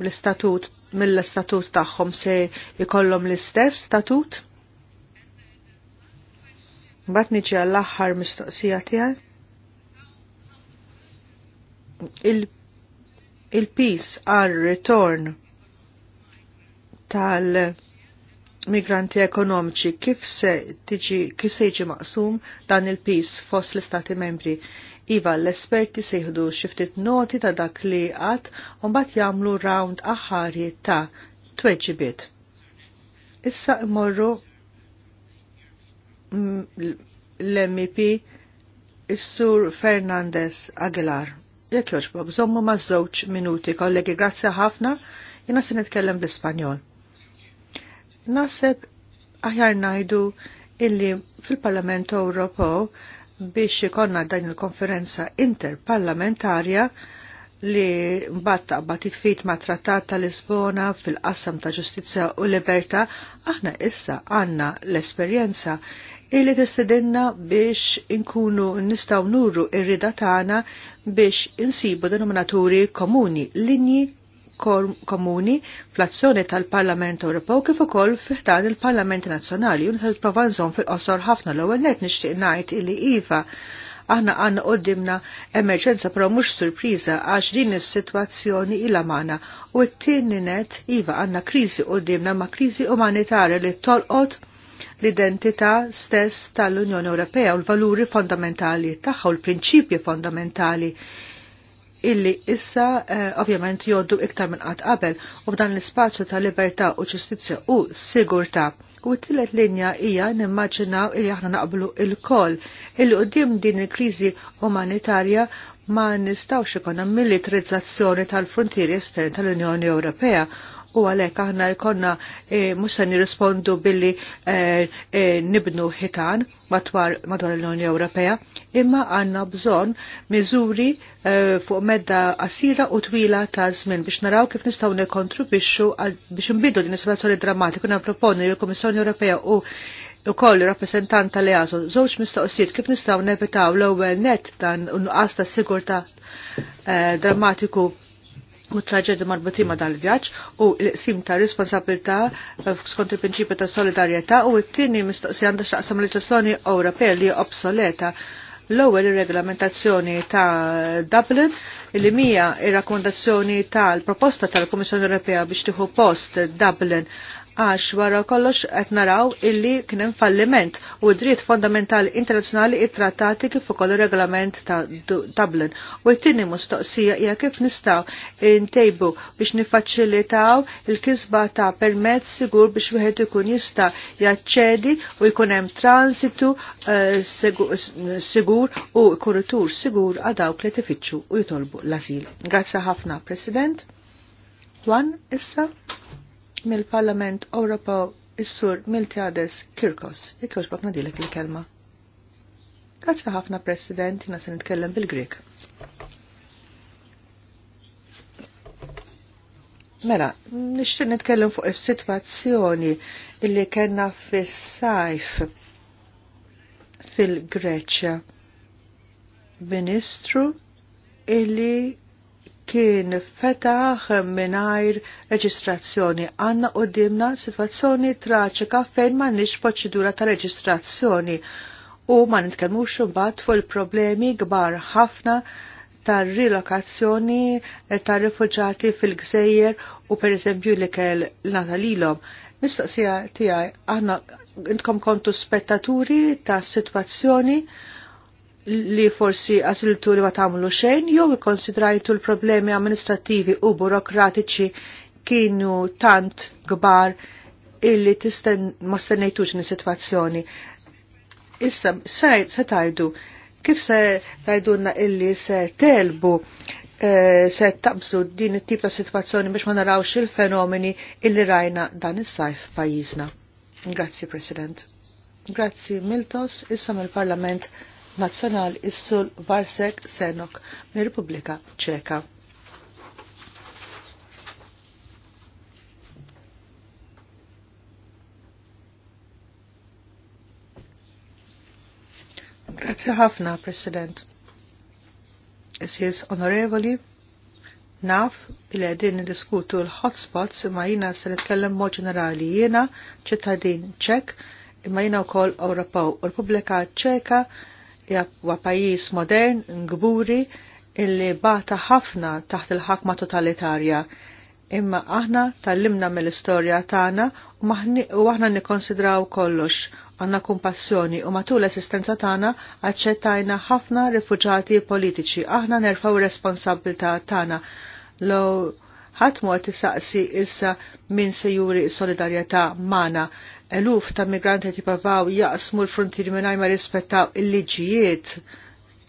bl-istatut mill-istatut tagħhom se jkollhom l-istess statut? Mbagħad niġi għall-aħħar mistoqsija tiegħi. il għal-return il tal-migranti ekonomiċi kif se tiġi kif se jiġi maqsum dan il-pis fost l-Istati membri. Iva l-esperti se jihdu xiftit noti ta' dak li għat un bat jamlu round aħari ta' tweġibiet. Issa imorru l-MEP Is-Sur Fernandez Aguilar. Jekk jogħġbok, zommu ma' żewġ minuti, kollegi, grazzi ħafna, jina se nitkellem bl-Ispanjol. Naħseb aħjar najdu illi fil-Parlament Ewropew biex ikonna dan il-konferenza interparlamentarja li mbatta batit fit ma trattat ta' Lisbona fil-qassam ta' ġustizja u liberta, aħna issa għanna l-esperjenza illi tistedinna biex inkunu nistaw nurru ir-rida tagħna biex insibu denominaturi komuni, linji komuni fl-azzjoni tal-Parlament Ewropew kif ukoll fiħtan il-Parlament Nazzjonali u nħed provanżon fil-qosor ħafna l-ewwel net nixtieq ngħid illi iva aħna għanna qoddimna emerġenza pro mux surpriza għax din is-sitwazzjoni ila mana u t-tieni net iva għanna krizi qoddimna ma krizi umanitarja li tolqot l-identità stess tal-Unjoni Ewropea u l-valuri fondamentali tagħha u l-prinċipji fondamentali illi issa eh, ovvjament joddu iktar minn qatt qabel u f'dan l-ispazju ta' libertà u ġustizzja u sigurtà. U t-tillet linja hija nimmaġinaw illi aħna naqblu il-koll illi qudiem din il-kriżi umanitarja ma nistawx ikonna militarizzazzjoni tal-frontieri esterni tal-Unjoni Ewropea u għalhekk aħna jkollna e, mhux se nirrispondu billi eh, eh, nibnu ħitan madwar l-Unjoni Ewropea, imma għandna bżonn miżuri fuq medda qasira u twila ta' żmien biex naraw kif nistgħu nikkontribwixxu biex nbidlu din is drammatiku drammatika u proponi l-Kummissjoni Ewropea u u koll rappresentant tal-EASO, zoċ mistoqsijiet kif nistaw nevitaw l ewwel net dan un-nuqqas ta' sigurta drammatiku u traġedi marbuti ma dal-vjaġġ u l-qsim ta' responsabilta eh, skont il-prinċipju ta' solidarjetà u t-tieni għanda xaqsam l-ċessoni Ewropea li obsoleta l-ewwel ir-regolamentazzjoni ta' Dublin li mija ir-rakkomandazzjoni tal-proposta tal-Kummissjoni Ewropea biex tieħu post Dublin għax wara kollox qed naraw illi kien hemm falliment u dritt fondamentali internazzjonali it-trattati kif ukoll ir-regolament ta' Dublin. U t-tieni mistoqsija hija kif nistgħu ntejbu biex niffaċilitaw il-kisba ta' permezz sigur biex wieħed ikun jista' jaċċedi u jkun hemm transitu eh, sigur u kuritur sigur għal dawk li tifittxu u jitolbu l-asil. Grazzi ħafna, President. Juan, issa? mill-Parlament Ewropew is-Sur Miltiades Kirkos. Ikkoġbok nadilek il-kelma. Grazzi ħafna President, jina se nitkellem bil-Grek. Mela, nixtieq nitkellem fuq is-sitwazzjoni illi kellna fis-sajf fil-Greċja. Ministru illi kien fetaħ minajr reġistrazzjoni. Għanna u dimna situazzjoni traċika fejn ma nix proċedura ta' reġistrazzjoni u ma nitkelmux bat fuq il-problemi kbar ħafna ta' rilokazzjoni ta' rifuġati fil-gżejjer u per eżempju li kell natalilom. Mistoqsija tiegħi għanna intkom kontu spettaturi ta' situazzjoni li forsi għasiltu li ma tagħmlu xejn jew ikkonsidrajtu l-problemi amministrativi u burokratiċi kienu tant kbar illi tisten ma stennejtux ni situazzjoni. Issa, se tajdu, kif se tajdunna illi se telbu eh, se tabsu din it-tip ta' situazzjoni biex ma narawx il-fenomeni illi rajna dan is-sajf pajjiżna. Grazzi, President. Grazzi, Miltos, issa mill-Parlament Nazzjonal is Varsek Senok mir-Repubblika Ċeka. Grazzi ħafna, President. Esis onorevoli, naf il għedin diskutu l-hotspots imma jina se nitkellem mod ġenerali jiena ċittadin ċek imma jina wkoll Ewropew u Repubblika Ċeka huwa pajjiż modern, ngburi, illi bata ħafna taħt il-ħakma totalitarja. Imma aħna tal-limna mill-istorja tagħna u aħna nikkonsidraw kollox għanna kumpassjoni u matul l-assistenza tagħna aċċettajna ħafna rifuġati politiċi. Aħna nerfaw responsabilità tagħna. Low ħadd mod tisaqsi issa min se juri solidarjetà magħna eluf ta' migranti jipavaw jaqsmu l frontiri mingħajr ma rispettaw il-liġijiet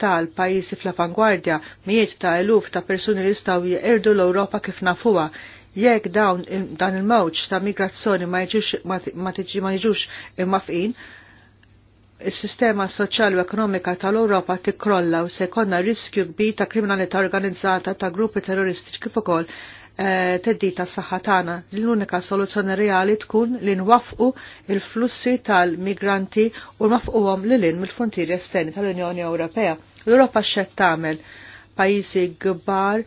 tal-pajjiżi fl-avangwardja, miet ta' eluf ta' persuni li jistgħu jirdu l-Ewropa kif nafuha. Jekk dawn dan il-mewġ ta' migrazzjoni ma tiġi ma jiġux imwafqin, il-sistema soċjali u ekonomika tal-Ewropa tikkrolla u se jkollna riskju kbir ta' kriminalità organizzata ta' gruppi terroristiċi kif ukoll Eh, teddita ta' saħħa tagħna. L-unika soluzzjoni reali tkun li nwafqu il-flussi tal-migranti u nwaffquhom lil in mill-frontieri esterni tal-Unjoni Ewropea. L-Ewropa x'qed tagħmel pajjiżi kbar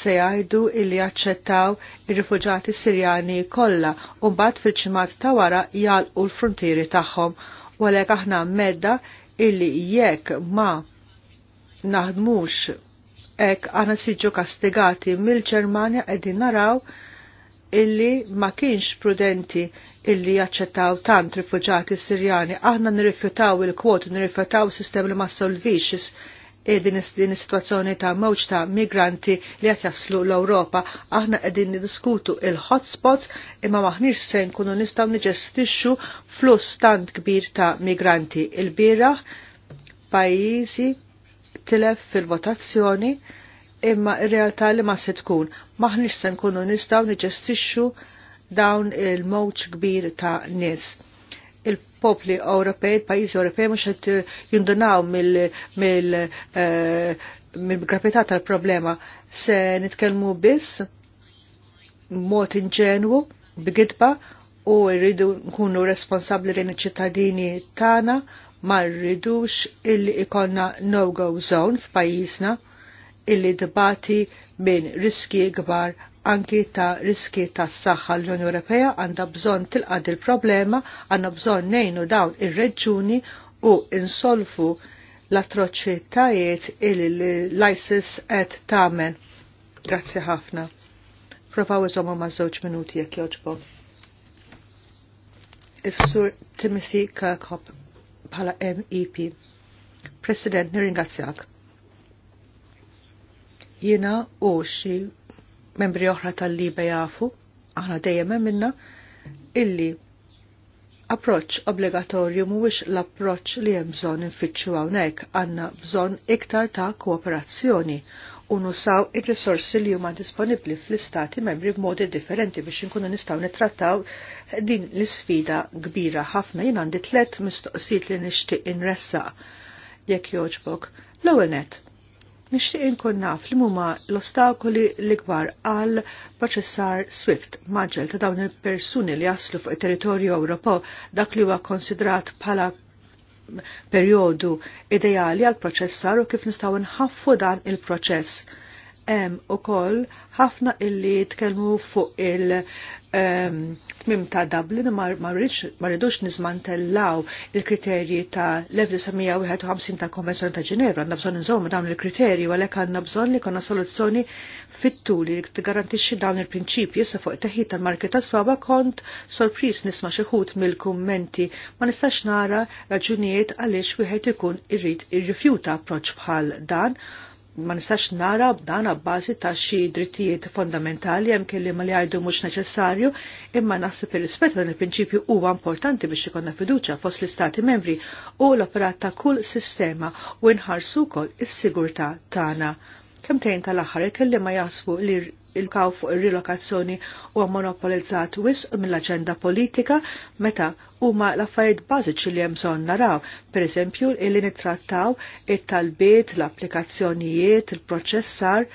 se jgħidu illi jaċċettaw ir-rifuġati Sirjani kollha u mbagħad fil-ċimat ta' wara jgħalqu l-frontieri tagħhom. Walek aħna medda illi jekk ma naħdmux ek għana siġu kastigati mill-ġermania edin naraw illi ma kienx prudenti illi jaċċettaw tant rifuġati sirjani. Aħna nirrifjutaw il-kwot, nirrifjutaw sistem li ma solvix e din is-situazzjoni ta' mewġ ta' migranti li qed jaslu l-Ewropa. Aħna qegħdin niddiskutu il-hotspots imma maħniex se nkunu nistgħu niġestixxu fluss tant kbir ta' migranti. Il-bieraħ pajjiżi tilef fil-votazzjoni imma ir-realtà li ma se tkun. Maħniex se nkunu nistgħu niġestixxu dawn il-mowġ kbir ta' nies. Il-popli Ewropej, il-pajjiżi Ewropej mhux qed jindunaw mill-gravità eh, tal-problema. Se nitkellmu biss mod inġenwu b'gidba u rridu nkunu responsabbli lejn iċ-ċittadini tagħna ma rridux illi ikonna no-go zone f'pajjiżna illi dibati minn riski gbar anki ta' riski ta' s-saxħa l-Unjoni Ewropea għandha bżonn tilqad il-problema, għandna bżonn nejnu dawn ir-reġuni u insolfu l-atroċitajiet illi l-ISIS qed tagħmel. Grazzi ħafna. Provaw iżom ma' żewġ minuti jekk jogħġbok. Is-sur Timothy Kirkhope bħala MEP. President, nirringazzjak. Jiena u xi membri oħra tal liba jafu, aħna dejjem minna, illi approċ obbligatorju mhuwiex l-approċ li hemm bżonn infittxu hawnhekk, għandna bżonn iktar ta' kooperazzjoni unusaw il resorsi li huma disponibli fl-istati membri b'modi differenti biex inkunu nistgħu nittrattaw din l-isfida kbira ħafna jien għandi tlet mistoqsijiet li nixtieq inressaq jekk jogħġbok. L-ewwel net, nixtieq inkun naf li huma l-ostakoli l-ikbar għal proċessar Swift maġġel ta' dawn il-persuni li jaslu fuq it-territorju Ewropew dak li huwa konsidrat bħala perjodu ideali għal proċessar u kif nistgħu nħaffu dan il-proċess. Hemm ukoll ħafna illi tkellmu fuq il- tmim ta' Dublin ma rridux nizmantellaw il-kriterji ta' l-1951 tal-Konvenzjoni ta' Ġenevra, għandna bżonn nżommu dawn il-kriterji u għalhekk għandna bżonn li konna soluzzjoni fit-tul li tigarantixxi dawn il-prinċipji jessa fuq teħi tal marketa ta' swaba kont sorpris nisma' xi ħut mill-kummenti ma nistax nara raġunijiet għaliex wieħed ikun irrid irrifjuta approċċ bħal dan ma nistax nara b'dan abbażi ta' xi drittijiet fondamentali hemm ma li għajdu mhux neċessarju, imma naħseb ir-rispett dan il-prinċipju huwa importanti biex ikonna fiduċja fost l-Istati membri u l-operat ta' kull sistema u nħarsu wkoll is-sigurtà tagħna. Kemm Kemtejn tal-aħħar il ma jaħsbu li il-kaw fuq il-rilokazzjoni u monopolizzat wis mill-aġenda politika meta huma l-affarijiet bażiċi li hemm bżonn naraw, pereżempju illi nittrattaw it-talbiet, l-applikazzjonijiet, il-proċessar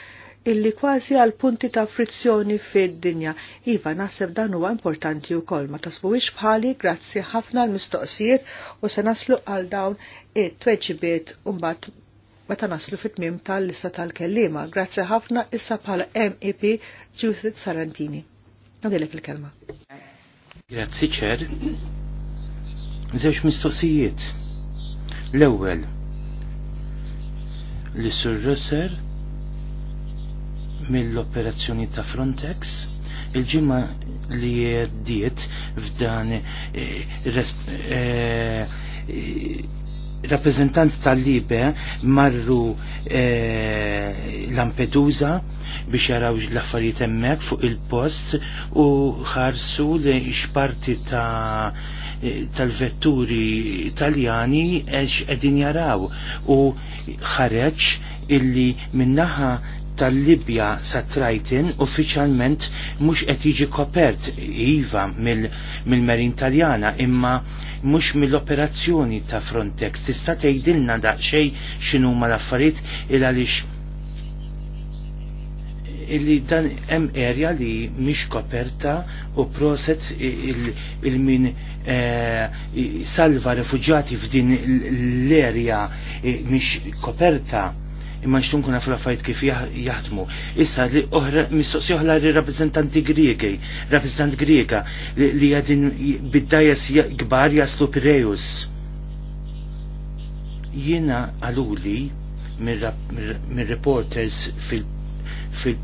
illi kważi għal punti ta' frizzjoni fid-dinja. Iva, naseb dan huwa importanti wkoll ma tasbuwix bħali grazzi ħafna l-mistoqsijiet u se naslu għal dawn it-tweġibiet u mbagħad meta naslu fit-tmim tal-lista tal-kellima. Grazzi ħafna issa bħala MEP Judith Sarantini. Nadilek il-kelma. Grazzi ċer. Żewġ mistoqsijiet. L-ewwel li Rosser mill-operazzjoni ta' Frontex il-ġimma li jeddiet f'dan e, rappresentant tal-Libe marru eh, Lampedusa biex jaraw l-affarijiet hemmhekk fuq il-post u ħarsu li xparti ta' eh, tal-vetturi italjani għedin jaraw u ħareċ illi minnaħa tal-Libja sa Triton uffiċjalment mhux qed jiġi kopert iva mill-Merin mil Taljana imma mhux mill-operazzjoni ta' Frontex. Tista' tgħidilna daqsxejn x'inhu ma l-affarijiet il għaliex illi dan hemm erja li mhix koperta u proset il-min eh, salva refuġjati f'din l-erja eh, mhix koperta imma xtun kuna fil affajt kif jaħdmu. Issa li oħra mistoqsi oħra li rappresentanti Griegi, rappresentant Griega li għadin bid-dajas gbar jaslu Pireus. Jiena għaluli minn reporters fil-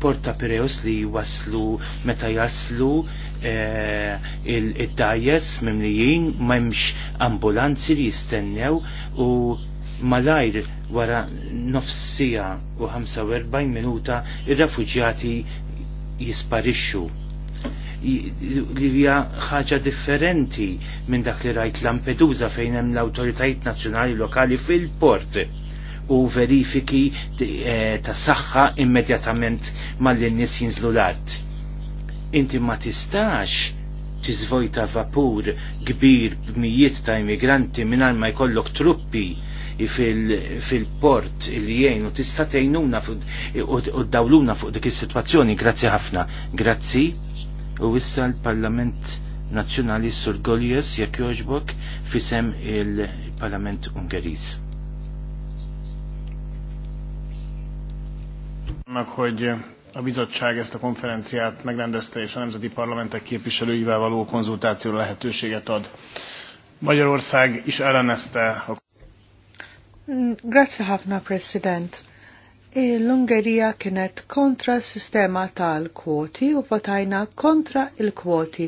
porta Pireus li waslu meta jaslu eh, il-dajes mimlijin ma jimx ambulanzi li jistennew u malajr wara nofsija u 45 minuta il refuġjati jisparixxu li hija ħaġa differenti minn dak li rajt Lampedusa fejn hemm l-awtoritajiet nazzjonali lokali fil-port u verifiki eh, ta' saħħa immedjatament mal-nies jinżlu l-art. Inti ma tistax tiżvojta vapur kbir b'mijiet ta' immigranti mingħajr ma jkollok truppi fil-port fil li jgħinu tista' tgħinuna u dawluna fuq dik is-sitwazzjoni. Grazzi ħafna. Grazzi. U issa l-Parlament Nazzjonali Sur Golios jekk jogħġbok fisem il-Parlament Ungeriż. Annak, hogy a bizottság ezt a konferenciát megrendezte, és a nemzeti parlamentek képviselőivel való konzultáció lehetőséget ad. Magyarország is ellenezte a Mm, grazzi ħafna, President. L-Ungerija kienet kontra s-sistema tal-kwoti u votajna kontra il-kwoti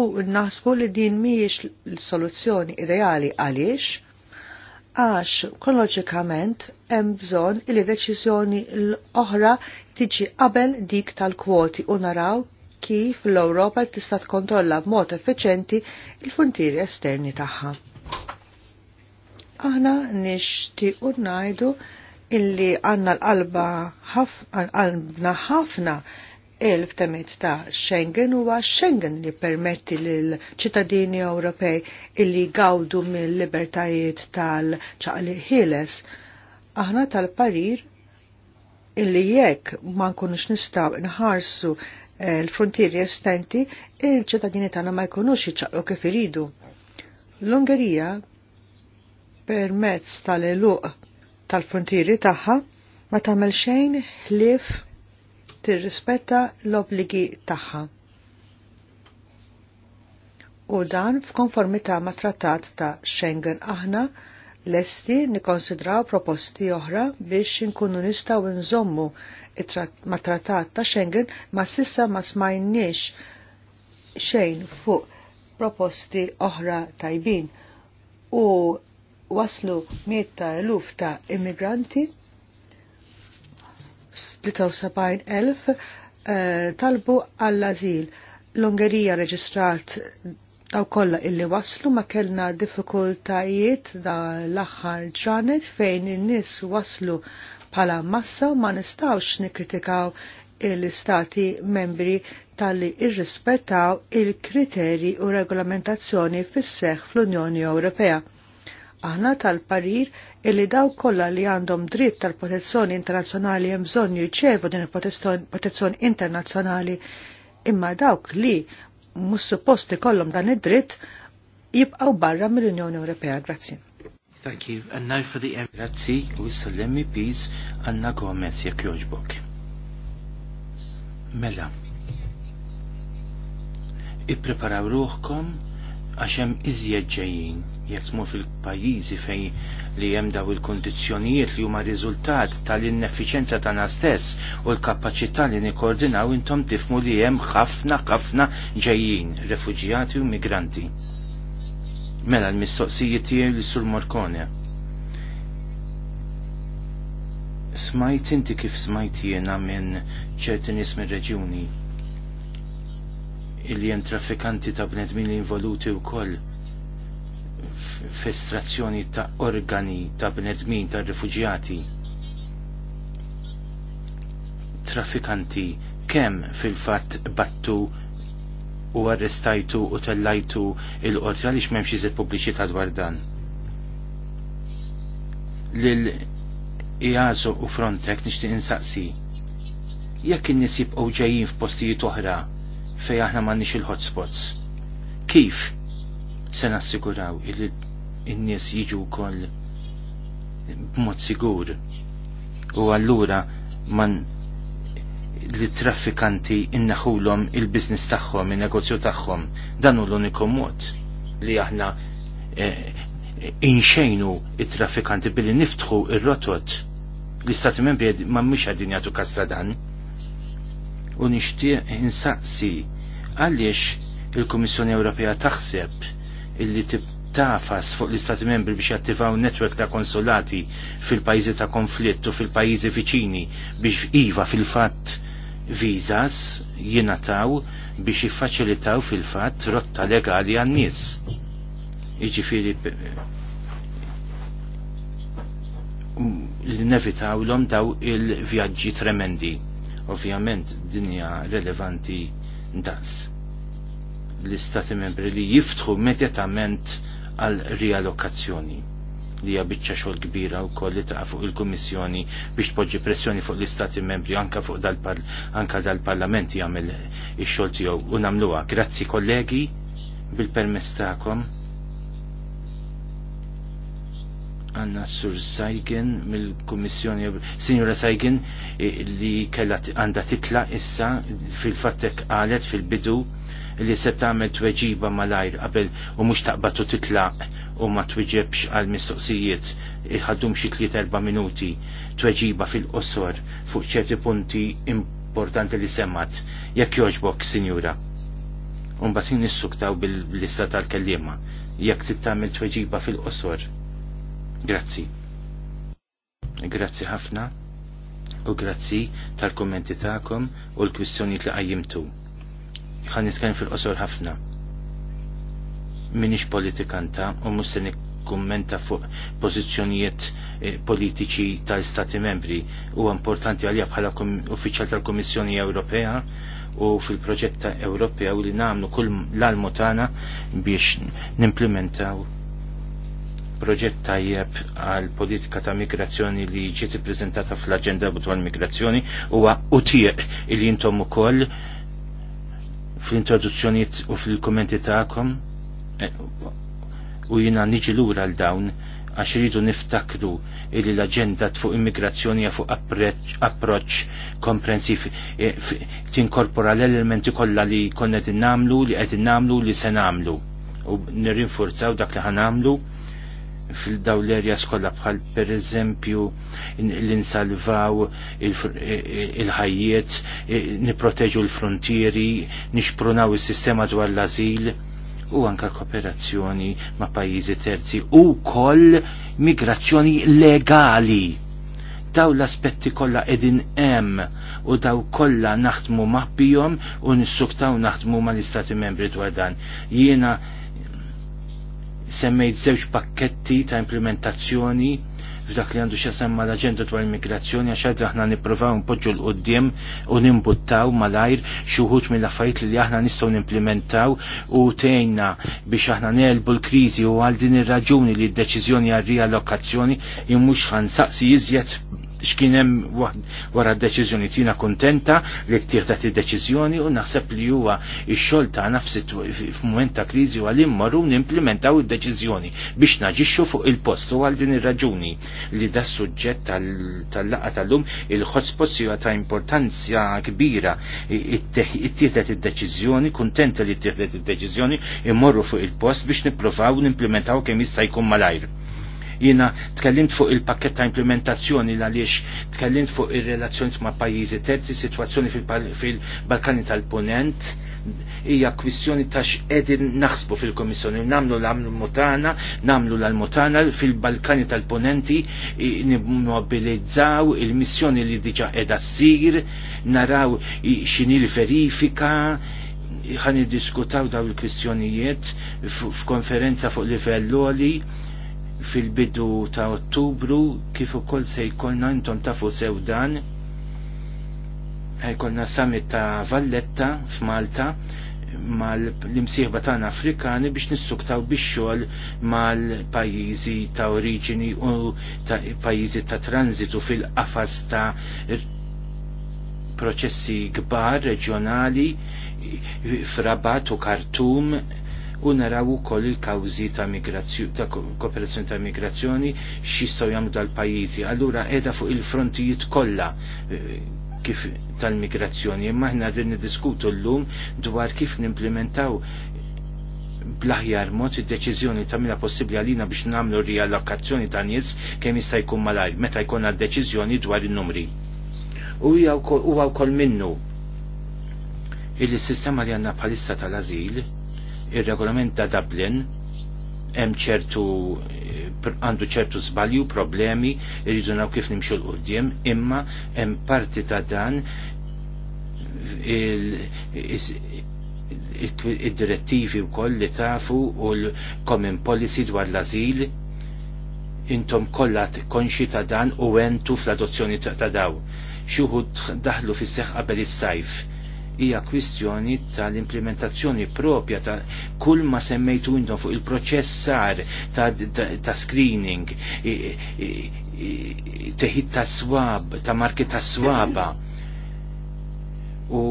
u naħsbu li din miex l-soluzzjoni ideali għaliex għax kronologikament, hemm bżonn li deċiżjoni l-oħra tiġi qabel dik tal-kwoti u naraw kif l-Ewropa tista' tkontrolla b'mod effiċenti il-funtieri esterni tagħha. Aħna nixtiequ ngħidu illi għandna l-qalba għalbna ħafna il temet ta' Schengen huwa Schengen li permetti l ċittadini Ewropej illi gawdu mill-libertajiet tal-ċaqli ħieles. Aħna tal-parir illi jekk ma nkunux nistgħu nħarsu eh, l-frontieri estenti, il-ċittadini tagħna ma jkunux iċaqlu kif iridu. L-Ungerija permezz tal-eluq tal-frontieri tagħha ma tagħmel xejn ħlief tirrispetta l-obligi tagħha. U dan f'konformità ma' trattat ta' Schengen aħna lesti nikonsidraw proposti oħra biex inkunu nistgħu nżommu ma trattat ta' Schengen ma sissa ma smajniex xejn fuq proposti oħra tajbin u waslu miet ta' eluf ta' immigranti 73.000 eh, talbu għall-azil. L-Ungerija reġistrat daw kolla illi waslu ma kellna diffikultajiet da l-axħar ġranet fejn in-nies waslu pala massa ma nistawx nikritikaw l-istati membri tal-li irrispettaw il-kriteri u regolamentazzjoni fis-seħ fl-Unjoni Ewropea aħna tal-parir illi daw kollha li għandhom dritt tal-protezzjoni internazzjonali hemm bżonn jirċevu din il-protezzjoni internazzjonali imma dawk li mhux supposti kollhom dan id-dritt jibqgħu barra mill-Unjoni Ewropea. Grazzi. Thank you. And now for the Grazzi u issa l-MPs Anna Gomez jekk joġbok. Mela. Ippreparaw ruħkom għax hemm iżjed ġejjin jekk tmur fil-pajjiżi fejn li hemm daw il-kondizzjonijiet li huma riżultat tal-ineffiċenza tagħna stess u l-kapaċità li nikkoordinaw intom tifmu li hemm ħafna ħafna ġejjin, refuġjati u migranti. Mela l-mistoqsijiet tiegħi li sur Morkone. Smajt inti kif smajt jiena minn ċerti nies mir-reġjuni illi jem traffikanti ta' bnedmin involuti u koll festrazzjoni ta' organi ta' bnedmin ta' rifugjati traffikanti kemm fil-fatt battu u arrestajtu u tellajtu il-qorti għaliex m'hemmx iżid pubbliċità dwar dan. Lil Iazo u Frontex nixtieq insaqsi. Jekk in-nies ġejjin f'postijiet oħra fejn aħna m'għandniex il-hotspots. Kif se nassiguraw illi n-nies jiġu wkoll b'mod sigur. U allura man li traffikanti innaħulhom il-biznis tagħhom, in-negozju tagħhom. Dan hu l-uniku mod li aħna eh, inxejnu it-traffikanti billi niftħu ir-rotot. L-Istati Membri ma mhux għadin jagħtu kasta dan. U nixtieq insaqsi għaliex il-Kummissjoni Ewropea taħseb illi tafas fuq l-Istati membri biex jattivaw netwerk ta' konsulati fil-pajzi ta' konflitt u fil-pajzi viċini biex iva fil-fatt vizas jinataw biex jiffaċilitaw fil-fatt rotta legali għan nies Iġifiri mm, l nevitaw l-om daw il-vjaġġi tremendi. Ovvjament dinja relevanti das l-istati membri li jiftħu immedjatament għal rialokazzjoni li hija biċċa xogħol kbira wkoll li ta' fuq il-Kummissjoni biex tpoġġi pressjoni fuq l-Istati Membri anke fuq dal-Parlament jagħmel ix-xogħol tiegħu u nagħmluha. Grazzi kollegi bil-permess tagħkom. Għanna Sur Sajgen mill komissjoni Sinjura Sajgen li kellha għandha titla issa fil-fattek qalet fil-bidu li se tagħmel tweġiba malajr qabel u mhux taqbad titlaq u ma twiġebx għal mistoqsijiet iħaddum xi tliet erba' minuti tweġiba fil-qosor fuq ċerti punti importanti li semmat jekk jogħġbok, sinjura. Unbat nissuktaw bil-lista tal-kellima jekk tittamil tweġiba fil-qosor. Grazzi. Grazzi ħafna u grazzi tal-kommenti ta'kom u l-kwistjoni li qajjimtu ħan nitkellem fil-qosor ħafna. Minix politikanta u mhux se nikkummenta fuq pożizzjonijiet eh, politiċi tal-Stati membri huwa importanti għalija bħala uffiċjal tal-Kummissjoni Ewropea u fil-proġett ta' Ewropea u li nagħmlu kull l-almu tagħna biex nimplementaw proġett tajjeb għal politika ta' migrazzjoni li ġiet ippreżentata fl-aġenda l migrazzjoni huwa utieq il jintom ukoll fl introduzzjoni u fil-kommenti ta'kom e, u jina niġi lura l dawn għax rridu niftakru illi l-agenda fuq immigrazzjoni fuq approċ komprensiv e, tinkorpora l-elementi kollha li konna din namlu, li qed namlu, li se namlu. U nirrinforzaw dak li namlu fil-daw l erja kollha bħal per eżempju l-insalvaw il-ħajjiet, niproteġu l-frontieri, nixprunaw is-sistema dwar l-azil u anka kooperazzjoni ma' pajjiżi terzi u koll migrazzjoni legali. Daw l-aspetti kollha edin hemm u daw kollha naħdmu maħbihom u nissuktaw naħdmu mal-Istati Membri dwar dan. Jiena semmejt żewġ pakketti ta' implementazzjoni f'dak li għandu semma l-agenda dwar immigrazzjoni għax għadra aħna nipprovaw npoġġu l-qoddim u nimbuttaw malajr xuħut mill-affarijiet li aħna nistgħu nimplementaw u tgħinna biex aħna nelbu l-kriżi u għal din ir-raġuni li d-deċiżjoni għal riallokazzjoni jien mhux ħansaqsi iżjed x'kienem wara d-deċiżjoni tina kontenta li ktieħdet id-deċiżjoni u naħseb li huwa x-xogħol tagħna f'mument ta' kriżi marru n-implementaw id-deċiżjoni biex naġixxu fuq il-post u għal din ir-raġuni li da suġġett tal-laqgħa tal-lum il ħotspot huwa ta' importanza kbira ittieħdet id-deċiżjoni kontenta li ttieħdet id-deċiżjoni imorru fuq il-post biex nippruvaw n kemm jista' jkun malajr. Jiena tkellimt fuq il-pakket ta' implementazzjoni l għaliex tkellimt fuq ir-relazzjoni ma' pajjiżi terzi, situazzjoni fil-Balkani tal-Ponent hija kwistjoni ta' x'edin naħsbu fil-Komissjoni. Namlu l-Mutana, namlu l-Mutana fil-Balkani tal-Ponenti nimmobilizzaw il-missjoni li diġa qiegħda ssir, naraw x'inhi l-verifika, ħan diskutaw daw il-kwistjonijiet f'konferenza fuq livell loli fil-bidu ta' ottubru kif ukoll se jkollna intom tafu sew dan ħajkollna summit ta' Valletta f'Malta mal-imsieħba tagħna Afrikani biex nissuktaw bix-xogħol mal-pajjiżi ta' oriġini u ta' pajjiżi ta' tranzitu fil-qafas ta' proċessi kbar reġjonali f'Rabat u Kartum u naraw ukoll il-kawżi ta' migrazzjoni ta' kooperazzjoni ta' migrazzjoni x'jistgħu jagħmlu dal-pajjiżi. Allura qiegħda fuq il-frontijiet kollha eh, kif tal-migrazzjoni, imma aħna din niddiskutu llum dwar kif nimplementaw blaħjar mod id-deċiżjoni ta' mila possibbli għalina biex nagħmlu riallokazzjoni ta' nies kemm jista' jkun malajr meta jkollna deċiżjoni dwar in-numri. U huwa wkoll minnu il-sistema li għandna bħalissa tal-ażil ir-regolament ta' Dublin hemm ċertu għandu ċertu żbalju, problemi, irridu naw kif nimxu l qudiem imma hemm parti ta' dan il-direttivi wkoll li tafu u l-common policy dwar l-azil intom kollha konxi ta' dan u entu fl-adozzjoni ta' daw. Xuħu daħlu fis seħħ qabel is-sajf hija kwistjoni tal-implementazzjoni propja ta' kull ma semmejtu intom fuq il proċess ta', ta, ta screening, teħid ta' swab, ta' marki ta' swaba u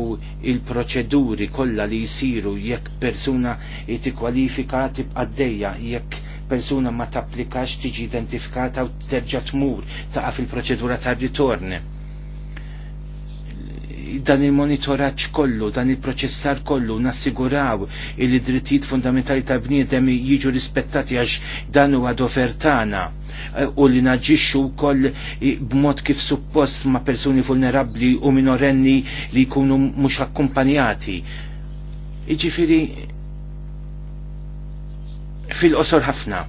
il-proċeduri kollha li jisiru jekk persuna tikkwalifika tibqa' għaddejja jekk persuna ma tapplikax tiġi identifikata u terġa' tmur taqa' fil-proċedura tar-ritorn dan il-monitoraġġ kollu, dan il-proċessar kollu nassiguraw il drittijiet fundamentali ta' bniedem jiġu rispettati għax dan huwa dofertana u li naġġixxu wkoll b'mod kif suppost ma' persuni vulnerabbli u minorenni li jkunu mhux akkumpanjati. Jiġifieri fil-qosor ħafna.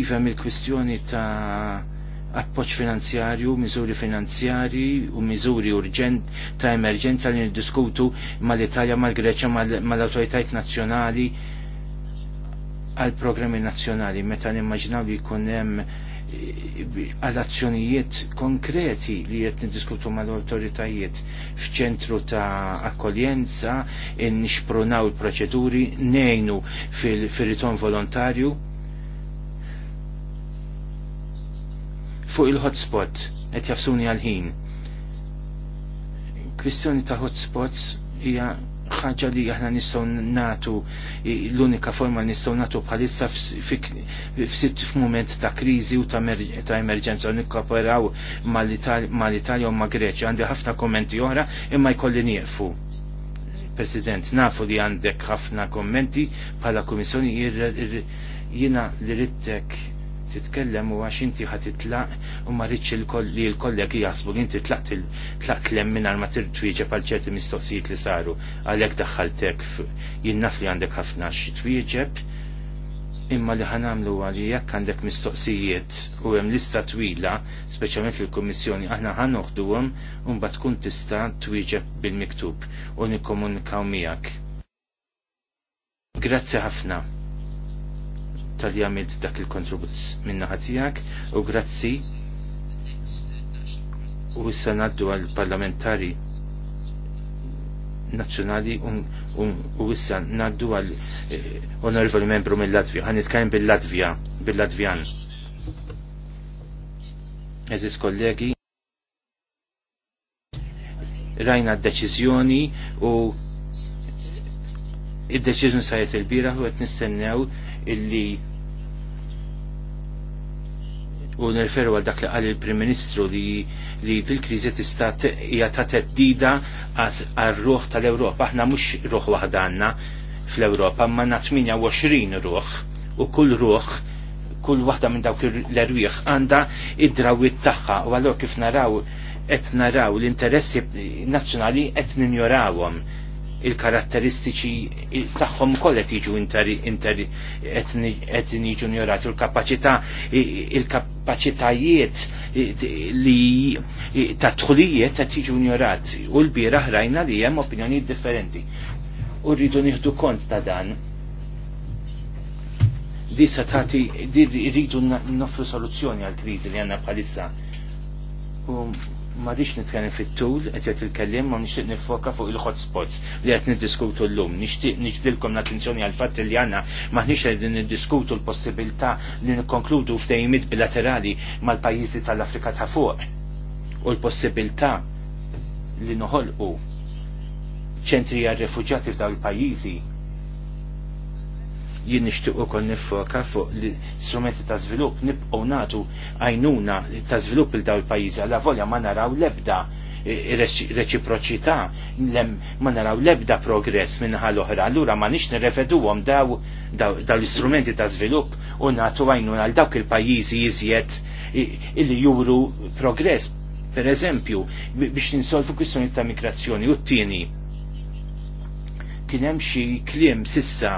Iva mill-kwistjoni ta' appoċ finanzjarju, miżuri finanzjarji u miżuri urġent ta' emerġenza li niddiskutu mal-Italja, mal-Greċja, mal-awtoritajiet nazzjonali għal programmi nazzjonali meta nimmaġinaw li jkun hemm eh, għal azzjonijiet konkreti li qed niddiskutu mal-awtoritajiet f'ċentru ta' akkoljenza, nixprunaw il-proċeduri, nejnu fil-riton volontarju fuq il-hotspot qed jafsuni għal-ħin. Kwistjoni ta' hotspots hija ħaġa li aħna nistgħu nagħtu l-unika forma li nistgħu nagħtu bħalissa f'sitt f'mument ta' kriżi u ta' emerġenza nikkooperaw mal-Italja u ma' Greċja. Għandi ħafna kommenti oħra imma jkolli nieqfu. President, nafu li għandek ħafna kommenti bħala kummissjoni jiena li rittek titkellem u għax inti ħat titlaq u ma rridx li l-kollegi jasbu li inti tlaqt tlaqt lem minn ma tirtwieġeb għal ċerti mistoqsijiet li saru għalhekk daħħaltek jinnaf li għandek ħafna xi twieġeb imma li ħanamlu għalli jekk għandek mistoqsijiet u hemm lista twila, speċjalment fil-Kummissjoni, aħna ħanoħduhom u mbagħad tkun tista' twieġeb bil-miktub u nikkomunikaw miegħek. Grazzi ħafna tal għamid dak il-kontribut minna ħatijak u grazzi u issa naddu għal parlamentari nazzjonali u issa naddu għal eh, onorevoli membru mill-Latvija. Għan itkajn bil-Latvija, bil-Latvjan. Eżis kollegi, rajna d-deċizjoni u id-deċizjoni sajet il-bira u għet nistennew illi u nerferu għal dak li għal il-Prim Ministru li li fil-krizi kriżi tista' hija ta' teddida għar-ruħ tal-Ewropa. Aħna mhux ruħ waħda għandna fl-Ewropa, ma na 28 ruħ u kull ruħ kull waħda minn dawk l-erwieħ għandha id-drawit tagħha u allura kif naraw qed naraw l-interessi nazzjonali qed ninjorawhom il-karatteristiċi tagħhom kollet jiġu etni ġuniorat u l-kapacità il-kapacitajiet li ta' tħulijiet qed jiġu ignorat u l-bira ħrajna li hemm opinjonijiet differenti. U rridu nieħdu kont ta' dan di sa tagħti rridu nofru soluzzjoni għall kriżi li għandna bħalissa ma rix nitkellem fit-tul qed jgħid il-kellim ma nixtieq nifoka fuq il-hotspots li qed niddiskutu llum. Nixtieq niġdilkom l-attenzjoni għal fatt li għandna maħniex qegħdin niddiskutu l-possibilità li nikkonkludu f'dejjimiet bilaterali mal-pajjiżi tal-Afrika ta' fuq u l-possibilità li noħolqu ċentri għal refuġjati f'dawn il-pajjiżi jien nixtieq ukoll nifoka fuq li strumenti ta' żvilupp nibqgħu nagħtu għajnuna ta' żvilupp il daw il-pajjiżi għal volja ma naraw lebda e, e, reċiproċità ma naraw lebda progress minnaħa l-oħra. Allura ma nix nirreveduhom daw daw l-istrumenti ta' żvilupp u nagħtu għajnuna għal dawk il-pajjiżi iżjed e, illi juru progress per eżempju biex ninsolvu kwistjoni ta' migrazzjoni u t-tieni kien hemm xi kliem sissa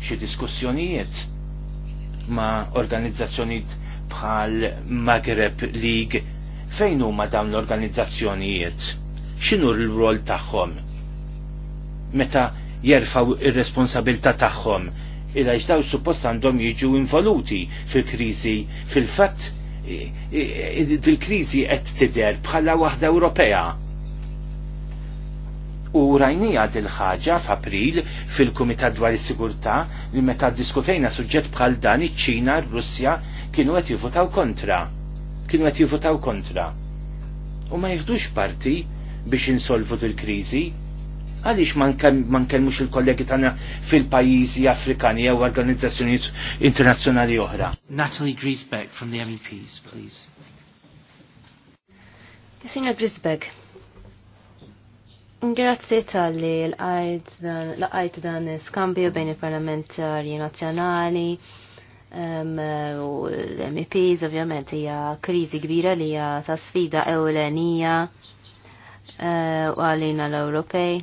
xi diskussjonijiet ma' organizzazzjonijiet bħal Maghreb League fejn huma dawn l-organizzazzjonijiet? X'inhu l-rol tagħhom? Meta jerfaw ir-responsabilità tagħhom illa daw suppost għandhom jiġu involuti fil-kriżi fil-fatt dil-kriżi qed tidher bħala waħda Ewropea U rajnija dil ħaġa f'April fil-Kumitat dwar is-Sigurtà li meta diskutejna suġġett bħal dan iċ-Ċina, r-Russja kienu qed jivvotaw kontra. Kienu qed jivvotaw kontra. U ma jieħdux parti biex insolvu dil-kriżi, għaliex ma nkellmux il-kollegi tagħna fil-pajjiżi Afrikani jew organizzazzjonijiet internazzjonali oħra. Natalie Griesbeck from the MEPs, please. Signor Grisbeck, Grazzi tal-li l-għajt dan skambju bejn il-parlamentarji nazjonali u l-MEPs ovvjament hija kriżi kbira li hija ta' sfida ewlenija eh, u għalina l-Ewropej.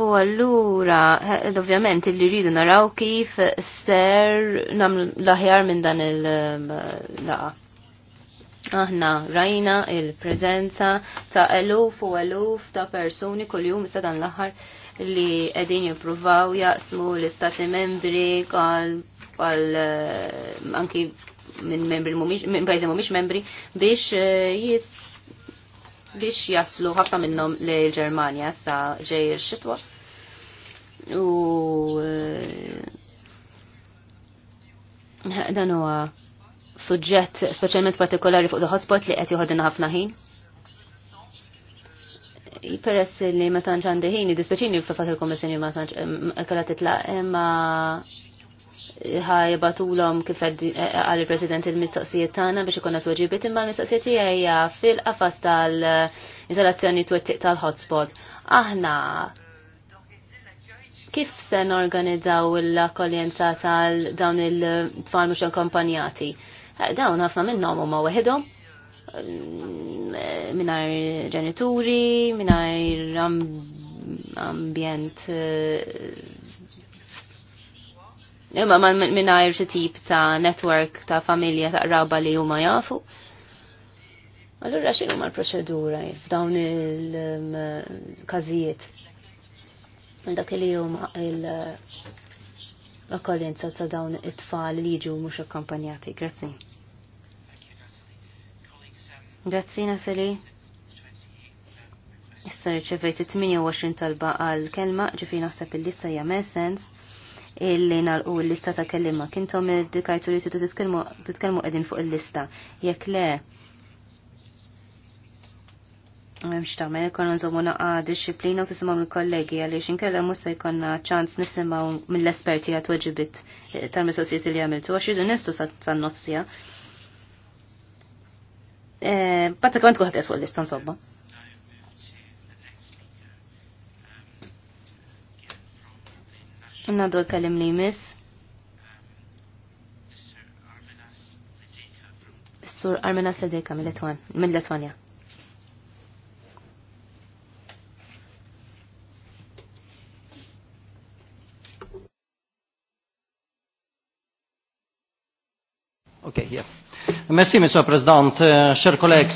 U allura, eh, ovvjament, li rridu naraw kif ser namlu l-aħjar minn dan il-laqa. Eh, Aħna rajna il-prezenza ta' eluf u eluf ta' persuni kol jum issa dan l-aħħar li qegħdin jippruvaw jaqsmu l-istati membri għal eh, anki minn membri minn pajjiżi mhumiex membri biex eh, biex jaslu ħafna minnhom l-Ġermanja sa ġej xitwa U eh, dan huwa suġġett speċjalment partikolari fuq il-hotspot li qed joħodna ħafna ħin. Peress li ma tantx għandi ħin, dispeċini fil-fatt il-Kommissjoni ma tantx kellha titlaq imma ħajbatulhom kif eh, għal il-President il-mistoqsijiet tagħna biex ikun qed weġibiet imma l-mistoqsijiet hija fil-qafas tal-installazzjoni twettiq tal-hotspot. Aħna kif se norganizzaw l-akkoljenza tal dawn il-tfal mhux akkompanjati? Eh, dawn ħafna minnhom huma weħedhom eh, minar ġenituri, minar ambjent eh, imma minar xi tip ta' network ta' familja ta' raba li huma jafu. Allura x'inhu ma l-proċedura f'dawn il-każijiet. Dak li huma l-akkoljenza ta' dawn it-tfal li jiġu mhux akkampanjati. Grazzi. Grazzi Naseli. Issa riċevejt 28 talba għal kelma ġifi naħseb il-lista hija sens illi nalqu l-lista ta' kellima. Kintom id-dikajtu li t titkellmu qegħdin fuq il-lista. Jekk le Memx ta' me, kon nżomu naqqa disciplina u tisimaw mill-kollegi għaliex inkella musa jkonna ċans nisimaw mill-esperti għat weġibit tal-mistoqsijiet li għamiltu għax jidu nistu sa' nofsija. Eh, Patta kament kuħat fuq l-lista Nadu l li jmiss. Sur Armenas Sedeka mill-Letwanja. Merci, Monsieur le Président. Euh, chers collègues,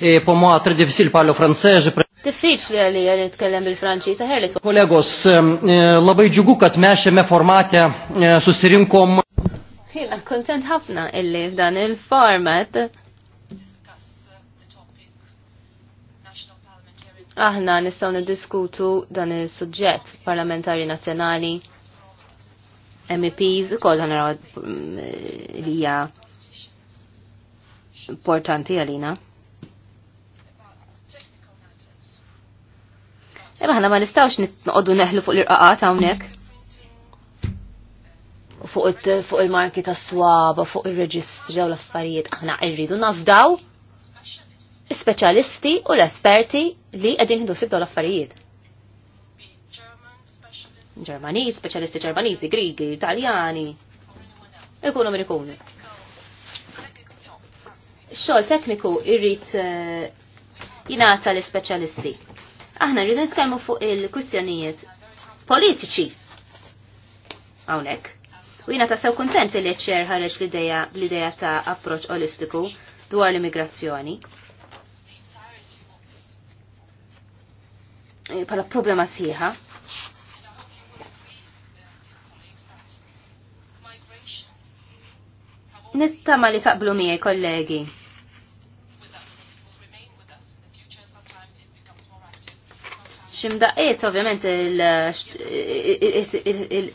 et pour moi, très difficile parler français. Je... Diffiċli li għalli nitkellem bil-Franċiż, ħer li Kolegos, euh, euh, labaj ġugu kat kad e me formatja sustirinkom. Jina kontent ħafna illi f'dan il-format. Aħna nistgħu diskutu dan il sujġet parlamentari nazjonali MEPs, ukoll ħanaraw li hija importanti għalina. Eba ħana ma nistawx nitqoddu neħlu fuq l-irqaqat hawnhekk. Fuq il-marki ta' swaba, fuq il-reġistri u l-affarijiet, aħna irridu nafdaw speċjalisti u l-esperti li qegħdin ħindu sibdu l-affarijiet. Ġermaniż, speċjalisti Ġermaniżi, Grigi, Italjani, ikunu minn ikunu xoħl tekniku irrid eh, jingħata l specialisti Aħna rridu nitkellmu fuq il kustjonijiet politiċi Għawnek. U jina tassew kontent li ċer ħareġ l-ideja ta' approċ olistiku dwar l-immigrazzjoni. Eh, pala problema siħa. Nittama li taqblu miegħi kollegi ximdaqiet ovvjament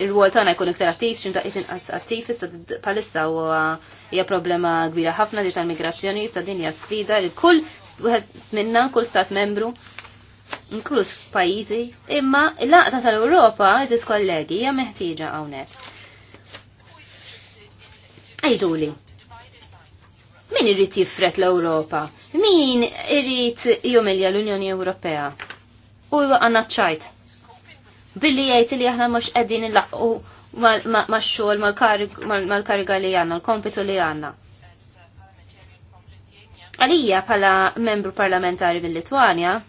il-rwol tagħna jkun iktar attiv, ximdaqiet inqas attiv issa palissa u hija problema kbira ħafna li tal-migrazzjoni issa din hija sfida li kull wieħed minna kull stat membru inkluż pajjiżi, imma l-laqta tal-Ewropa eżis kollegi hija meħtieġa hawnhekk. Ejduli, min irrit jifret l-Ewropa? Min irrit jumilja l-Unjoni Ewropea? u għanna ċajt. Billi jgħid li aħna mhux qegħdin nilaqgħu mal xogħol mal-kariga li għandna, l-kompitu li għandna. Għalija bħala membru parlamentari mill-Litwanja,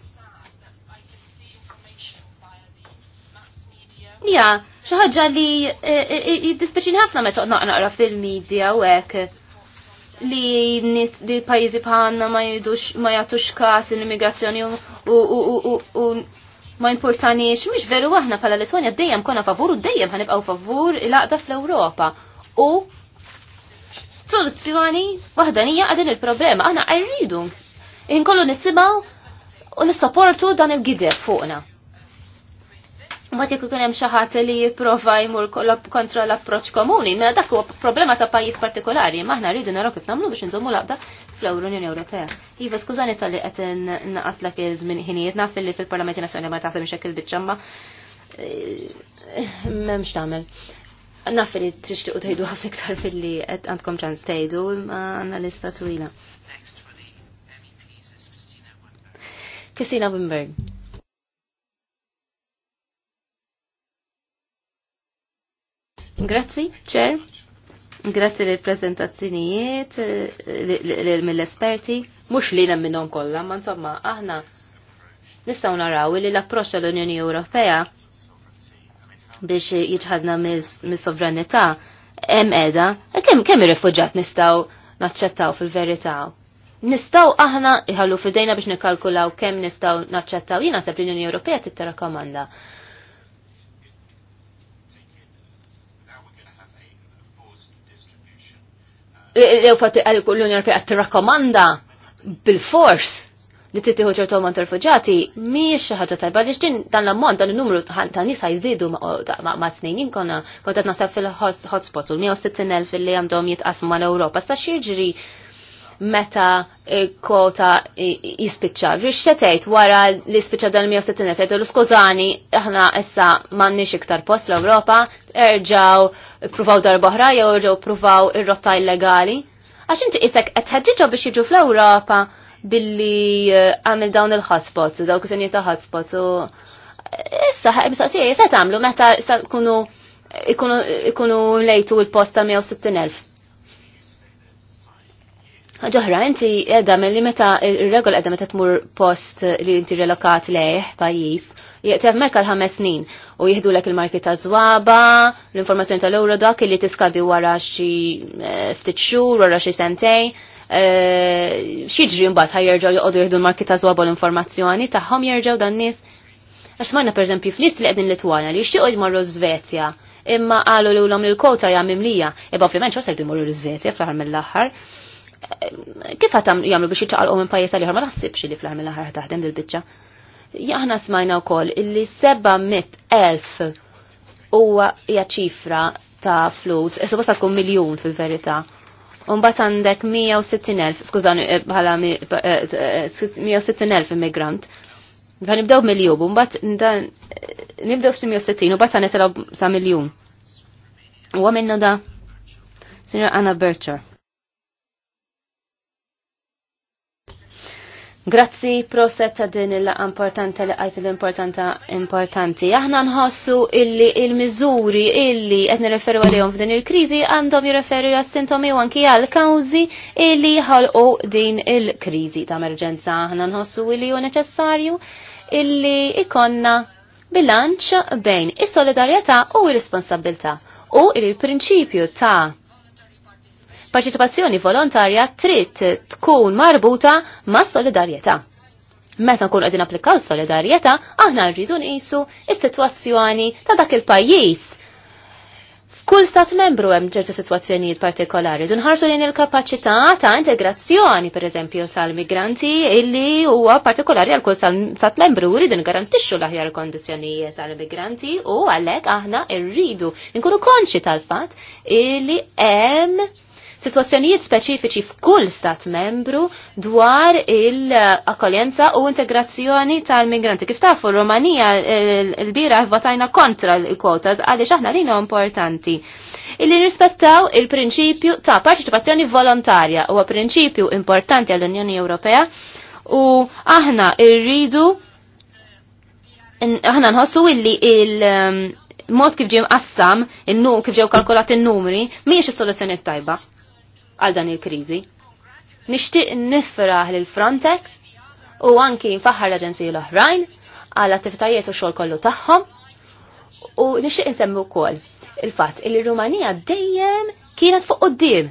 Ja, xaħġa li e, e, e, jiddispeċin ħafna meta naqra fil-medja u hekk li nis li pajizi bħanna ma jidux ma kas l-immigrazzjoni u ma importanix, mhux veru aħna bħala Letonja dejjem konna favur u dejjem ħanibqgħu favur il-għaqda fl-Ewropa. U soluzzjoni waħdanija għadin il-problema, aħna għarridu. Inkollu nisimaw u nissapportu dan il-gideb fuqna. Mbagħad jekk ikun hemm xi ħadd li jipprova jmur kontra l-approċċ komuni, mela dak huwa problema ta' pajjiż partikolari, ma aħna rridu naraw kif nagħmlu biex inżommu l-aqda fl-Unjoni Ewropea. Iva, skużani tal-li qed naqaslak iż-żmien ħinijiet, naf li fil-Parlamenti Nazzjonali ma taħdem xekil biċċamba eh, M'hemmx tagħmel. Naf li tixtiequ tgħidu ħafna iktar filli qed għandkom ċans tajdu, għandna lista twila. Kristina Wimberg. Grazzi, Chair. Grazzi li prezentazzjonijiet mill-esperti, mux li minnom kollha, ma insomma aħna nistgħu naraw li l-approċċ tal-Unjoni Ewropea biex jiġħadna mis-sovranità hemm qiegħda, e kemm kemm ir-refuġġat nistgħu naċċettaw fil-verità. Nistaw aħna iħallu fidejna biex nikalkulaw kemm nistaw naċċettaw. jien naħseb l-Unjoni Ewropea tittarakomanda. komanda Lew fatti l-Unjoni Ewropea tirrakkomanda bil-fors li tiħu ċertu għamant refuġati mhijiex xi ħaġa tajba li xġin dan l-ammont dan in-numru ta' nies jizdidu ma' snin jinkonna kont qed naħseb fil-hotspots u l-160,000 li għandhom jitqasmu mal-Ewropa. Sta xi meta kota jispicċa. Rixċetajt wara l ispicċa dal-160 u l-skużani aħna issa m'għandniex iktar post l-Ewropa, erġaw pruvaw darboħra jew erġaw pruvaw ir-rotta illegali. Għax inti isek qed biex jiġu fl-Ewropa billi eh, għamil dawn il-hotspots, dawk is ta' hotspots u eh, issa ħabisaqsija, se tagħmlu meta kunu eh, ikunu lejtu il-posta 160.000. Ġoħra, inti edha mill-li meta il-regol edha meta tmur post li inti relokat leħ pajis, jgħetem mekka l-ħames snin u jihdu l il-marki ta' zwaba, l-informazzjoni tal-euro dak li tiskadi wara xi eh, ftit xhur, wara xi sentej, eh, xieġri mbagħad ħajjerġgħu joqogħdu jieħdu l-marki ta' zwaba l-informazzjoni tagħhom jerġgħu dan nies. Għax smajna perżempju f'nies li qegħdin Litwana li jixtiequ jmorru ż-żvezja imma qalu li l-om l-kota jgħamim lija, imma ovvjament xorta jgħidu jmorru l-Svezja fl-aħħar mill-aħħar kif għatam jamlu biex jitxaqalqu minn pajis għal ma naħsibx li fl-ħar l ħar taħdem l bicċa Jaħna smajna u koll illi 700.000 huwa hija ċifra ta' flus, jessu bosta tkun miljon fil-verità. Unbat għandek 160.000, skużani, eh, bħala 160.000 eh, eh, immigrant. Għan nibdew miljon, unbat nibdew f-160, unbat għan sa' miljon. U għamilna da, Signor Anna Bercher. Grazzi proset ta' din il importanti li għajt l-importanta importanti. Aħna nħossu illi il-mizuri illi għed nirreferu għalihom f'din il-kriżi għandhom jirreferu għas-sintomi u anki għal-kawżi illi ħolqu din il-kriżi ta' emerġenza. Aħna nħossu illi hu neċessarju illi ikonna bilanċ bejn is-solidarjetà u ir responsabilta u il-prinċipju ta' Parċipazzjoni volontarja trid tkun marbuta ma' solidarjetà. Meta nkunu qegħdin applikaw solidarjetà, aħna rridu nqisu s sitwazzjoni ta' dak il-pajjiż Kull stat membru hemm ċertu sitwazzjonijiet partikolari. Dunħarsu lejn il-kapaċità ta' integrazzjoni, per eżempju, tal-migranti illi huwa partikolari għal kull stat membru rridu ngarantixxu l-aħjar kondizzjonijiet tal-migranti u għalhekk aħna rridu nkunu konxi tal-fatt illi hemm situazzjonijiet speċifiċi f'kull stat membru dwar il-akkoljenza u integrazzjoni tal-migranti. Kif tafu, Romania eh, l-bira votajna kontra l-kwotas għaliex aħna lina importanti. Illi rispettaw il-prinċipju ta' parċipazzjoni volontarja huwa prinċipju importanti għall-Unjoni Ewropea u aħna irridu aħna nħossu illi il- um, mod kif ġie mqassam, kif ġew kalkulat in numri mhijiex is-soluzzjoni tajba għal dan il-kriżi. Nixtieq nifraħ lil Frontex u anki nfaħħar l-aġenziji l-oħrajn għal attivitajiet u xogħol kollu tagħhom u nixtieq insemmi wkoll il-fatt li rumanija dejjem kienet fuq quddiem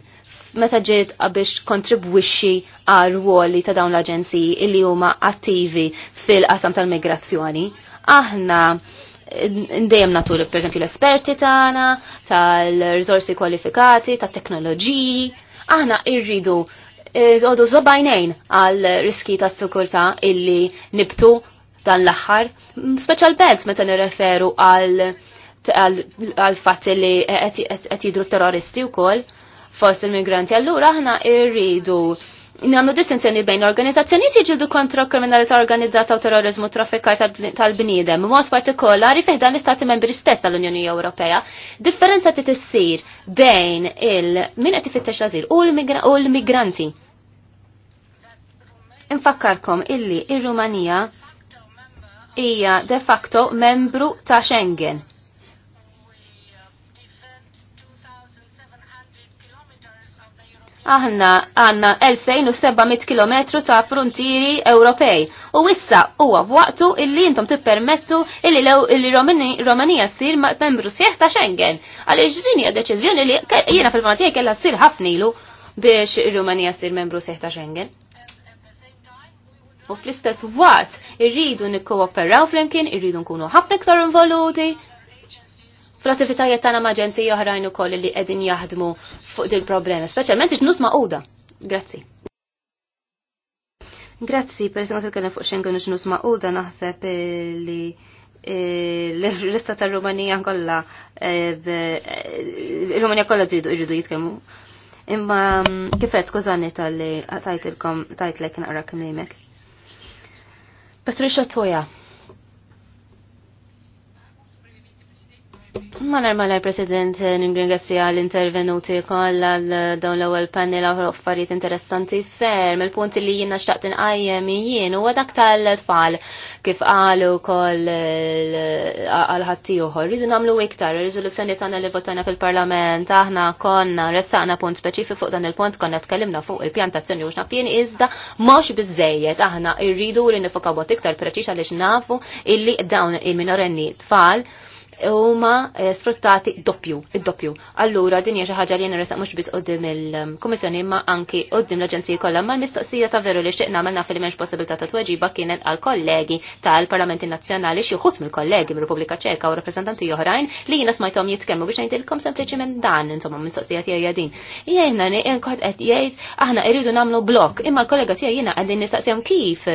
meta ġiet biex kontribwixxi għal li ta' dawn l-aġenziji li huma attivi fil-qasam tal-migrazzjoni. Aħna ndejjem natur per l-esperti tagħna, tal-riżorsi kwalifikati, tat-teknoloġiji, Aħna irridu e, għodu zobajnejn għal riski ta' sikurta illi nibtu dan l-axħar, specialment meta nirreferu għal fatt li qed jidru terroristi wkoll fost il-migranti. Allura aħna irridu Namlu distinzjoni bejn organizzazzjonijiet jiġildu kontra kriminalità organizzata u terrorizmu traffikar tal-bniedem, mod partikolari fiħdan l-Istati membri stess tal-Unjoni Ewropea. Differenza ti tissir bejn il-min qed ifittex l u l-migranti. Infakkarkom illi ir-Rumanija hija de facto membru ta' Schengen aħna għanna 2700 km ta' frontieri Ewropej u issa huwa waqtu illi intom tippermettu illi illi Romanija ssir membru sieħ ta' Schengen. Għaliex din hija deċiżjoni li jiena fil-fatt kellha ssir ħafnilu biex ir-Rumanija ssir membru sieħ ta' Schengen. U fl-istess waqt irridu nikkooperaw flimkien, irridu nkunu ħafna iktar involuti, fl-attivitajiet tagħna ma' aġenziji oħrajn ukoll li qegħdin jaħdmu fuq din problema speċjalment nusma' maquda. Grazzi. Grazzi, per se kellem fuq Schengen nusma' maquda naħseb li eh, l-rista tal-Rumanija kollha il-Rumanija eh, eh, kollha ġridu jridu jitkellmu. Imma mm, kifet skużani tal-li tajtilkom tajtlek naqra kemm Patricia Toja. Malar malar President, ningrazzja l-intervenuti koll għal dawn l-ewwel panel għal affarijiet interessanti ferm. Il-punti li jiena xtaqt inqajjem jien huwa dak tal-tfal kif qalu wkoll għal ħatti ieħor. Rridu nagħmlu iktar, ir-riżoluzzjoni tagħna li votajna fil-Parlament aħna konna ressaqna punt speċifi fuq dan il-punt konna tkellimna fuq il-pjantazzjoni u x'nafjien iżda mhux biżejjed aħna rridu li nifokaw iktar preċiż għaliex nafu illi dawn il-minorenni tfal huma eh, sfruttati doppju, id-doppju. Allura din hija xi ħaġa li nirresaq mhux biss qudiem il-Kummissjoni imma anki qudiem l-Aġenziji kollha ma mistoqsija ta' veru li xtieq nagħmel naf li m'hemmx possibilità ta' tweġiba kienet għal kollegi tal-Parlamenti Nazzjonali xi wħud mill-kollegi mir-Repubblika Ċeka u rappreżentanti oħrajn li jiena smajthom jitkellmu biex ngħidilkom sempliċiment dan insomma mistoqsija tiegħi din. Jejna ni inkort qed jgħid aħna rridu nagħmlu blok imma l-kollega tiegħi jiena qegħdin nistaqsihom kif.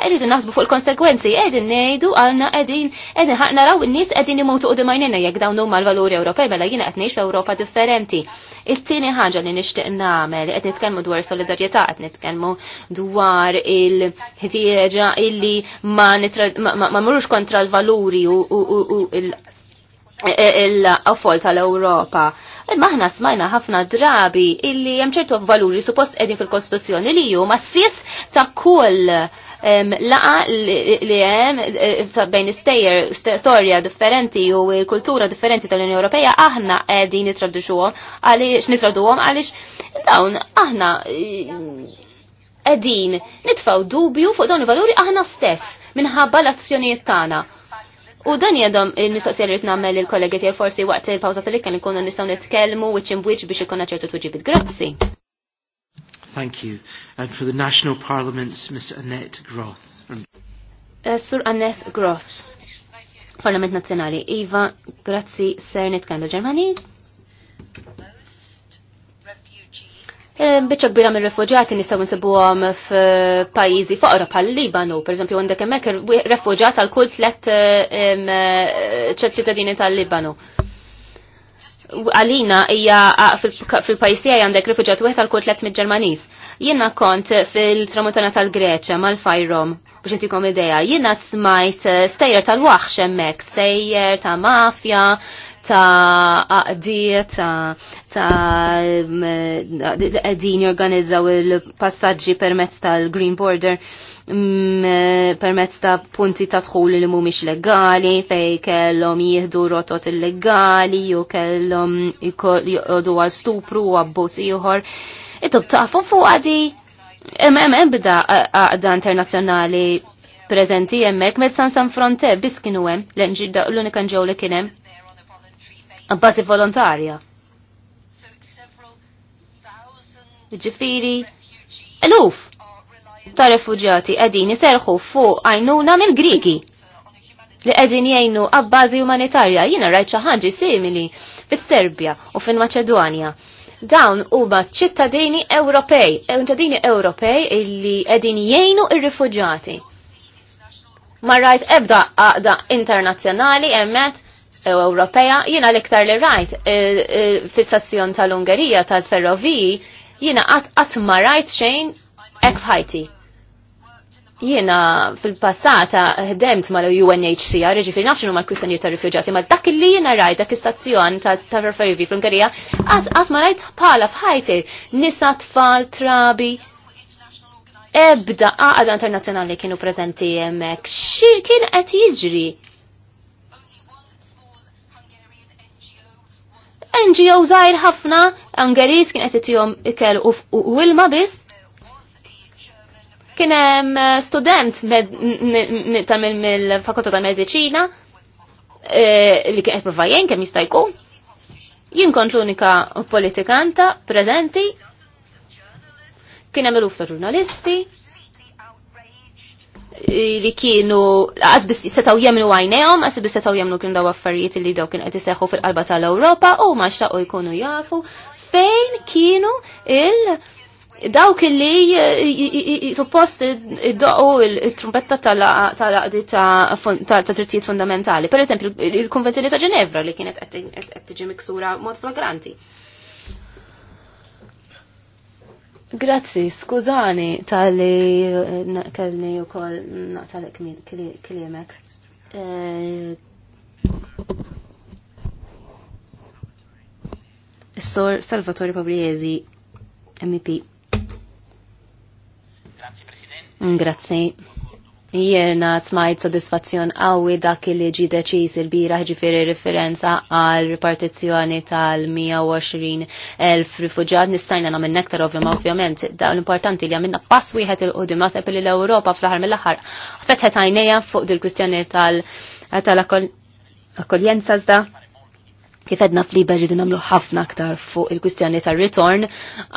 Qegħdu naħsbu fuq il-konsekwenzi qegħdin ngħidu għandna qegħdin qegħdin ħaq naraw in-nies qegħdin imutu nittu u dimajnina jek dawn huma l-valuri Ewropej mela jiena qed ngħix f'Ewropa differenti. It-tieni ħaġa li nixtieq nagħmel qed nitkellmu dwar solidarjetà qed nitkellmu dwar il-ħtieġa illi ma murux kontra l-valuri u l-affol tal-Ewropa. Imma aħna smajna ħafna drabi illi hemm ċertu valuri suppost qegħdin fil-Kostituzzjoni li ma sis ta' kull laqa li hemm eh, bejn istejjer storja differenti u kultura differenti tal-Unjoni Ewropea aħna qegħdin nitraduxuhom għaliex nitraduhom għaliex dawn aħna eh, qegħdin nitfgħu dubju fuq dawn il-valuri aħna stess minħabba l-azzjonijiet tagħna. U dan jadam il-mistoqsija li namel il-kollegi tiegħi forsi waqt il-pawza tal ikkan nkunu nistgħu nitkellmu wiċċ imwiċċ biex ikunna ċertu tweġibit. Grazzi. Thank you. And for the national parliaments, Ms. Annette Groth. Um, uh, Sur Annette Groth, Parlament Nazzjonali. Iva, grazzi, ser Kando Germani. Eh, Bicċa kbira minn refugjati nistaw nsibu għam f'pajizi faqra pal libanu per esempio, għandek emmek refugjat għal kull tlet eh, eh, ċittadini tal-Libanu għalina hija fil-pajsija għandek rifuġat wieħed għal kotlet mid-Ġermaniż. Jiena kont fil-tramuntana tal-Greċja mal-Fajrom biex intikom idea. Jiena smajt eh, stejjer tal-waħx hemmhekk, stejjer ta' mafja, ta' aqdiet, ta' mm, eh, qegħdin jorganizzaw il-passaġġi permezz tal-Green Border Mm, permezz ta' punti ta' dħul li mhumiex legali fej kellhom jieħdu rotot illegali u kellhom jgħodu għal stupru u abbuż ieħor. Itub tafu fuq għadi hemm bida għaqda internazzjonali preżenti hemmhekk Medsan San Fronte biss kienu hemm l-unika nġew li kien hemm. Abbażi volontarja. Ġifiri, eluf ta' refugjati qegħdin jiserħu fuq għajnuna mill-Griki li qegħdin jgħinu għabbazi umanitarja jiena rajt xi ħaġa simili fis-Serbja u fin-Maċedonja. Dawn huma ċittadini Ewropej, eh, ċittadini Ewropej illi qegħdin jgħinu ir refugjati Ma rajt ebda għaqda internazjonali emmet e, Ewropeja, jiena l-iktar li rajt e, e, fis-sazzjon tal-Ungerija tal-Ferroviji, jiena qatt qatt ma rajt xejn hekk Jiena fil-passata ħdemt mal UNHCR, ġifir nafxinu ma l tar ta' rifugjati, ma dak li jiena rajt dak istazzjon ta' ferroferri fl-Ungerija, għaz ma rajt bħala fħajti, nisa tfal, trabi, ebda għaqda internazjonali kienu prezenti jemmek, xi kien qed jiġri. NGO zaħir ħafna, Angeris kien qed itihom ikel u ilma biss, Kien hemm eh, student mill fakulta ta' Mediċina eh, li kien qed provajjen kemm jista' jkun. Jien kont l-unika politikanta preżenti. Kien hemm iluf ta' ġurnalisti eh, li kienu għazbis setaw jemnu għajnejom, għazbis setaw jemnu kienu daw affarijiet li daw kien għetiseħu fil-qalba tal-Europa u ma u jkunu jafu fejn kienu il- dawk li eh, suppost id-doqu il-trumpetta tal-għaqdi ta' drittijiet fundamentali. Per eżempju, il-Konvenzjoni ta' Ġenevra li kienet qed tiġi miksura mod flagranti. Grazzi, skużani tal-li eh, kellni u koll naqtalek kliemek. Eh, Is-sor Salvatore Pabriesi, MEP. Grazzi. Jiena smajt sodisfazzjon qawwi dak li ġi deċis il-bira ġifiri referenza għal ripartizzjoni tal-120,000 rifuġat nistajna namen nektar ovvjament da l-importanti li għamilna pass wieħed il ma naħseb li l-Ewropa fl-aħħar mill-aħħar fetħet għajnija fuq dil-kwistjoni tal-akkoljenza zda. żda Kif edna f'liba ġidu namlu ħafna aktar fuq il-kwistjoni tar ritorn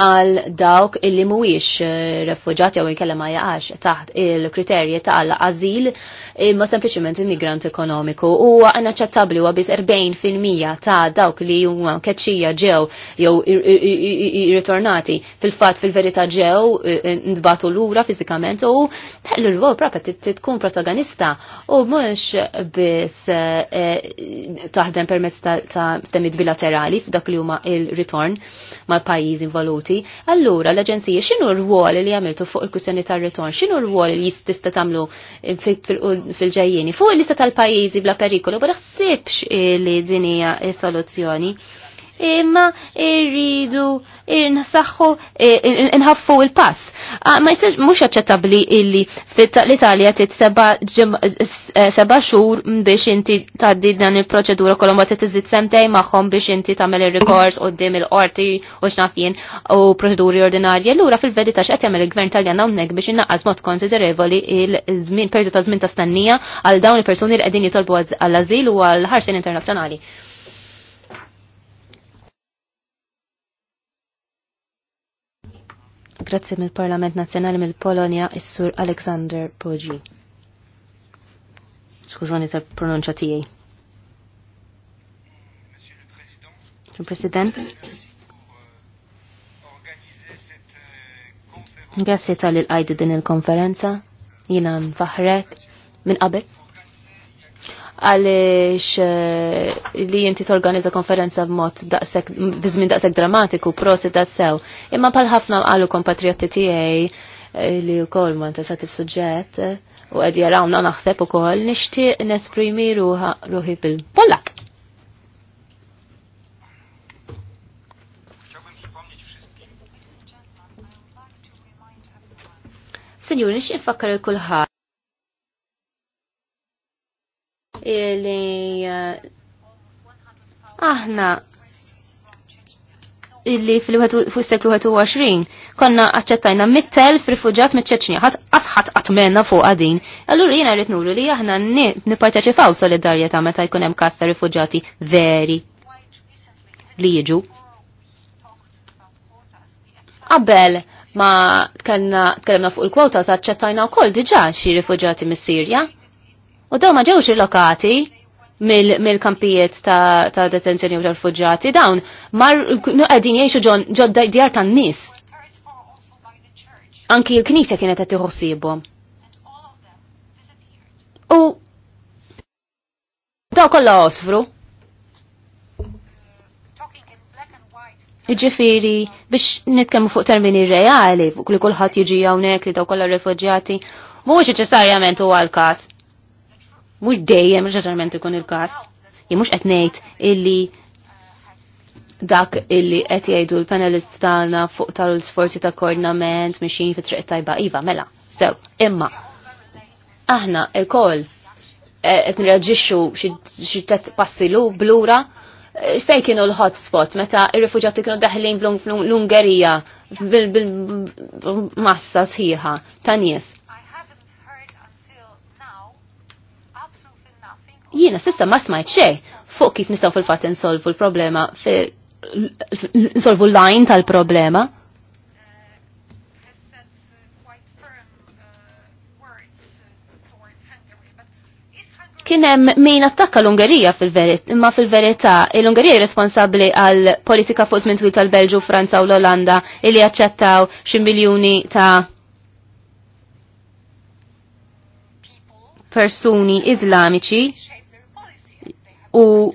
għal dawk illi mhuwiex eh, refuġati jew inkella ma jaqax taħt il-kriterji l azil imma eh, sempliċement immigrant ekonomiku. U inaċċettabbli huwa biss 40% ta' dawk li huma keċċija ġew jew irritornati fil-fatt fil-verità ġew eh, ntbatu lura fiżikament u tellu l-wol propri tkun protagonista u mhux biss taħdem permezz ta' temid bilaterali f'dak li huma il-ritorn mal-pajjiż involuti. Allura l-Aġenzija x'inhu rwol li għamiltu fuq il-kwistjoni tar-ritorn, x'inhu rwol li jista' tagħmlu fil-ġejjieni fuq l lista tal-pajjiżi bla perikolu, ma naħsibx li din hija soluzzjoni imma irridu nsaħħu nħaffu il-pass. Ah, ma jisir mux aċċettabli illi l-Italja tit seba eh, xur biex inti taddi dan il-proċedura kolom ma t-tizzit semtej maħħom biex inti tamel il-rekors u d-dim il-qorti u xnafjen u proċeduri ordinarji. L-ura fil vedita xqet jamel il-gvern tal-jana unnek biex innaqqas mod konsiderevoli il-żmin, perżu ta' żmien ta' stannija għal dawn il-personi li qegħdin jitolbu għall-azil u għall-ħarsin internazzjonali. Grazzi mill-Parlament Nazzjonali mill-Polonja is-Sur Alexander Poggi. Skużoni ta' pronunċa tiegħi. President. Grazzi tal-il-qajdi din il-konferenza. Jina nfaħrek minn qabel għaliex eh, li inti torganizza konferenza b'mod daqshekk bizmin daqseg dramatiku, prosi da sew. Imma bħal ħafna qalu kompatrioti tiegħi eh, li wkoll ma intasat il-suġġett eh, u qed jarawna naħseb ukoll nixtieq nesprimi ruħi bil-Pollak. Sinjur, nix infakkar il-kulħat li eh, aħna illi fil-seklu 21 konna aċċettajna mittel rifuġat mit ċeċnija ħat asħat għatmenna fuq għadin. Allura jina rrit nuru li aħna niparteċifaw solidarjeta meta jkun hemm kasta rifuġati veri li jiġu. Qabel ma tkellimna fuq il-kwota u wkoll diġà xi rifuġati mis-Sirja. U daw ma ġewx il-lokati mill-kampijiet mil ta', ta detenzjoni u tal-fuġġati, dawn mar għedin jiexu ġodda djar tan nis. Anki il-knisja kienet għati ħossibom. U daw kolla osfru. Iġifiri, biex nitkemmu fuq termini reali, fuq li kullħat jiġi għawnek li daw kolla rifugġati, mux ċessarjament u għal-kas. Mux dejjem ġeġarment ikun il-kas. mux etnejt illi dak illi qed jgħidu l-panelist tagħna fuq tal-sforzi ta' koordinament mixin fi triq tajba iva mela. Sew, imma aħna il-kol eh, qed nirreġixxu xi tet passi lu blura eh, fejn kienu l-hotspot meta ir-rifuġjati kienu daħlin bl-Ungerija bil-massa sħiħa ta' nies jiena sissa ma smajt xej fuq kif nistgħu fil-fatt insolvu l-problema insolvu l-lajn tal-problema. Kien hemm min attakka l-Ungerija fil-verità, imma fil-verità l-Ungerija responsabbli għal politika fuq żmien twil tal-Belġu, Franza u l-Olanda li aċċettaw xi miljuni ta' persuni iżlamiċi U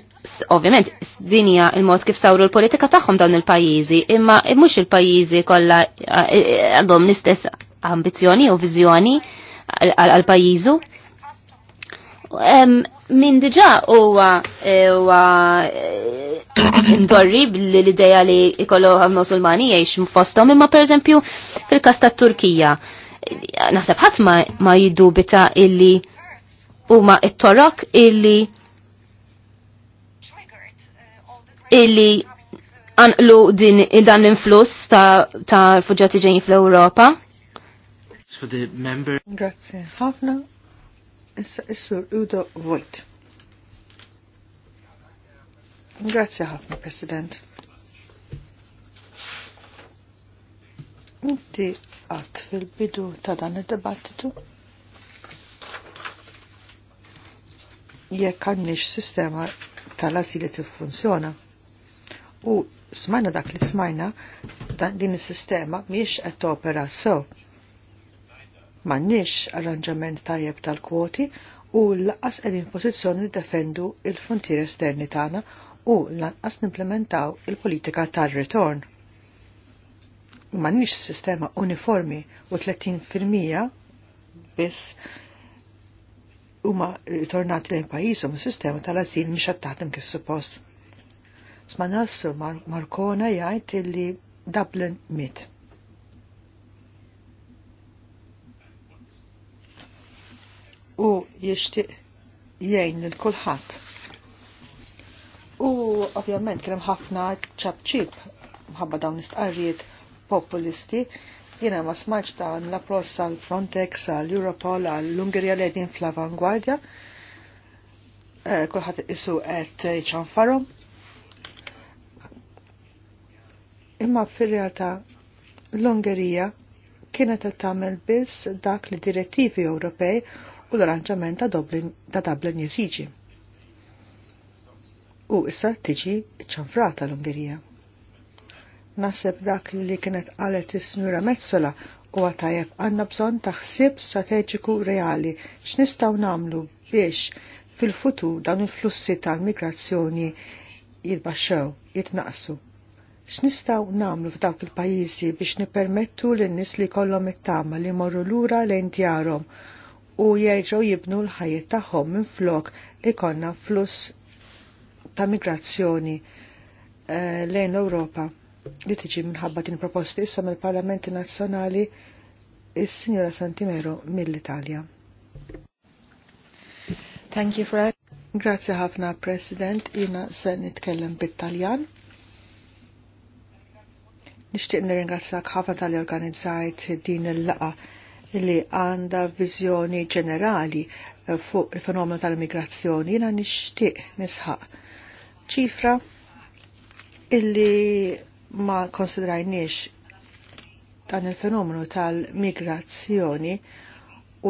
ovvjament dinja il-mod kif sawru l-politika tagħhom dawn il-pajjiżi, imma mhux il-pajjiżi kollha e, e, għandhom l-istess ambizzjoni u viżjoni għal pajjiżu. Min diġà huwa e, torrib l-ideja li jkollu musulmani jgħix fosthom, imma pereżempju fil-każ tat-Turkija. Naħseb ħadd ma jiddubita illi huma t torok illi illi għanqlu din dan l-influss ta', ta fuġati ġejjin fl-Ewropa. Grazie. Ħafna. Issa issur Udo Vojt. Grazie ħafna, President. Inti għat fil-bidu ta' dan il-debattitu? Jekk għandix sistema tal-asili t funzjona U smajna dak li smajna dan din is-sistema miex qed topera so. M'għandniex arranġament tajjeb tal-kwoti u l-laqas qegħdin pożizzjoni defendu il-frontier esterni tagħna u lanqas nimplementaw il-politika tar-ritorn. M'għandniex sistema uniformi u 30% biss huma ritornati lejn pajjiżhom is-sistema tal-asil mhix qed taħdem kif suppost Sma nassu sur Mar Markona jgħid illi Dublin mit. U jixtieq jgħin lil kulħat U ovvjament kien hemm ħafna ċabċib mħabba dawn istqarriet populisti jiena ma smajtx dan l-appross għal Frontex, għal Europol, għal ungerija l-edin fl-avangwardja. E, Kulħadd isu qed ċanfarum, imma fir-realtà l-Ungerija kienet qed tagħmel biss dak li direttivi Ewropej u l-arranġament ta' Dublin ta' Dublin jesiġi. U issa tiġi ċanfrata l-Ungerija. Naseb dak li kienet qalet is snura Mezzola u għatajab għanna bżon ħsieb strateġiku reali x'nistgħu namlu biex fil-futur dawn il-flussi tal-migrazzjoni jitbaxxew, jitnaqsu X'nistgħu nagħmlu f'dawk il-pajjiżi biex nippermettu lin-nies li jkollhom it-tama li jmorru lura lejn djarhom u jerġgħu jibnu l-ħajja tagħhom minflok li konna fluss ta' migrazzjoni eh, lejn Ewropa li tiġi minħabba din proposti issa mill-Parlamenti Nazzjonali is sinjura Santimero mill-Italja. Thank you for Grazie ħafna President, jina se nitkellem bit-Taljan. Nixtieq nirringrazzjak ħafna tal organizzajt din il-laqa li għanda viżjoni ġenerali fuq il-fenomenu tal-immigrazzjoni. Jiena nixtieq nisħaq ċifra illi ma konsidrajniex dan il-fenomenu tal-migrazzjoni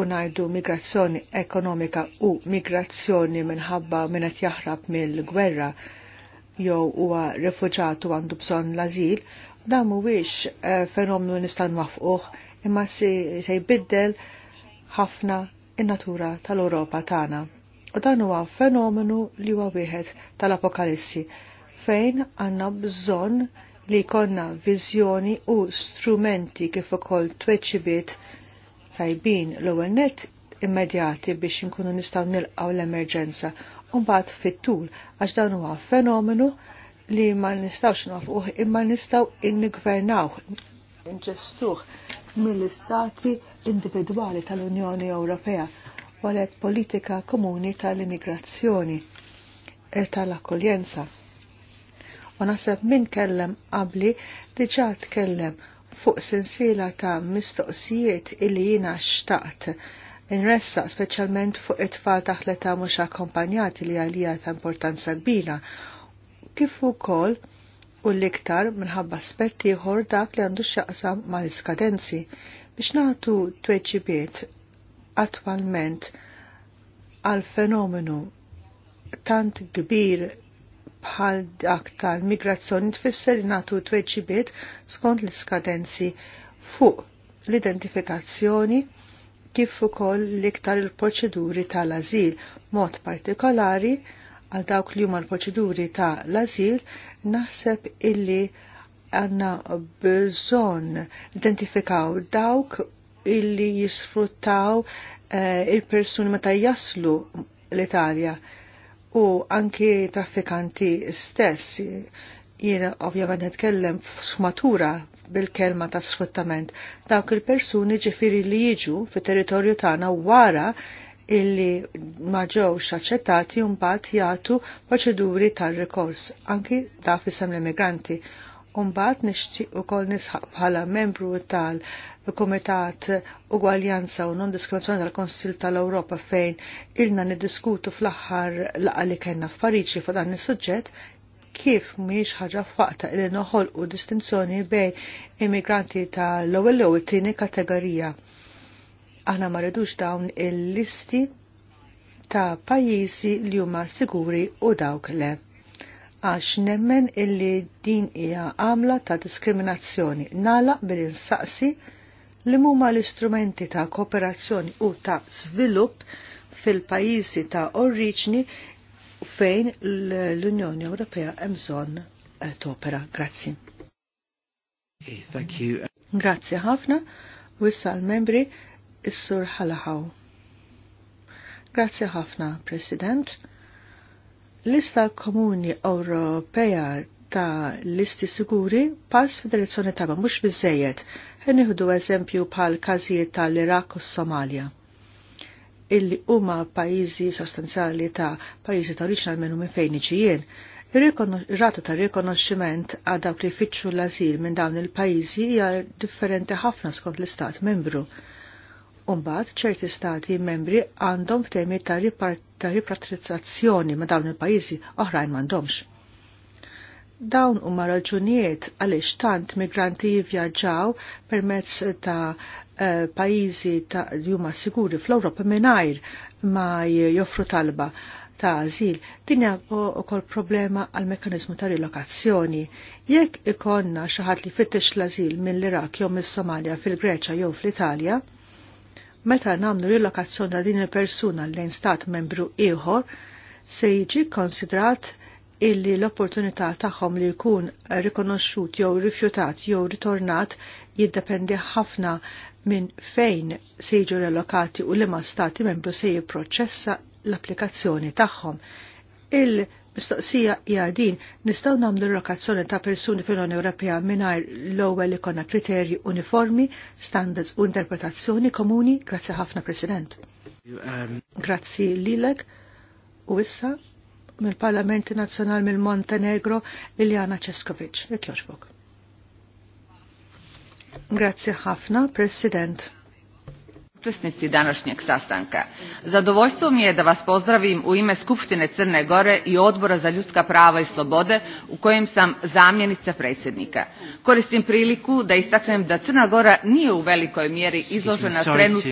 u najdu migrazzjoni ekonomika u migrazzjoni minħabba minnet jaħrab mill-gwerra jew huwa refuġat u għandu bżonn l-azil Dan mhuwiex wiex eh, fenomenu nistan wafquħ imma se jbiddel ħafna in-natura tal-Ewropa tagħna. U dan huwa fenomenu li huwa wieħed tal-Apokalissi fejn għandna bżonn li jkollna viżjoni u strumenti kif ukoll tweċibiet tajbin l-ewwel nett immedjati biex inkunu nistgħu nilqgħu l-emerġenza u mbagħad fit-tul għax dan huwa fenomenu li ma nistawx nafuħ, imma nistaw innigvernaw nġestuħ mill-istati individwali tal-Unjoni Ewropea walet politika komuni tal-immigrazzjoni e tal-akkoljenza. U naħseb min kellem qabli diġa tkellem fuq sensila ta' mistoqsijiet illi jina xtaqt Inressa speċjalment fuq it-tfal taħt mux mhux akkompanjati li għalija ta' importanza kbira kif ukoll u l-iktar minħabba aspetti ieħor dak li għandu x'jaqsam mal-iskadenzi biex nagħtu tweġibiet attwalment għal fenomenu tant kbir bħal dak tal-migrazzjoni tfisser li nagħtu tweġibiet skont l-iskadenzi fuq l-identifikazzjoni kif ukoll l-iktar il-proċeduri tal-azil, mod partikolari għal dawk li huma l-proċeduri ta' l-azil, naħseb illi għanna bżon identifikaw dawk illi jisfruttaw eh, il-persuni meta jaslu l-Italja u anki traffikanti stess. Jiena ovvjament netkellem f'smatura bil-kelma ta' sfruttament dawk il-persuni ġifiri li jiġu fit territorju tagħna wara illi ma ġewx aċċettati mbagħad jagħtu proċeduri tal-rikors anki da fisem l-immigranti. Mbagħad nixtieq ukoll nisħaq bħala membru tal-Kumitat Ugwaljanza u Non-Diskriminazzjoni tal-Konsil tal-Ewropa fejn ilna niddiskutu fl-aħħar laqgħa li kellna f'Pariġi fuq dan is-suġġett kif mhijiex ħaġa faqta li noħolqu distinzjoni bejn immigranti tal-ewwel u t-tieni kategorija Aħna ma rridux dawn il-listi ta' pajjiżi li huma siguri u dawk le għax nemmen illi din hija għamla ta' diskriminazzjoni nala bil-insaqsi li huma l-istrumenti ta' kooperazzjoni u ta' svilupp fil-pajjiżi ta' oriġni fejn l-Unjoni Ewropea hemm bżonn eh, topera. Grazzi. Grazzi ħafna. Wissa l-membri is-Sur Halahaw. Grazzi ħafna, President. Lista Komuni Ewropea ta' listi siguri pass f'direzzjoni tagħha mhux biżejjed. Nieħdu eżempju bħal każijiet tal-Iraq u Somalja illi huma pajjiżi sostanzjali ta' pajjiżi ta' oriġina minnu minn fejn iġijien. Ir-rata ta' rikonoxximent għad dawk li jfittxu l-azil minn dawn il-pajjiżi hija differenti ħafna skont l-istat membru Umbat ċerti stati membri għandhom f'temi ta' ripatrizzazzjoni ma' dawn il-pajjiżi oħrajn m'għandhomx. Dawn huma raġunijiet għaliex tant migranti jivvjaġġaw permezz ta' eh, pajjiżi ta' li huma siguri fl-Ewropa mingħajr ma joffru talba ta' azil. Din ukoll problema għal mekkaniżmu ta' rilokazzjoni. Jekk ikonna xi ħadd li fittex l-azil mill-Irak jew mis-Somalja fil-Greċja jew fl-Italja, fil greċja jew fl italja meta namlu rilokazzjoni ta' din il-persuna lejn stat membru ieħor se jiġi konsidrat illi l-opportunità tagħhom li jkun rikonoxxut jew rifjutat jew ritornat jiddependi ħafna minn fejn se jiġu relokati u liema stati membru se jipproċessa l-applikazzjoni tagħhom. Il- Mistoqsija hija din nistgħu nagħmlu rokazzjoni ta' persuni fil-Unjoni Ewropea mingħajr l-ewwel konna kriterji uniformi, standards u interpretazzjoni komuni. Grazzi ħafna President. Um, Grazzi lilek u issa mill-Parlamenti Nazzjonal mill-Montenegro Liljana Ceskovic. Ikjoġbok. Grazzi ħafna, President učesnici današnjeg sastanka. Zadovoljstvo mi je da vas pozdravim u ime Skupštine Crne Gore i Odbora za ljudska prava i slobode u kojem sam zamjenica predsjednika. Koristim priliku da istaknem da Crna Gora nije u velikoj mjeri izložena trenutno...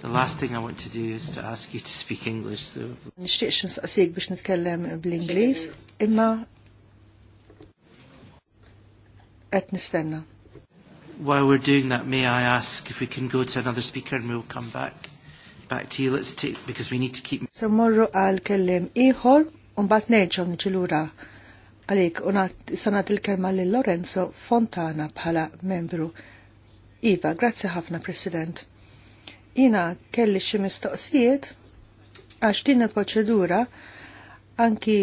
The last thing I want to do is to ask you to speak English. So. Nixtieqx biex nitkellem bl-Ingliż, imma qed nistenna. While we're doing that, may I ask if we can go to another speaker and we'll come back back to you. Let's take because we need to keep. So morru għal kellim iħol, un bat neġo nġilura għalik unna sanat il kerma li Lorenzo Fontana bħala membru. Iva, grazie ħafna President. Jina kelli xi mistoqsijiet għax din il-proċedura anki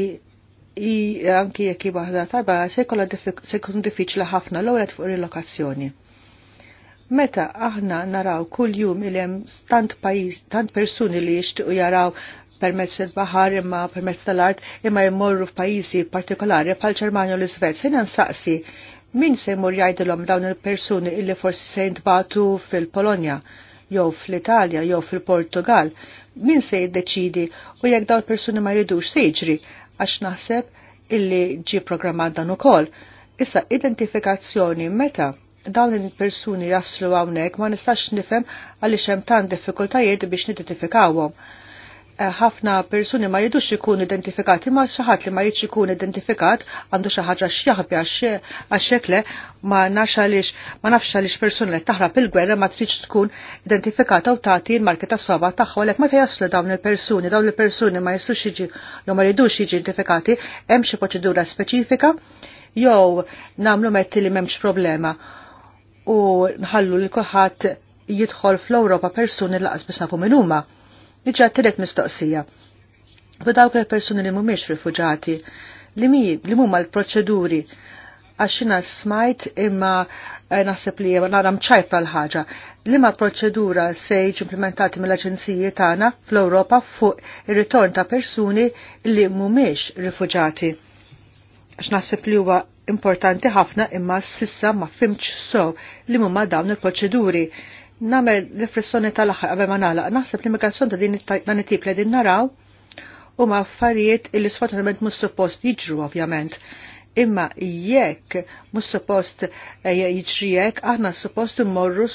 i anki jekk waħda tajba se jkollha se jkun diffiċli ħafna l-ewwel fuq rilokazzjoni. Meta aħna naraw kull jum il hemm tant pajjiż, tant persuni li jixtiequ jaraw permezz il-baħar imma permezz tal-art imma jmorru f'pajjiżi partikolari bħal Ġermanja u l-Iżvezja, jiena nsaqsi min se jmur jgħidilhom dawn il-persuni illi forsi se jintbatu fil-Polonja jew fl-Italja jew fil-Portugal, min se jiddeċidi u jekk daw persuni ma jridux se jiġri għax naħseb illi ġi programmat dan ukoll. Issa identifikazzjoni meta dawn il-persuni jaslu hawnhekk ma nistax nifhem għaliex hemm tant diffikultajiet biex nidentifikawhom Eh, ħafna persuni ma jidux ikun identifikati ma xaħat li ma jridx ikun identifikat għandu xi ħaġa x'jaħbi għax ma nafx għaliex ma nafx għaliex persuna li taħra il-gwerra ma tridx tkun identifikata u tagħti l-marki ta' swaba tagħha għalek ma jaslu dawn il-persuni dawn il-persuni ma jistux iġi jo ma jidux jiġi identifikati hemm xi proċedura speċifika jew nagħmlu metti li m'hemmx problema u nħallu li kulħadd jidħol fl-Ewropa persuni laqas biex nafu minn huma Iġa t-tilet mistoqsija. F'dawk il-persuni li mhumiex rifugġati, li mi li mumma l-proċeduri għaxina smajt imma eh, naħseb li jema naram ċajpra l-ħagġa. Lima proċedura se jiġi implementati mill-aġenziji tagħna fl-Ewropa fuq ir-ritorn ta' persuni li mhumiex rifugġati. Għax naħseb li huwa importanti ħafna imma sissa ma fimx so li huma dawn il-proċeduri namel riflessjoni tal-aħħar qabel ma nagħlaq. Naħseb l-immigrazzjoni ta' dan it-tip li din naraw huma affarijiet illi sfortunatament mhux suppost jiġru ovvjament. Imma jekk mhux suppost eh, jiġri hekk, aħna suppost immorru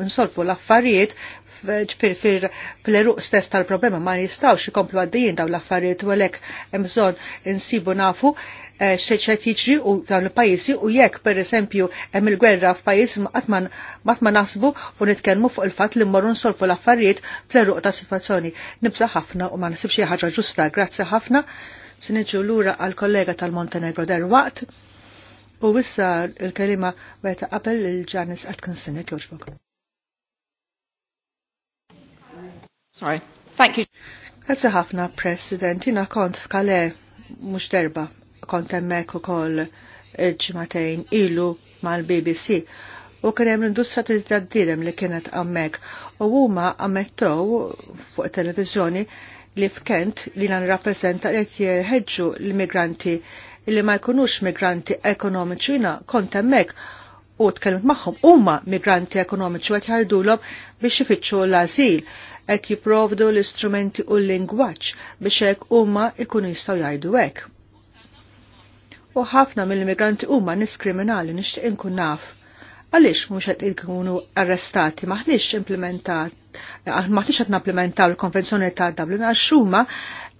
nsolfu l-affarijiet ġifir fil-eruq stess tal-problema ma jistawx ikomplu għaddijin daw l-affarijiet u għalek bżonn insibu nafu Eh, xeċet jiġri u dawn il-pajjiżi u jekk per esempio hemm il-gwerra f'pajjiż ma ma naħsbu u nitkellmu fuq il-fatt li mmorru nsolfu l-affarijiet fl-eruq ta' situazzjoni. Nibsa ħafna u ma nasibx xi ħaġa ġusta. Grazzi ħafna. Se niġu lura għal kollega tal-Montenegro derwaqt. U wissa il-kelima weta qabel il-Janis Atkinson, jogħġbok. Sorry. Thank you. Grazie ħafna, President. Jina kont f'kale mux derba kont u ukoll ġimatejn ilu mal-BBC u kien hemm l-industrija tal-dilem li kienet hemmhekk u huma ammettew fuq it-televiżjoni li f'Kent li nan rappresenta li jħeġġu l-migranti li ma jkunux migranti ekonomiċi jina kont hemmhekk u tkellmet magħhom huma migranti ekonomiċi qed jgħidulhom biex ifittxu l-ażil qed jipprovdu l-istrumenti u l-lingwaġġ biex hekk huma jkunu jistgħu jgħidu hekk u ħafna mill-immigranti huma nis kriminali nixtieq inkun naf. Għaliex mhux qed ikunu arrestati maħniex implementat maħniex qed napplementaw il-Konvenzjoni ta' Dublin għax huma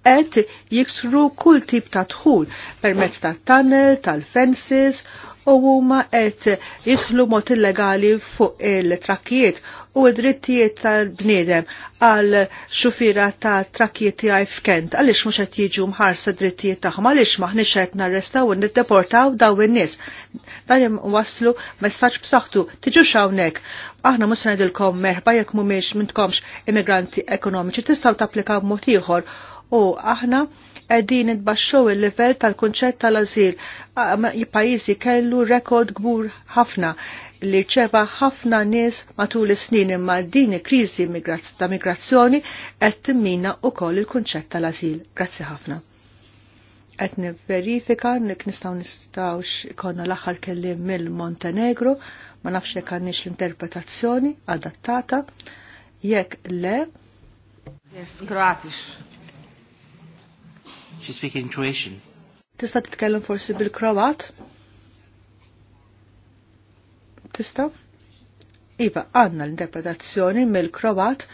qed jiksru kull tip ta' dħul permezz ta' tunnel, tal-fences u huma qed jidħlu mod illegali fuq il-trakkijiet u d-drittijiet tal-bniedem għal xufira ta' trakkijiet tiegħi f'Kent għaliex mhux qed jiġu mħarsa drittijiet tagħhom għaliex maħniex qed narrestaw u niddeportaw daw in-nies. Dan waslu messaġġ b'saħħtu tiġu hawnhekk. Aħna mhux ngħidilkom merħba jekk mhumiex mintkomx immigranti ekonomiċi tistgħu tapplikaw b'mod ieħor u aħna id itbaxxew il-livell tal-kunċett tal-ażil. Pajjiżi kellu rekord gbur ħafna li ċeba ħafna nies matul is-snin imma din il-kriżi ta' migrazzjoni qed timmina wkoll il-kunċett tal-ażil. Grazzi ħafna. Qed verifika nik nistgħu nistgħux ikollna l-aħħar kelliem mill-Montenegro, ma nafx jekk għandniex l-interpretazzjoni adattata. Jekk le, Kroatix. She speak in Croatian. Tista' titkellem forsi bil-Kroat? Tista? Iva, għanna l-interpretazzjoni mill-Kroat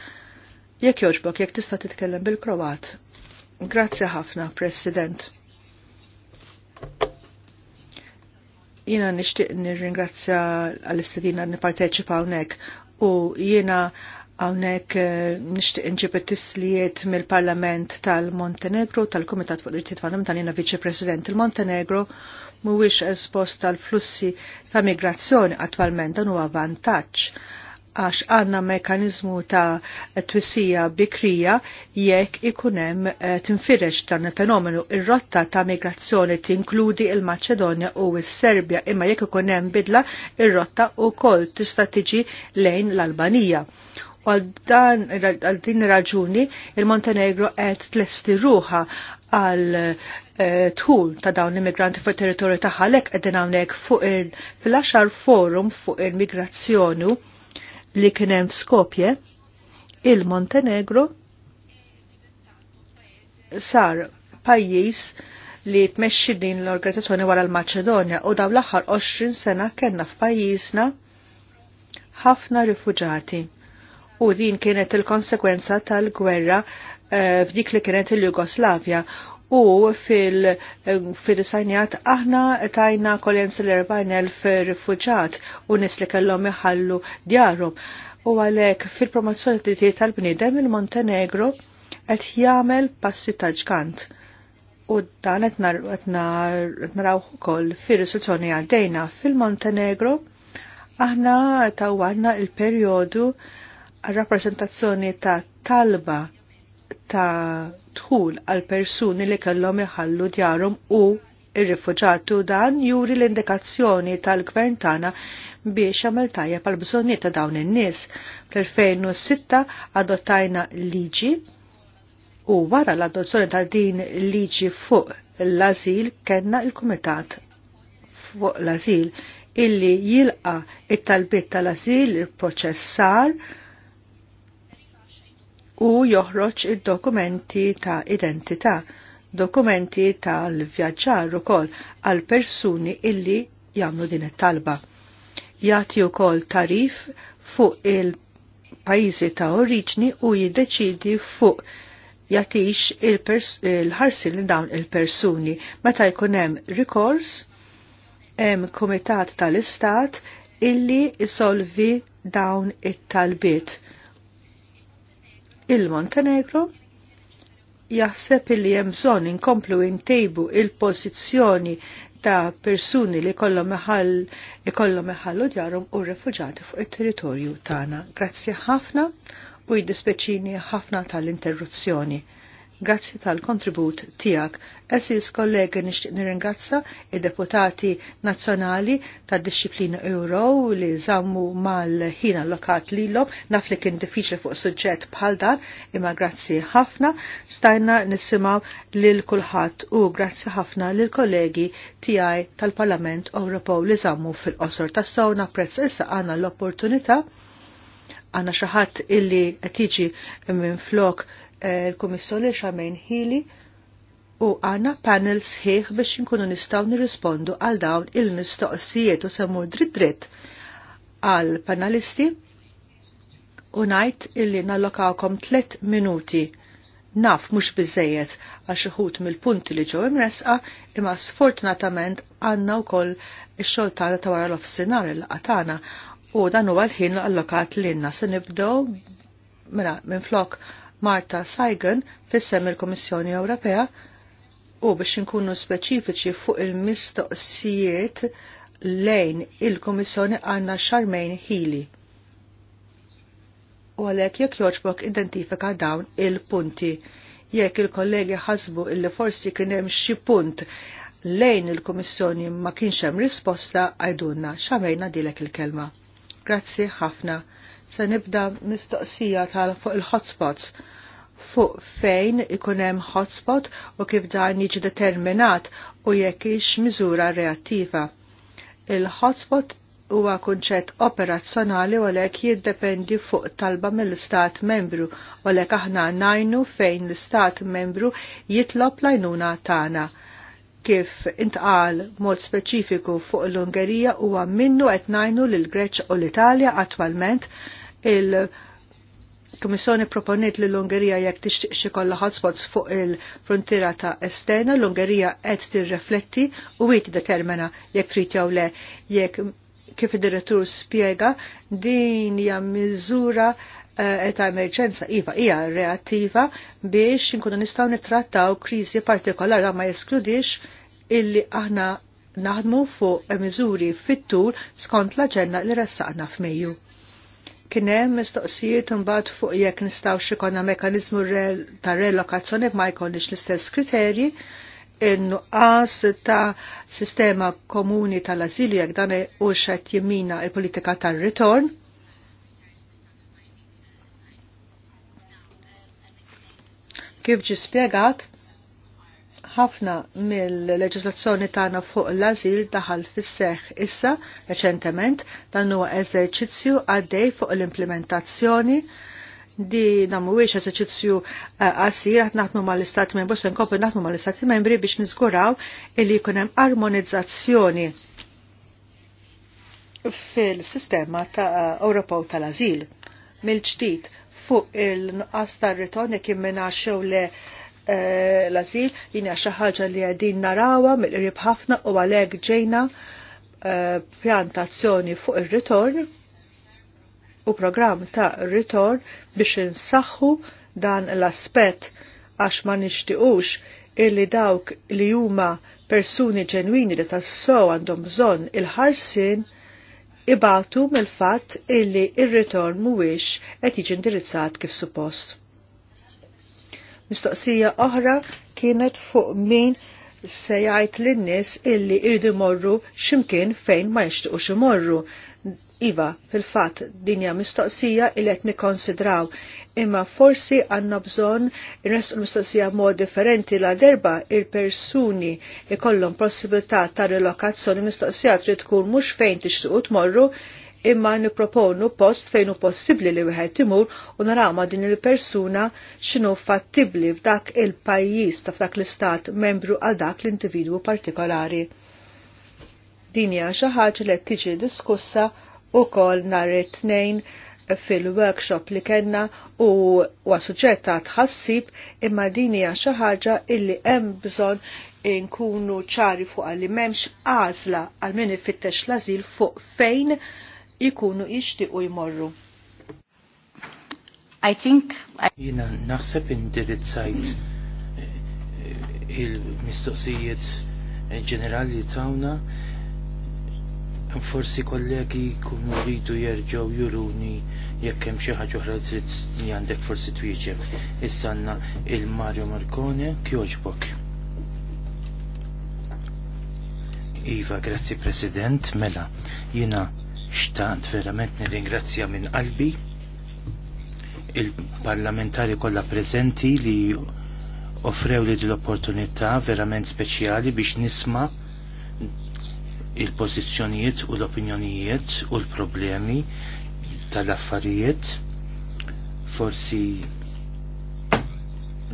jekk joġbok jekk tista' titkellem bil-Kroat. Grazzi ħafna, President. Jiena nixtieq nirringrazzja għall-istedina nipparteċipa hawnhekk u jina Għawnek eh, nishtiq nġib it-tislijiet mill-Parlament tal-Montenegro, tal-Komitat fuq l-Irtit tal-Jena Viċi-President il-Montenegro, mhuwiex espost tal-flussi ta' migrazzjoni attwalment dan huwa vantaġġ għax għanna mekanizmu ta' twissija bikrija jekk ikunem eh, tinfirex dan il-fenomenu. Ir-rotta ta' migrazzjoni tinkludi il-Maċedonja u s-Serbja imma jekk ikunem bidla ir-rotta u kol tista' tiġi lejn l-Albanija għal għal din raġuni il-Montenegro qed tlesti ruħa għal eh, tħul ta' dawn l-immigranti fuq territorju tagħha lek din hawnhekk fuq il-flaxar forum fuq il-migrazzjoni li kien hemm Skopje il-Montenegro sar pajjiż li tmexxi din l-organizzazzjoni wara l-Maċedonja u dawn l-aħħar 20 sena kellna f'pajjiżna ħafna rifuġati u din kienet il-konsekwenza tal-gwerra eh, f'dik li kienet il-Jugoslavja u fil-disajnjat fil aħna tajna kolens l-40.000 rifuġat u nis li kellhom iħallu djarhom. U għalhekk fil-promozzjoni tal-bniedem il-Montenegro qed jagħmel passi ta' U dan qed naraw ukoll fir-riżoluzzjoni għaddejna fil-Montenegro aħna ta'wanna il il perjodu rappresentazzjoni ta' talba ta' tħul għal persuni li kellhom iħallu djarhom u ir-rifuġatu dan juri l-indikazzjoni tal-gvern tagħna biex jagħmel tajjeb għal bżonniet ta' dawn in-nies. Fl-2006 adottajna liġi u wara l-adozzjoni ta' din liġi fuq l-azil kenna il-Kumitat fuq l-azil illi jilqa it-talbiet tal-azil il-proċessar il proċessar u joħroġ id-dokumenti ta' identità, dokumenti tal-vjaġġar ukoll għal persuni illi jagħmlu din it-talba. Jagħti wkoll tarif fuq il-pajjiżi ta' oriġni u jiddeċidi fuq jatix il-ħarsin il dawn il-persuni. Meta jkun hemm rikors, hemm komitat tal-istat illi isolvi dawn it-talbiet il-Montenegro jaħseb li hemm bżonn inkomplu intejbu il-pożizzjoni ta' persuni li kollhom iħall ikollhom iħallu djarhom u refuġati fuq it-territorju tagħna. Grazzi ħafna u jiddispeċini ħafna tal-interruzzjoni. Grazzi tal-kontribut tijak. Esis kollegi nishtiq nirringazza i deputati nazzjonali tad disciplina Euro li zammu mal-ħin allokat lilhom naf li kien diffiċli fuq suġġett bħal dan imma grazzi ħafna stajna nisimgħu lil kulħadd u grazzi ħafna l kollegi tiegħi tal-Parlament Ewropew li zammu fil-qosor tassew napprezz issa għandna l-opportunità għanna xaħat illi għetiġi minn flok l-Kummissjoni xamejn ħili u għanna panels ħieħ biex nkunu nistaw nirrispondu għal dawn il-mistoqsijiet u semmur dritt dritt għal panelisti u najt illi nallokawkom tlet minuti naf mux bizzejiet għax uħut mill-punti li ġew imresqa imma sfortunatament għanna u koll il tagħna ta' wara l-offsinar il-qatana u dan huwa l-ħin allokat l-inna se nibdew mela, minn flok Marta Saigen fissem il-Komissjoni Ewropea u biex inkunu speċifiċi fuq il-mistoqsijiet lejn il-Komissjoni għanna Charmaine Healy. U għalek jek joġbok identifika dawn il-punti. Jekk il-kollegi ħasbu illi forsi kien hemm xi punt lejn il-Komissjoni ma kienx hemm risposta għajdunna xamejna dilek il-kelma. Grazzi ħafna. Se nibda mistoqsija tal fuq il-hotspots fuq fejn ikunem hotspot u kif dan jiġi determinat u jekk ix miżura reattiva. Il-hotspot huwa kunċett operazzjonali u għalhekk jiddependi fuq talba mill-Istat membru u lek aħna najnu fejn l-Istat membru jitlob lajnuna tagħna kif intqal mod speċifiku fuq l-Ungerija huwa minnu qed ngħinu lil Greċ u l-Italja attwalment il- Komissjoni proponiet li l-Ungerija jekk tixtieq xi kollha hotspots fuq il-frontiera ta' esterna, l-Ungerija qed tirrefletti u wieħed determina jekk trid jew le jekk kif id-direttur spjega din hija miżura eh, ta' emerġenza iva hija reattiva biex inkunu nistgħu nittrattaw kriżi partikolari ma jeskludix illi aħna naħdmu fuq miżuri fit-tul skont l-aġenda li ressaqna f'Mejju. Kien hemm mistoqsijiet imbagħad fuq jekk nistgħu x'ikonna mekanizmu ta' relokazzjoni ma jkollix l-istess kriterji in-nuqqas ta' sistema komuni tal-azilu jekk dan u xed jimina il-politika tar-ritorn. Kif ġi spjegat, ħafna mill-leġislazzjoni tagħna fuq l-azil daħal fis-seħħ issa reċentement dan huwa eżerċizzju għaddej fuq l-implementazzjoni di wiex eżerċizzju eh, għasir għat ma mal istati membri, kopi naħtmu ma mal istati membri biex nizguraw illi jkun hemm armonizzazzjoni fil-sistema ta' eh, Ewropew tal-azil mill-ġdid fuq il-nuqqas tar-ritorni minna xew le Eh, l-azil, jina xaħġa li għadin narawa mill-qrib ħafna u għalek ġejna eh, pjantazzjoni fuq il-ritorn u program ta' ritorn biex nsaħħu dan l-aspet għax ma nixtiqux illi dawk li huma persuni ġenwini li tassow għandhom bżonn il-ħarsin ibatu mill-fatt illi il ritorn mhuwiex qed jiġi indirizzat kif suppost. Mistoqsija oħra kienet fuq min se jgħid lin-nies illi irdu morru x'imkien fejn ma jixtiequx imorru. Iva, fil-fatt dinja mistoqsija illet qed nikkonsidraw imma forsi għanna bżon il-restu mistoqsija mod differenti la derba il-persuni ikollhom possibilità ta' relokazzjoni mistoqsija trid tkun mhux fejn tixtuqu tmorru imma niproponu post fejn hu possibbli li wieħed imur u naraw ma' din il-persuna x'inhu fattibbli f'dak il-pajjiż ta' f'dak l-istat membru għal dak l-individwu partikolari. Din hija xi ħaġa li tiġi diskussa wkoll nhar it-tnejn fil-workshop li kenna u għasuġetta tħassib imma din hija xi ħaġa illi hemm bżonn inkunu ċari fuq li m'hemmx għażla għal min ifittex l azil fuq fejn ikunu jixtiequ jmorru. I think... Jina naħseb indirizzajt eh, il-mistoqsijiet ġenerali tawna forsi kollegi kunu rridu jerġgħu juruni jekk hemm xi ħaġa oħra trid li għandek forsi twieġeb. Issa għandna il-Mario Marcone kjoġbok. Iva, grazzi President, mela, jina xtant verament nirringrazzja minn qalbi il-parlamentari kollha prezenti li offrew li dil opportunità verament speċjali biex nisma il-pożizzjonijiet u l-opinjonijiet u l-problemi tal-affarijiet forsi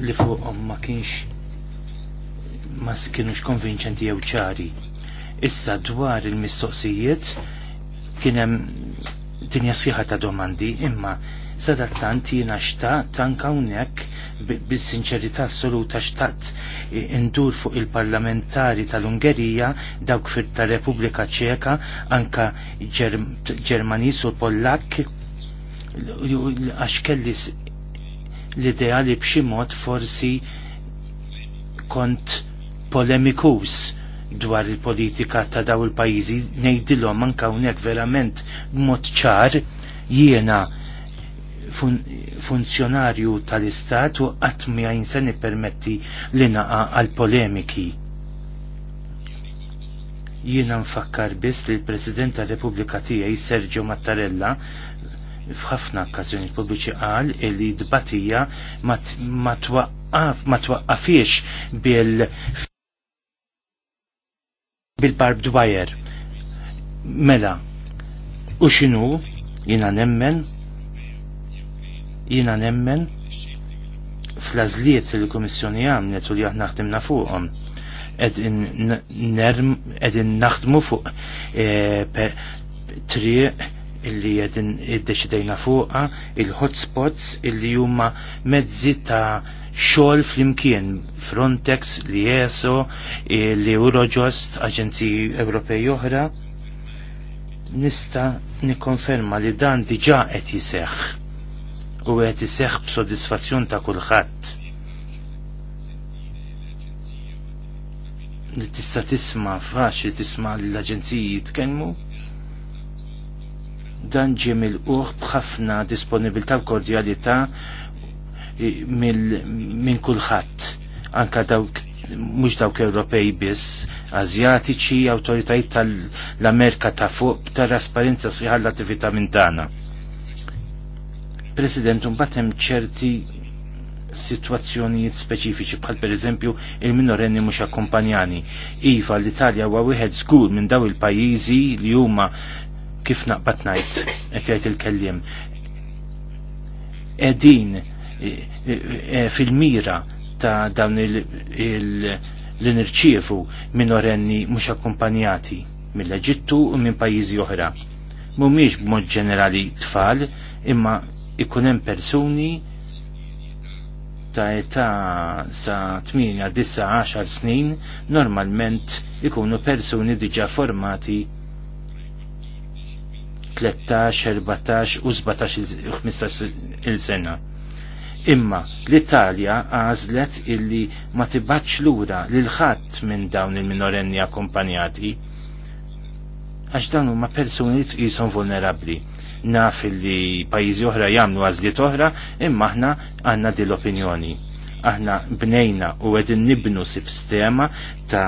li fuqhom ma kienx ma kienux konvinċenti jew ċari. Issa dwar il-mistoqsijiet kienem dinja sħiħa ta' domandi imma Sada Tant jina xtaqt tanka unnek bil-sinċerità assoluta xtaqt indur fuq il-parlamentari tal-Ungerija dawk fir ta' Repubblika Ċeka anka Ġermanis u Pollak għax kelli l-ideali b'xi mod forsi kont polemikus dwar il-politika ta' daw il-pajizi nejdilhom manka hawnhekk verament b'mod ċar jiena fun funzjonarju tal-istat u qatt għajn se permetti li naqa' għal polemiki jiena nfakkar biss li l-President ta' Repubblika tiegħi Sergio Mattarella f'ħafna okkażjoni pubbliċi qal li d-batija ma twaqqafiex bil bil-barbed wire. Mela, u xinu jina nemmen, jina nemmen fl-azliet il-Komissjoni għamnet u li għahna ħdimna fuqom edin naħdmu fuq e, triq illi għedin id deċidajna fuqa il-hotspots illi huma mezzi ta' xol flimkien Frontex, li ESO, li Eurojust, Aġenzi Ewropej oħra, nista nikkonferma li dan diġà qed jiseħ u qed iseħħ b'sodisfazzjon ta' kulħadd. Li tista' tisma' faċli tisma' li l-aġenziji jitkellmu dan ġie milquh b'ħafna disponibilità kordjalità minn kulħadd anka dawk mhux dawk Ewropej biss, Azjatiċi, awtoritajiet tal-Amerika ta' fuq tar-trasparenza sħiħa l-attività minn tagħna. President, mbagħad hemm ċerti situazzjonijiet speċifiċi bħal per eżempju il-minorenni mhux akkumpanjani. Iva l-Italja huwa wieħed żgur minn daw il-pajjiżi li huma kif naqbad ngħid qed jgħid il-kelliem. Edin Eh, fil-mira ta' dawn l-nirċievu orenni mhux akkumpanjati mill-Eġittu u minn pajjiżi oħra. Mumiex b'mod ġenerali tfal, imma ikun hemm persuni ta' età sa' 8 10 snin normalment ikunu persuni diġa formati 13, 14 u 17 il-sena. Imma l-Italja għażlet illi ma tibbaċ lura lil ħadd minn dawn il-minorenni akkompanjati għax dawn huma persuni li tqishom vulnerabbli. Naf illi pajjiżi oħra jagħmlu għażliet oħra imma aħna għandna din l-opinjoni aħna bnejna u għedin nibnu sistema ta'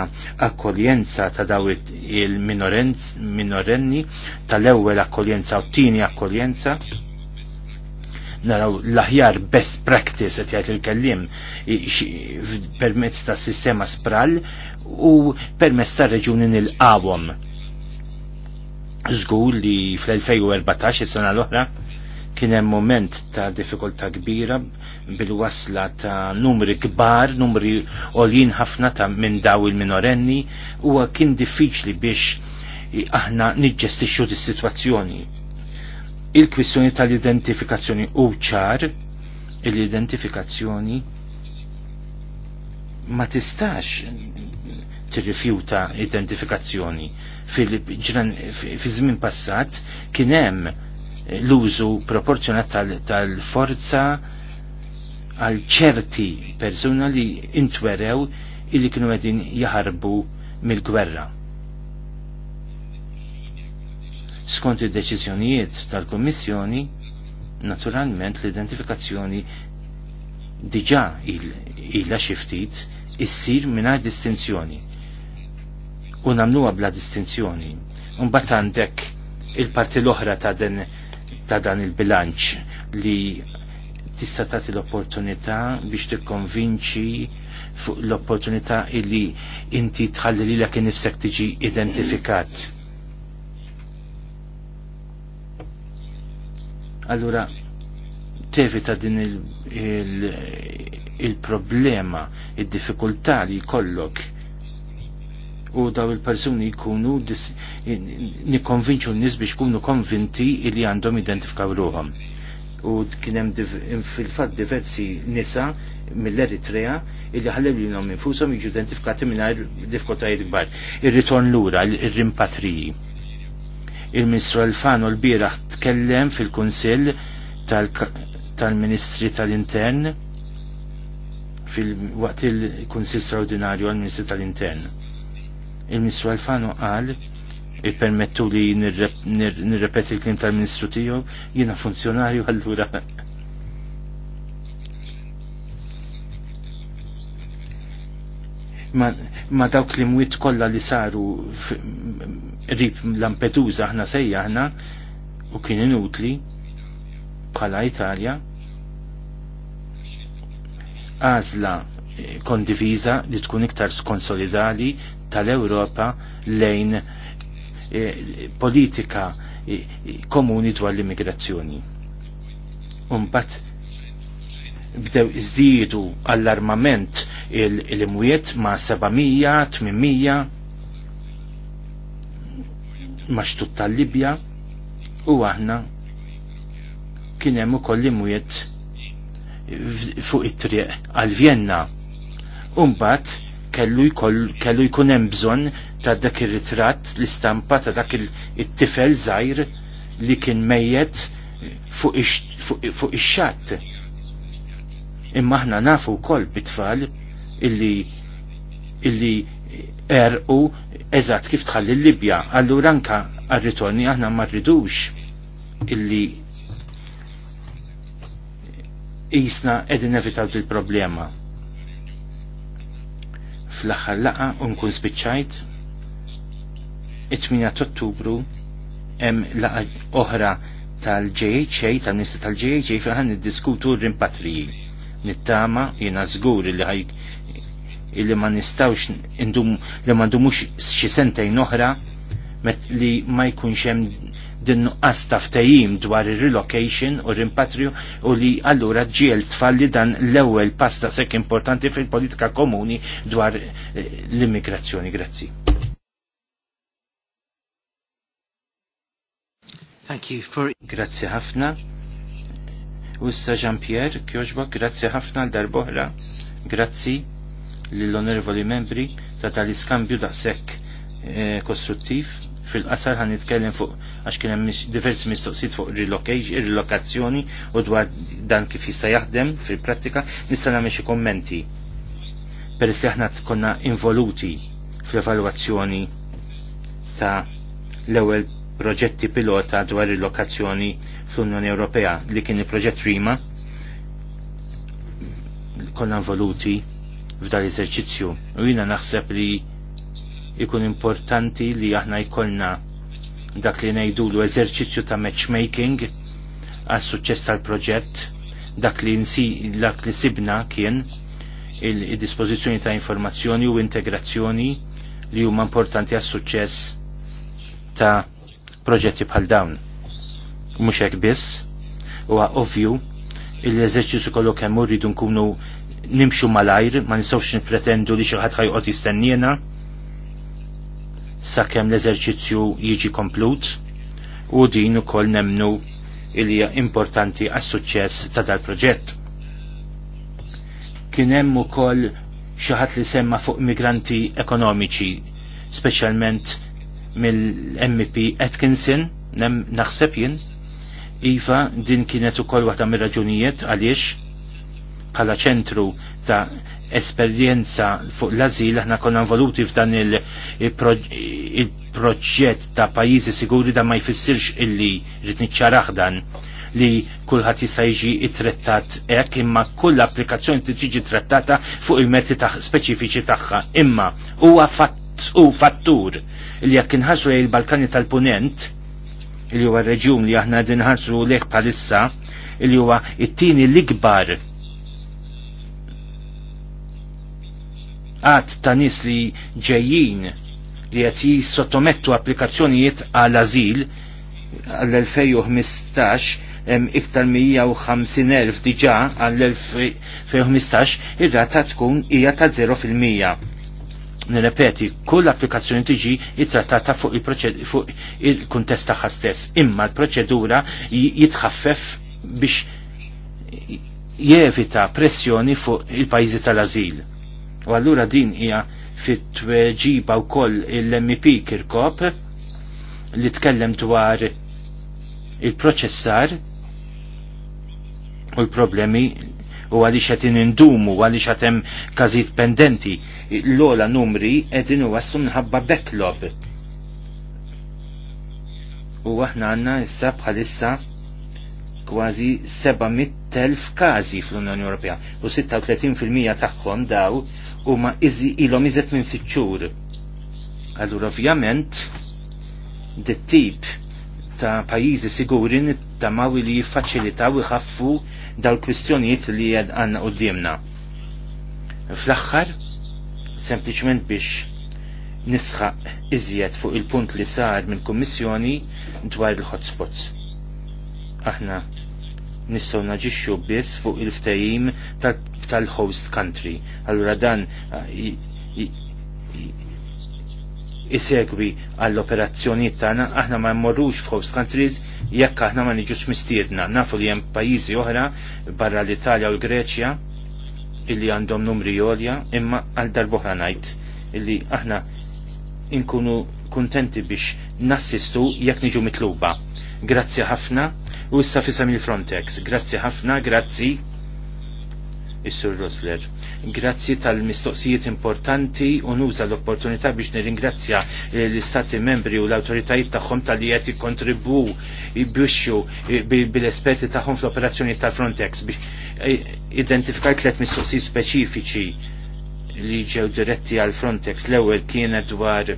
akkoljenza ta' daw il-minorenni tal-ewwel akkoljenza u t-tieni akkoljenza naraw l-aħjar best practice qed jgħat il-kellim permezz ta' sistema spral u permezz ta' reġuni nil qawom Żgur li fl-2014 is-sena l-oħra kien hemm moment ta' diffikultà kbira bil-wasla ta' numri kbar, numri għoljin ħafna ta' minn daw il-minorenni u kien diffiċli biex aħna niġġestixxu dis-sitwazzjoni il-kwistjoni tal-identifikazzjoni u ċar l-identifikazzjoni ma tistax tirrifjuta identifikazzjoni fi żmien passat kien hemm l-użu proporzjonat tal-forza għal ċerti persuna li intwerew illi kienu għedin jaħarbu mill-gwerra. skont id-deċiżjonijiet tal-Kommissjoni naturalment l-identifikazzjoni diġà ilha xi ftit issir mingħajr distinzjoni. U nagħmluha għabla distinzjoni. Mbagħad għandek il-parti l-oħra ta' dan il-bilanċ li tista' tagħti l-opportunità biex tikkonvinċi fuq l-opportunità illi inti tħalli lilek innifsek tiġi identifikat Allura tevita din il-problema, il, il il-diffikultà li jkollok u daw il-persuni jkunu nikonvinċu n-nis biex kunu konvinti li għandhom identifikaw ruħom. U kienem fil-fat diversi nisa mill-Eritrea illi ħallew li nom infusom jiġu identifikati minn diffikultajiet kbar. Ir-ritorn lura, ir-rimpatriji Il-Ministru Alfano l-bieraħ tkellem fil-Kunsill tal-Ministri tal-Intern fil-waqt il-Kunsill Straordinarju għal-Ministri tal-Intern. Il-Ministru Alfano qal permettu li nirrepeti l-klim tal-Ministru tiegħu jiena funzjonarju allura ma, ma dawk li mwit kollha li saru rib Lampedusa aħna sejjaħna u kien inutli bħala Italja għażla eh, kondiviża li tkun iktar skonsolidali tal-Ewropa lejn eh, politika eh, komuni dwar l-immigrazzjoni. Umbat bdew iżdiedu għall-armament l-imwiet ma' 700, 800, maxtut tal-Libja u aħna kien hemm ukoll imwiet fuq it-triq għal Vjenna. Umbat kellu kellu jkun hemm bżonn ta' dak ir-ritratt l-istampa ta' dak it-tifel żgħir li kien mejjed fuq ix-xatt. Imma aħna nafu wkoll bit-tfal illi illi erqu eżatt kif tħalli l-Libja. Allura anka għarritorni ritorni aħna ma rridux illi jisna edin evitaw il-problema. Fl-axar laqa unkun spiċċajt 8 ottubru hemm laqa oħra tal-GHA, tal-Ministru tal-GHA fil ħan niddiskutu r-rimpatriji. Nittama jena zgur li ħaj illi ma nistawx indum li ma ndumux xi sentejn oħra li ma jkunx hemm din nuqqas taftajim dwar ir relocation u rimpatrio u li allura ġiel tfalli dan l-ewwel pasta ta' sekk importanti fil-politika komuni dwar eh, l-immigrazzjoni. Grazzi. Thank you for... Grazzi ħafna. Ussa Jean-Pierre, kjoġba, grazzi ħafna l-darbohra. Grazzi l-onervoli membri ta' tal-iskambju daqshekk eh, kostruttiv fil-qasar ħan nitkellem fuq għax kien hemm diversi mistoqsijiet fuq rilokazzjoni u dwar dan kif jista' jaħdem fil-prattika nista' nagħmel xi kommenti. Peress li aħna konna involuti fl-evalwazzjoni ta' l-ewwel proġetti pilota dwar il-lokazzjoni fl-Unjoni Ewropea li kien il-proġett Rima konna involuti f'dan l-eżerċizzju. U jina naħseb li ikun importanti li aħna jkollna dak li ngħidulu eżerċizzju ta' matchmaking għas suċċess tal-proġett, dak li nsi, dak li sibna kien il-dispożizzjoni ta' informazzjoni u integrazzjoni li huma importanti għas suċċess ta' proġetti bħal dawn. Mhux hekk biss, huwa ovvju il-eżerċizzju kollu kemm rridu nkunu nimxu malajr, ma nistawx nipretendu li xaħat ħajqot jistennijena sakemm l-eżerċizzju jiġi komplut u din ukoll nemnu il hija importanti għas suċċess ta' dal-proġett. Kien hemm ukoll xi ħadd li semma fuq migranti ekonomiċi, speċjalment mill-MP Atkinson, naħseb jien, Iva din kienet ukoll waħda mir-raġunijiet għaliex bħala ċentru ta' esperjenza fuq l-azil aħna konna involuti f'dan il-proġett ta' pajjiżi siguri da ma jfissirx illi rrid niċċaraħ dan li kulħadd jista' jiġi trattat hekk imma kull applikazzjoni tiġi trattata fuq il-merti ta' speċifiċi tagħha. Imma huwa fatt u fattur li jekk inħarsu il-Balkani tal-Punent li huwa reġjun li aħna dinħarsu leh bħalissa li huwa it-tieni l-ikbar għat ta' nis li ġejjin li għat jissottomettu applikazzjonijiet għal azil għall-2015 iktar 150.000 diġa għall-2015 ir-rata tkun hija ta' 0%. Nirrepeti, kull applikazzjoni tiġi jittratata fuq il-kuntest tagħha stess, imma l-proċedura jitħaffef biex jevita pressjoni fuq il-pajjiżi tal-azil. U allura din hija fit-tweġiba wkoll il-MP Kirkop li tkellem dwar il-proċessar u l-problemi u għalix qed indumu, għalix għet hemm kazit pendenti. L-ola numri edin u għassu minħabba backlog. U għahna għanna issa bħalissa kważi 700.000 każi fl-Unjoni Ewropea u 36% tagħhom daw huma ilhom iżet minn sitt xhur. Allura ovvjament dit-tip ta' pajjiżi siguri nittamaw li jiffaċilitaw iħaffu dal-kwistjonijiet li għandna djemna. Fl-aħħar, sempliċement biex nisħaq iżjed fuq il-punt li sar minn kummissjoni dwar il-hotspots aħna nistgħu naġixxu biss fuq il-ftehim tal-host country. Allura dan ah, isegwi għall-operazzjonijiet tagħna aħna ma mmorrux f'host countries jekk aħna ma niġux mistiedna. Nafu li hemm pajjiżi oħra barra l-Italja u l-Greċja illi għandhom numri jolja imma għal darbohra ngħid illi aħna inkunu kontenti biex nassistu jekk niġu mitluba. Grazzi ħafna u issa fisa il-Frontex. Grazzi ħafna, grazzi is-Sur Rosler. Grazzi tal-mistoqsijiet importanti u nuża l-opportunità biex nirringrazzja l-Istati membri u l-autoritajiet tagħhom tal-li qed jikkontribwu biexxu bil-esperti tagħhom fl-operazzjoni tal Frontex biex eh, identifikaj tliet mistoqsijiet speċifiċi li ġew diretti għal Frontex l-ewwel kienet dwar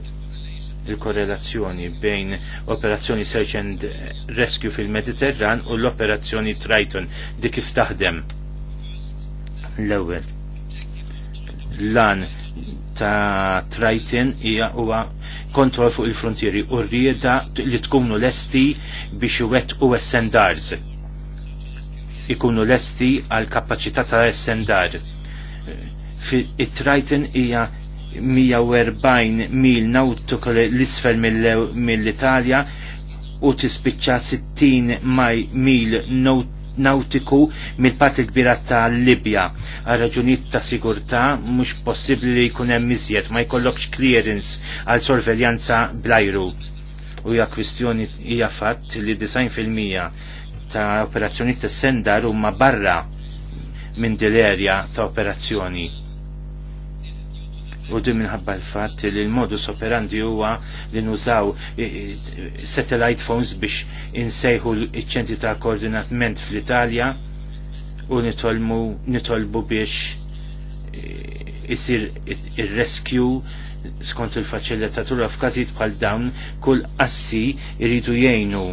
il-korrelazzjoni bejn operazzjoni Search and Rescue fil-Mediterran u l-operazzjoni Triton di kif taħdem l-ewwel. Lan ta' Triton hija huwa kontrol fuq il-frontieri u rrieda li tkunu lesti biex iwet u essendars. Ikunu lesti għal kapaċità ta' essendar. It-Triton hija 140 mil nautiku l-isfel mill-Italja u tispiċċa 60 mil nautiku mill il kbira ta' Libja. Għal raġunijiet ta' sigurtà mhux possibbli li jkun hemm iżjed ma jkollokx clearance għal sorveljanza blajru. U hija kwistjoni hija fatt li 90% fil-mija ta' operazzjonijiet tas-sendar huma barra minn dil-erja ta' operazzjoni u din minħabba l-fatt li l-modus operandi huwa li nużaw satellite phones biex insejħu l-ċentri ta' koordinatment fl-Italja u nitolbu biex isir ir-rescue skont il u f'każijiet bħal dawn kull assi jridu jgħinu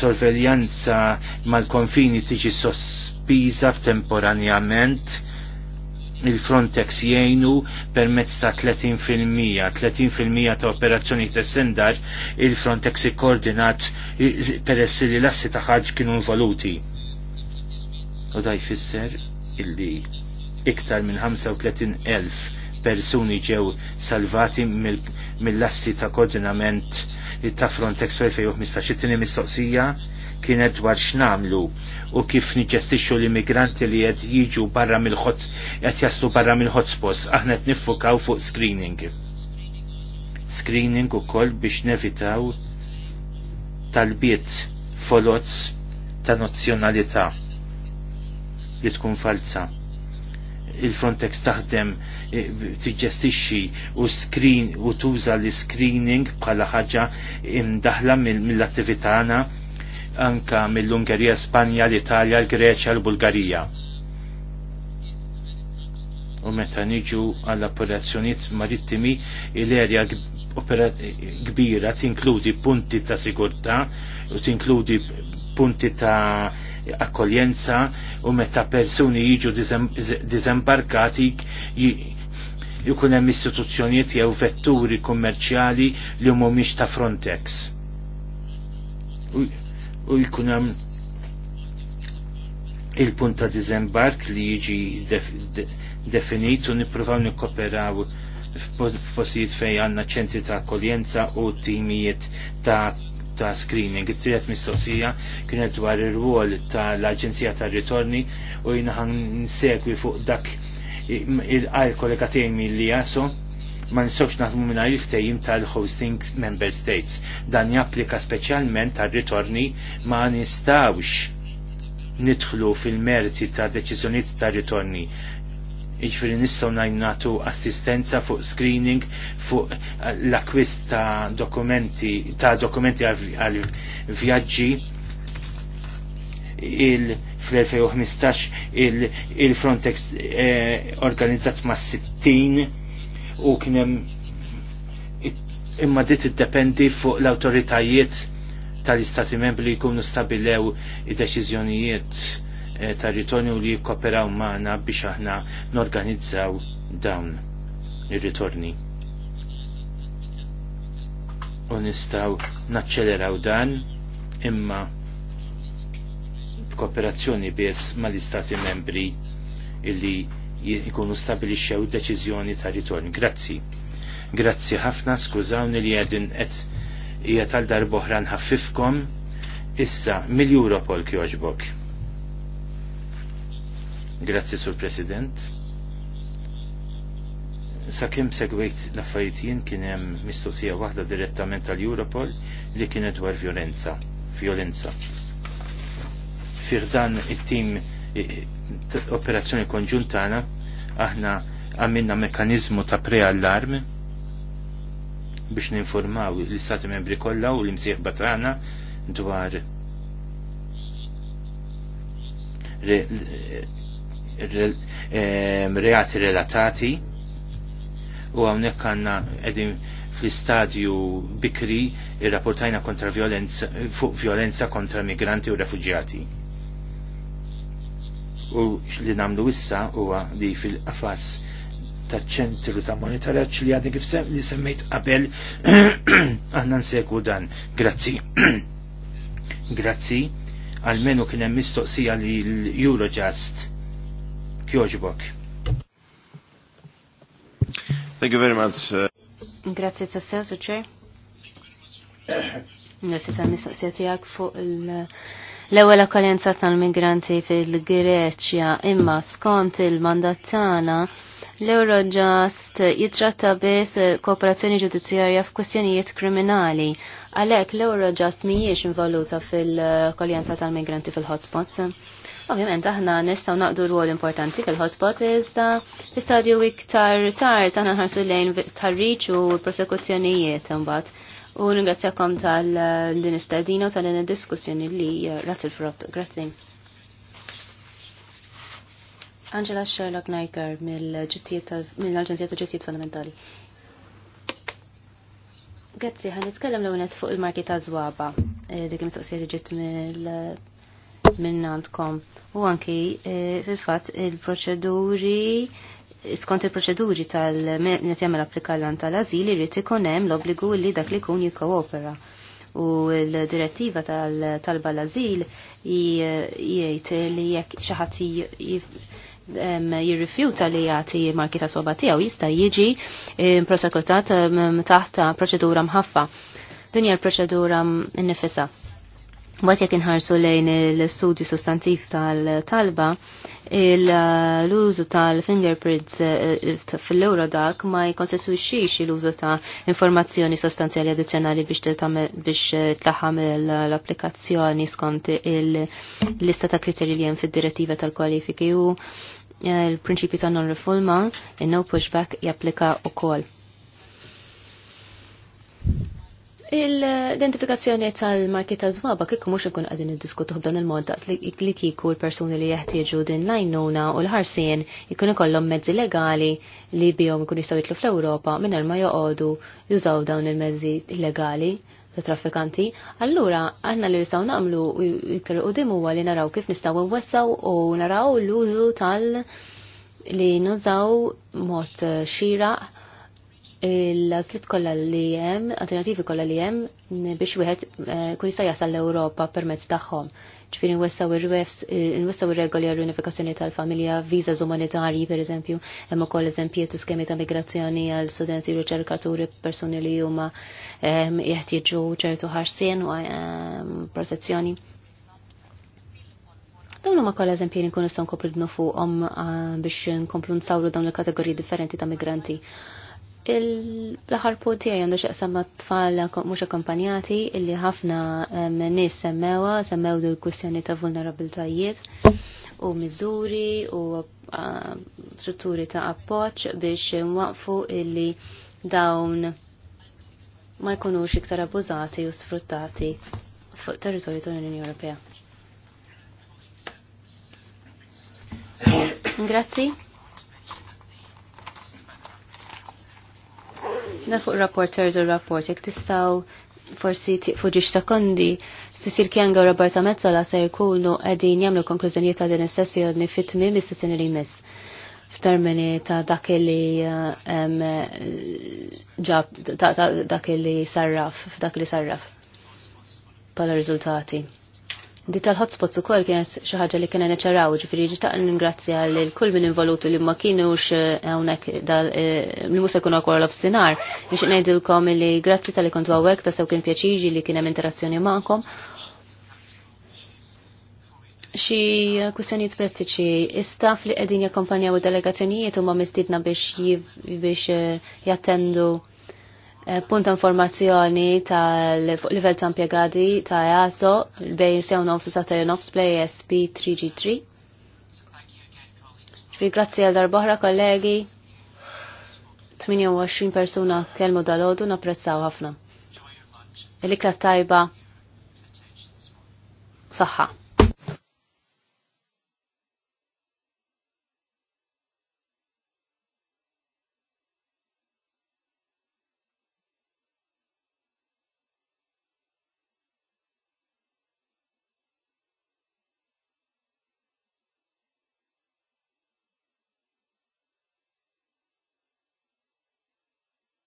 sorveljanza mal-konfini tiġi sospiża temporanjament il-Frontex jgħinu permezz ta' 30% 30% ta' operazzjoni ta' sendar il-Frontex ikkoordinat peress li l-assi ta' ħaġ kienu involuti. U da' jfisser illi iktar minn 35.000 persuni ġew salvati mill-assi ta' koordinament ta' Frontex 2015. Tini mistoqsija kienet dwar x'namlu u kif niġestixxu l-immigranti li qed jiġu barra mill-ħot qed jaslu barra mill-hotspots aħna qed niffukaw fuq screening. Screening ukoll biex nevitaw talbiet folots ta' nazzjonalità li tkun falsa il-Frontex taħdem e, tiġġestixxi u screen u tuża l-screening bħala ħaġa imdaħla mill-attività mil anka mill-Ungerija, Spanja, l-Italja, l-Greċja, l-Bulgarija. U meta niġu għall operazzjonijiet marittimi l erja kbira tinkludi punti ta' sigurtà u tinkludi punti ta' akkoljenza u meta persuni jiġu dizembarkati jikun hemm istituzzjonijiet jew vetturi kummerċjali li mhumiex ta' Frontex u jkun hemm il-punt ta' diżembark li jiġi def, de, definit u nippruvaw nikkoperaw f'postijiet fejn għandna ċentri ta' kolienza u timijiet ta' ta' screening. it mistoqsija kienet dwar ir ta' tal-Aġenzija tar-Ritorni u jina ħan fuq dak il għal temi li jaso ma nistgħux naħdmu mingħajr il tal-hosting member states. Dan japplika speċjalment tar ritorni ma nistawx nidħlu fil-merti ta' deċiżjonijiet ta' ritorni iġfiri nistaw najnatu assistenza fuq screening fuq l-akwist ta' dokumenti ta' dokumenti għal vjaġġi il fl-2015 il-Frontex il eh, organizzat ma' 60 u kienem imma dit iddependi fuq l-autoritajiet tal-istati membri li jkunu stabilew id-deċiżjonijiet eh, tar-ritorni u li jikkoperaw magħna biex aħna norganizzaw dawn ir-ritorni. U nistgħu naċċeleraw dan imma b'kooperazzjoni biss mal-istati membri illi jikunu stabilixxew deċiżjoni ta' ritorn. Grazzi. Grazzi ħafna, skużawni li għedin qed hija tal-darboħra nħaffifkom issa mill-Europol kjoġbok. Grazzi sur President. kem segwejt l-affarijiet jien kien hemm mistoqsija waħda direttament tal-Europol li kienet dwar violenza. Violenza. Fir dan it-tim operazzjoni konġuntana aħna għamilna mekanizmu ta' preallarm biex ninformaw l-istati membri kollha u l imsieħ tagħna dwar reati relatati u għawnek għanna edin fl-istadju bikri il-rapportajna kontra violenza, fuq violenza kontra migranti u refugjati u li namlu issa huwa li fil-qafas ta' ċentru ta' monitoraġġ li għadni kif li semmejt qabel aħna nsegwu dan. Grazzi. Grazzi. Almenu kien hemm mistoqsija li l-Eurojust kjoġbok. Thank you very much. Uh, Grazzi ta' ċe. Grazie ta' mistoqsija tijak fuq il- l-ewwel akkoljenza tal-migranti fil-Greċja imma skont il-mandat tagħna l-Eurojust jitratta biss kooperazzjoni ġudizzjarja f'kwestjonijiet kriminali. Għalhekk l-Eurojust mhijiex involuta fil-koljenza tal-migranti fil-hotspots. Ovvjament aħna nistgħu naqdu rwol importanti fil-hotspot iżda fi iktar tard aħna nħarsu lejn tħarriġ u prosekuzzjonijiet imbagħad u ringrazzjakom tal-din u tal-din diskussjoni li eh, rat il-frott. Grazzi. Angela Sherlock Niker mill-Aġenzija ta' Ġittijiet Fundamentali. Grazzi, għan nitkellem l-unet fuq il-marki ta' zwaba, eh, dik mistoqsija li ġiet mill U anki eh, fil-fat il-proċeduri skont il-proċeduri tal-net jagħmel applikallan tal-azil irid ikun hemm l-obbligu li dak li jkun jikkoopera. U l-direttiva tal-talba l-azil jgħid li jekk xi ħadd jirrifjuta li jagħti marki ta' soba tiegħu jista' jiġi prosekutat taħt proċedura mħaffa. Din hija l-proċedura nifisa. Mbagħad jekk inħarsu lejn l-istudju sostantiv tal-talba, tal talba l-użu tal-fingerprints eh, fil-lura dak ma xiex l-użu ta' informazzjoni sostanzjali addizzjonali biex eh, tlaħam l-applikazzjoni skont il-lista ta' kriterji li jem fid-direttiva tal-kwalifiki u eh, l-prinċipju ta' non-refulma in-no pushback japplika kol. Il-identifikazzjoni tal-marki ta' zwaba kikku mux ikun għadin id-diskutu b'dan il-mod daqs li kiku l-personi li jeħtieġu din lajnuna u l-ħarsien ikun ikollhom mezzi legali li bihom ikun jistgħu jitlu fl-Ewropa mingħajr ma joqogħdu jużaw dawn il-mezzi illegali ta' traffikanti, allura għanna li nistgħu nagħmlu iktar qudiem huwa li naraw kif nistgħu wessaw u naraw l-użu tal- li nużaw mod xira l-azlit kolla li jem, alternativi kolla li jem, biex wieħed eh, kun jista' jasal l-Ewropa permezz tagħhom. Ġifieri nwessaw ir-wessaw ir-regoli għall-unifikazzjoni tal-familja, viżas umanitarji pereżempju, hemm ukoll eżempji ta' skemi ta' migrazzjoni għal studenti riċerkaturi persuni li huma ehm, jeħtieġu ċertu ħarsien u ehm, protezzjoni. Dawn huma kollha eżempji li nkunu nistgħu nkopru fuqhom ah, biex nkomplu nsawru dawn il-kategoriji differenti ta' migranti l-aħar punti għandu xaqsam ma' tfal mux akkompanjati illi ħafna nis semmewa, semmew du l kussjoni ta' vulnerabilitajiet u miżuri u strutturi ta' appoċ biex nwaqfu illi dawn ma' jkunux iktar abbużati u sfruttati fuq territorju tal-Unjoni Ewropea. Grazzi. Na fuq rapporters u rapport, jek tistaw forsi fuq ta' kondi, Cecil Kianga u Roberta Mezzola se jkunu għedin jamlu konklużjonijiet ta' din is-sessjoni fit-tmim is-sessjoni li jmiss f'termini ta' dak li eh, ġab, ta' dak li sarraf, f'dak li sarraf pala riżultati. Di tal-hotspots u koll kienet xaħġa li kena neċaraw, ġifiri ġitaq ningrazzja li l-kull minn involutu li ma kienux għonek eh, eh, li musa kuna għakor l sinar biex nejdilkom li grazzi tal-li kontu għawek ta' sew kien pjaċiġi li kienem interazzjoni ma'kom. Xi kustjonijiet prattiċi, istaf li qegħdin jakkompanjaw id-delegazzjonijiet huma mistiedna biex eh, jattendu Eh, punt informazzjoni tal fuq livell ta' impjegati ta' EASO bej sew nofsu sa' tejo nofs play SP 3G3. Ġri grazzi għal darbohra kollegi. 28 persuna kelmu dal-ħodu napprezzaw ħafna. Il-ikla tajba saħħa.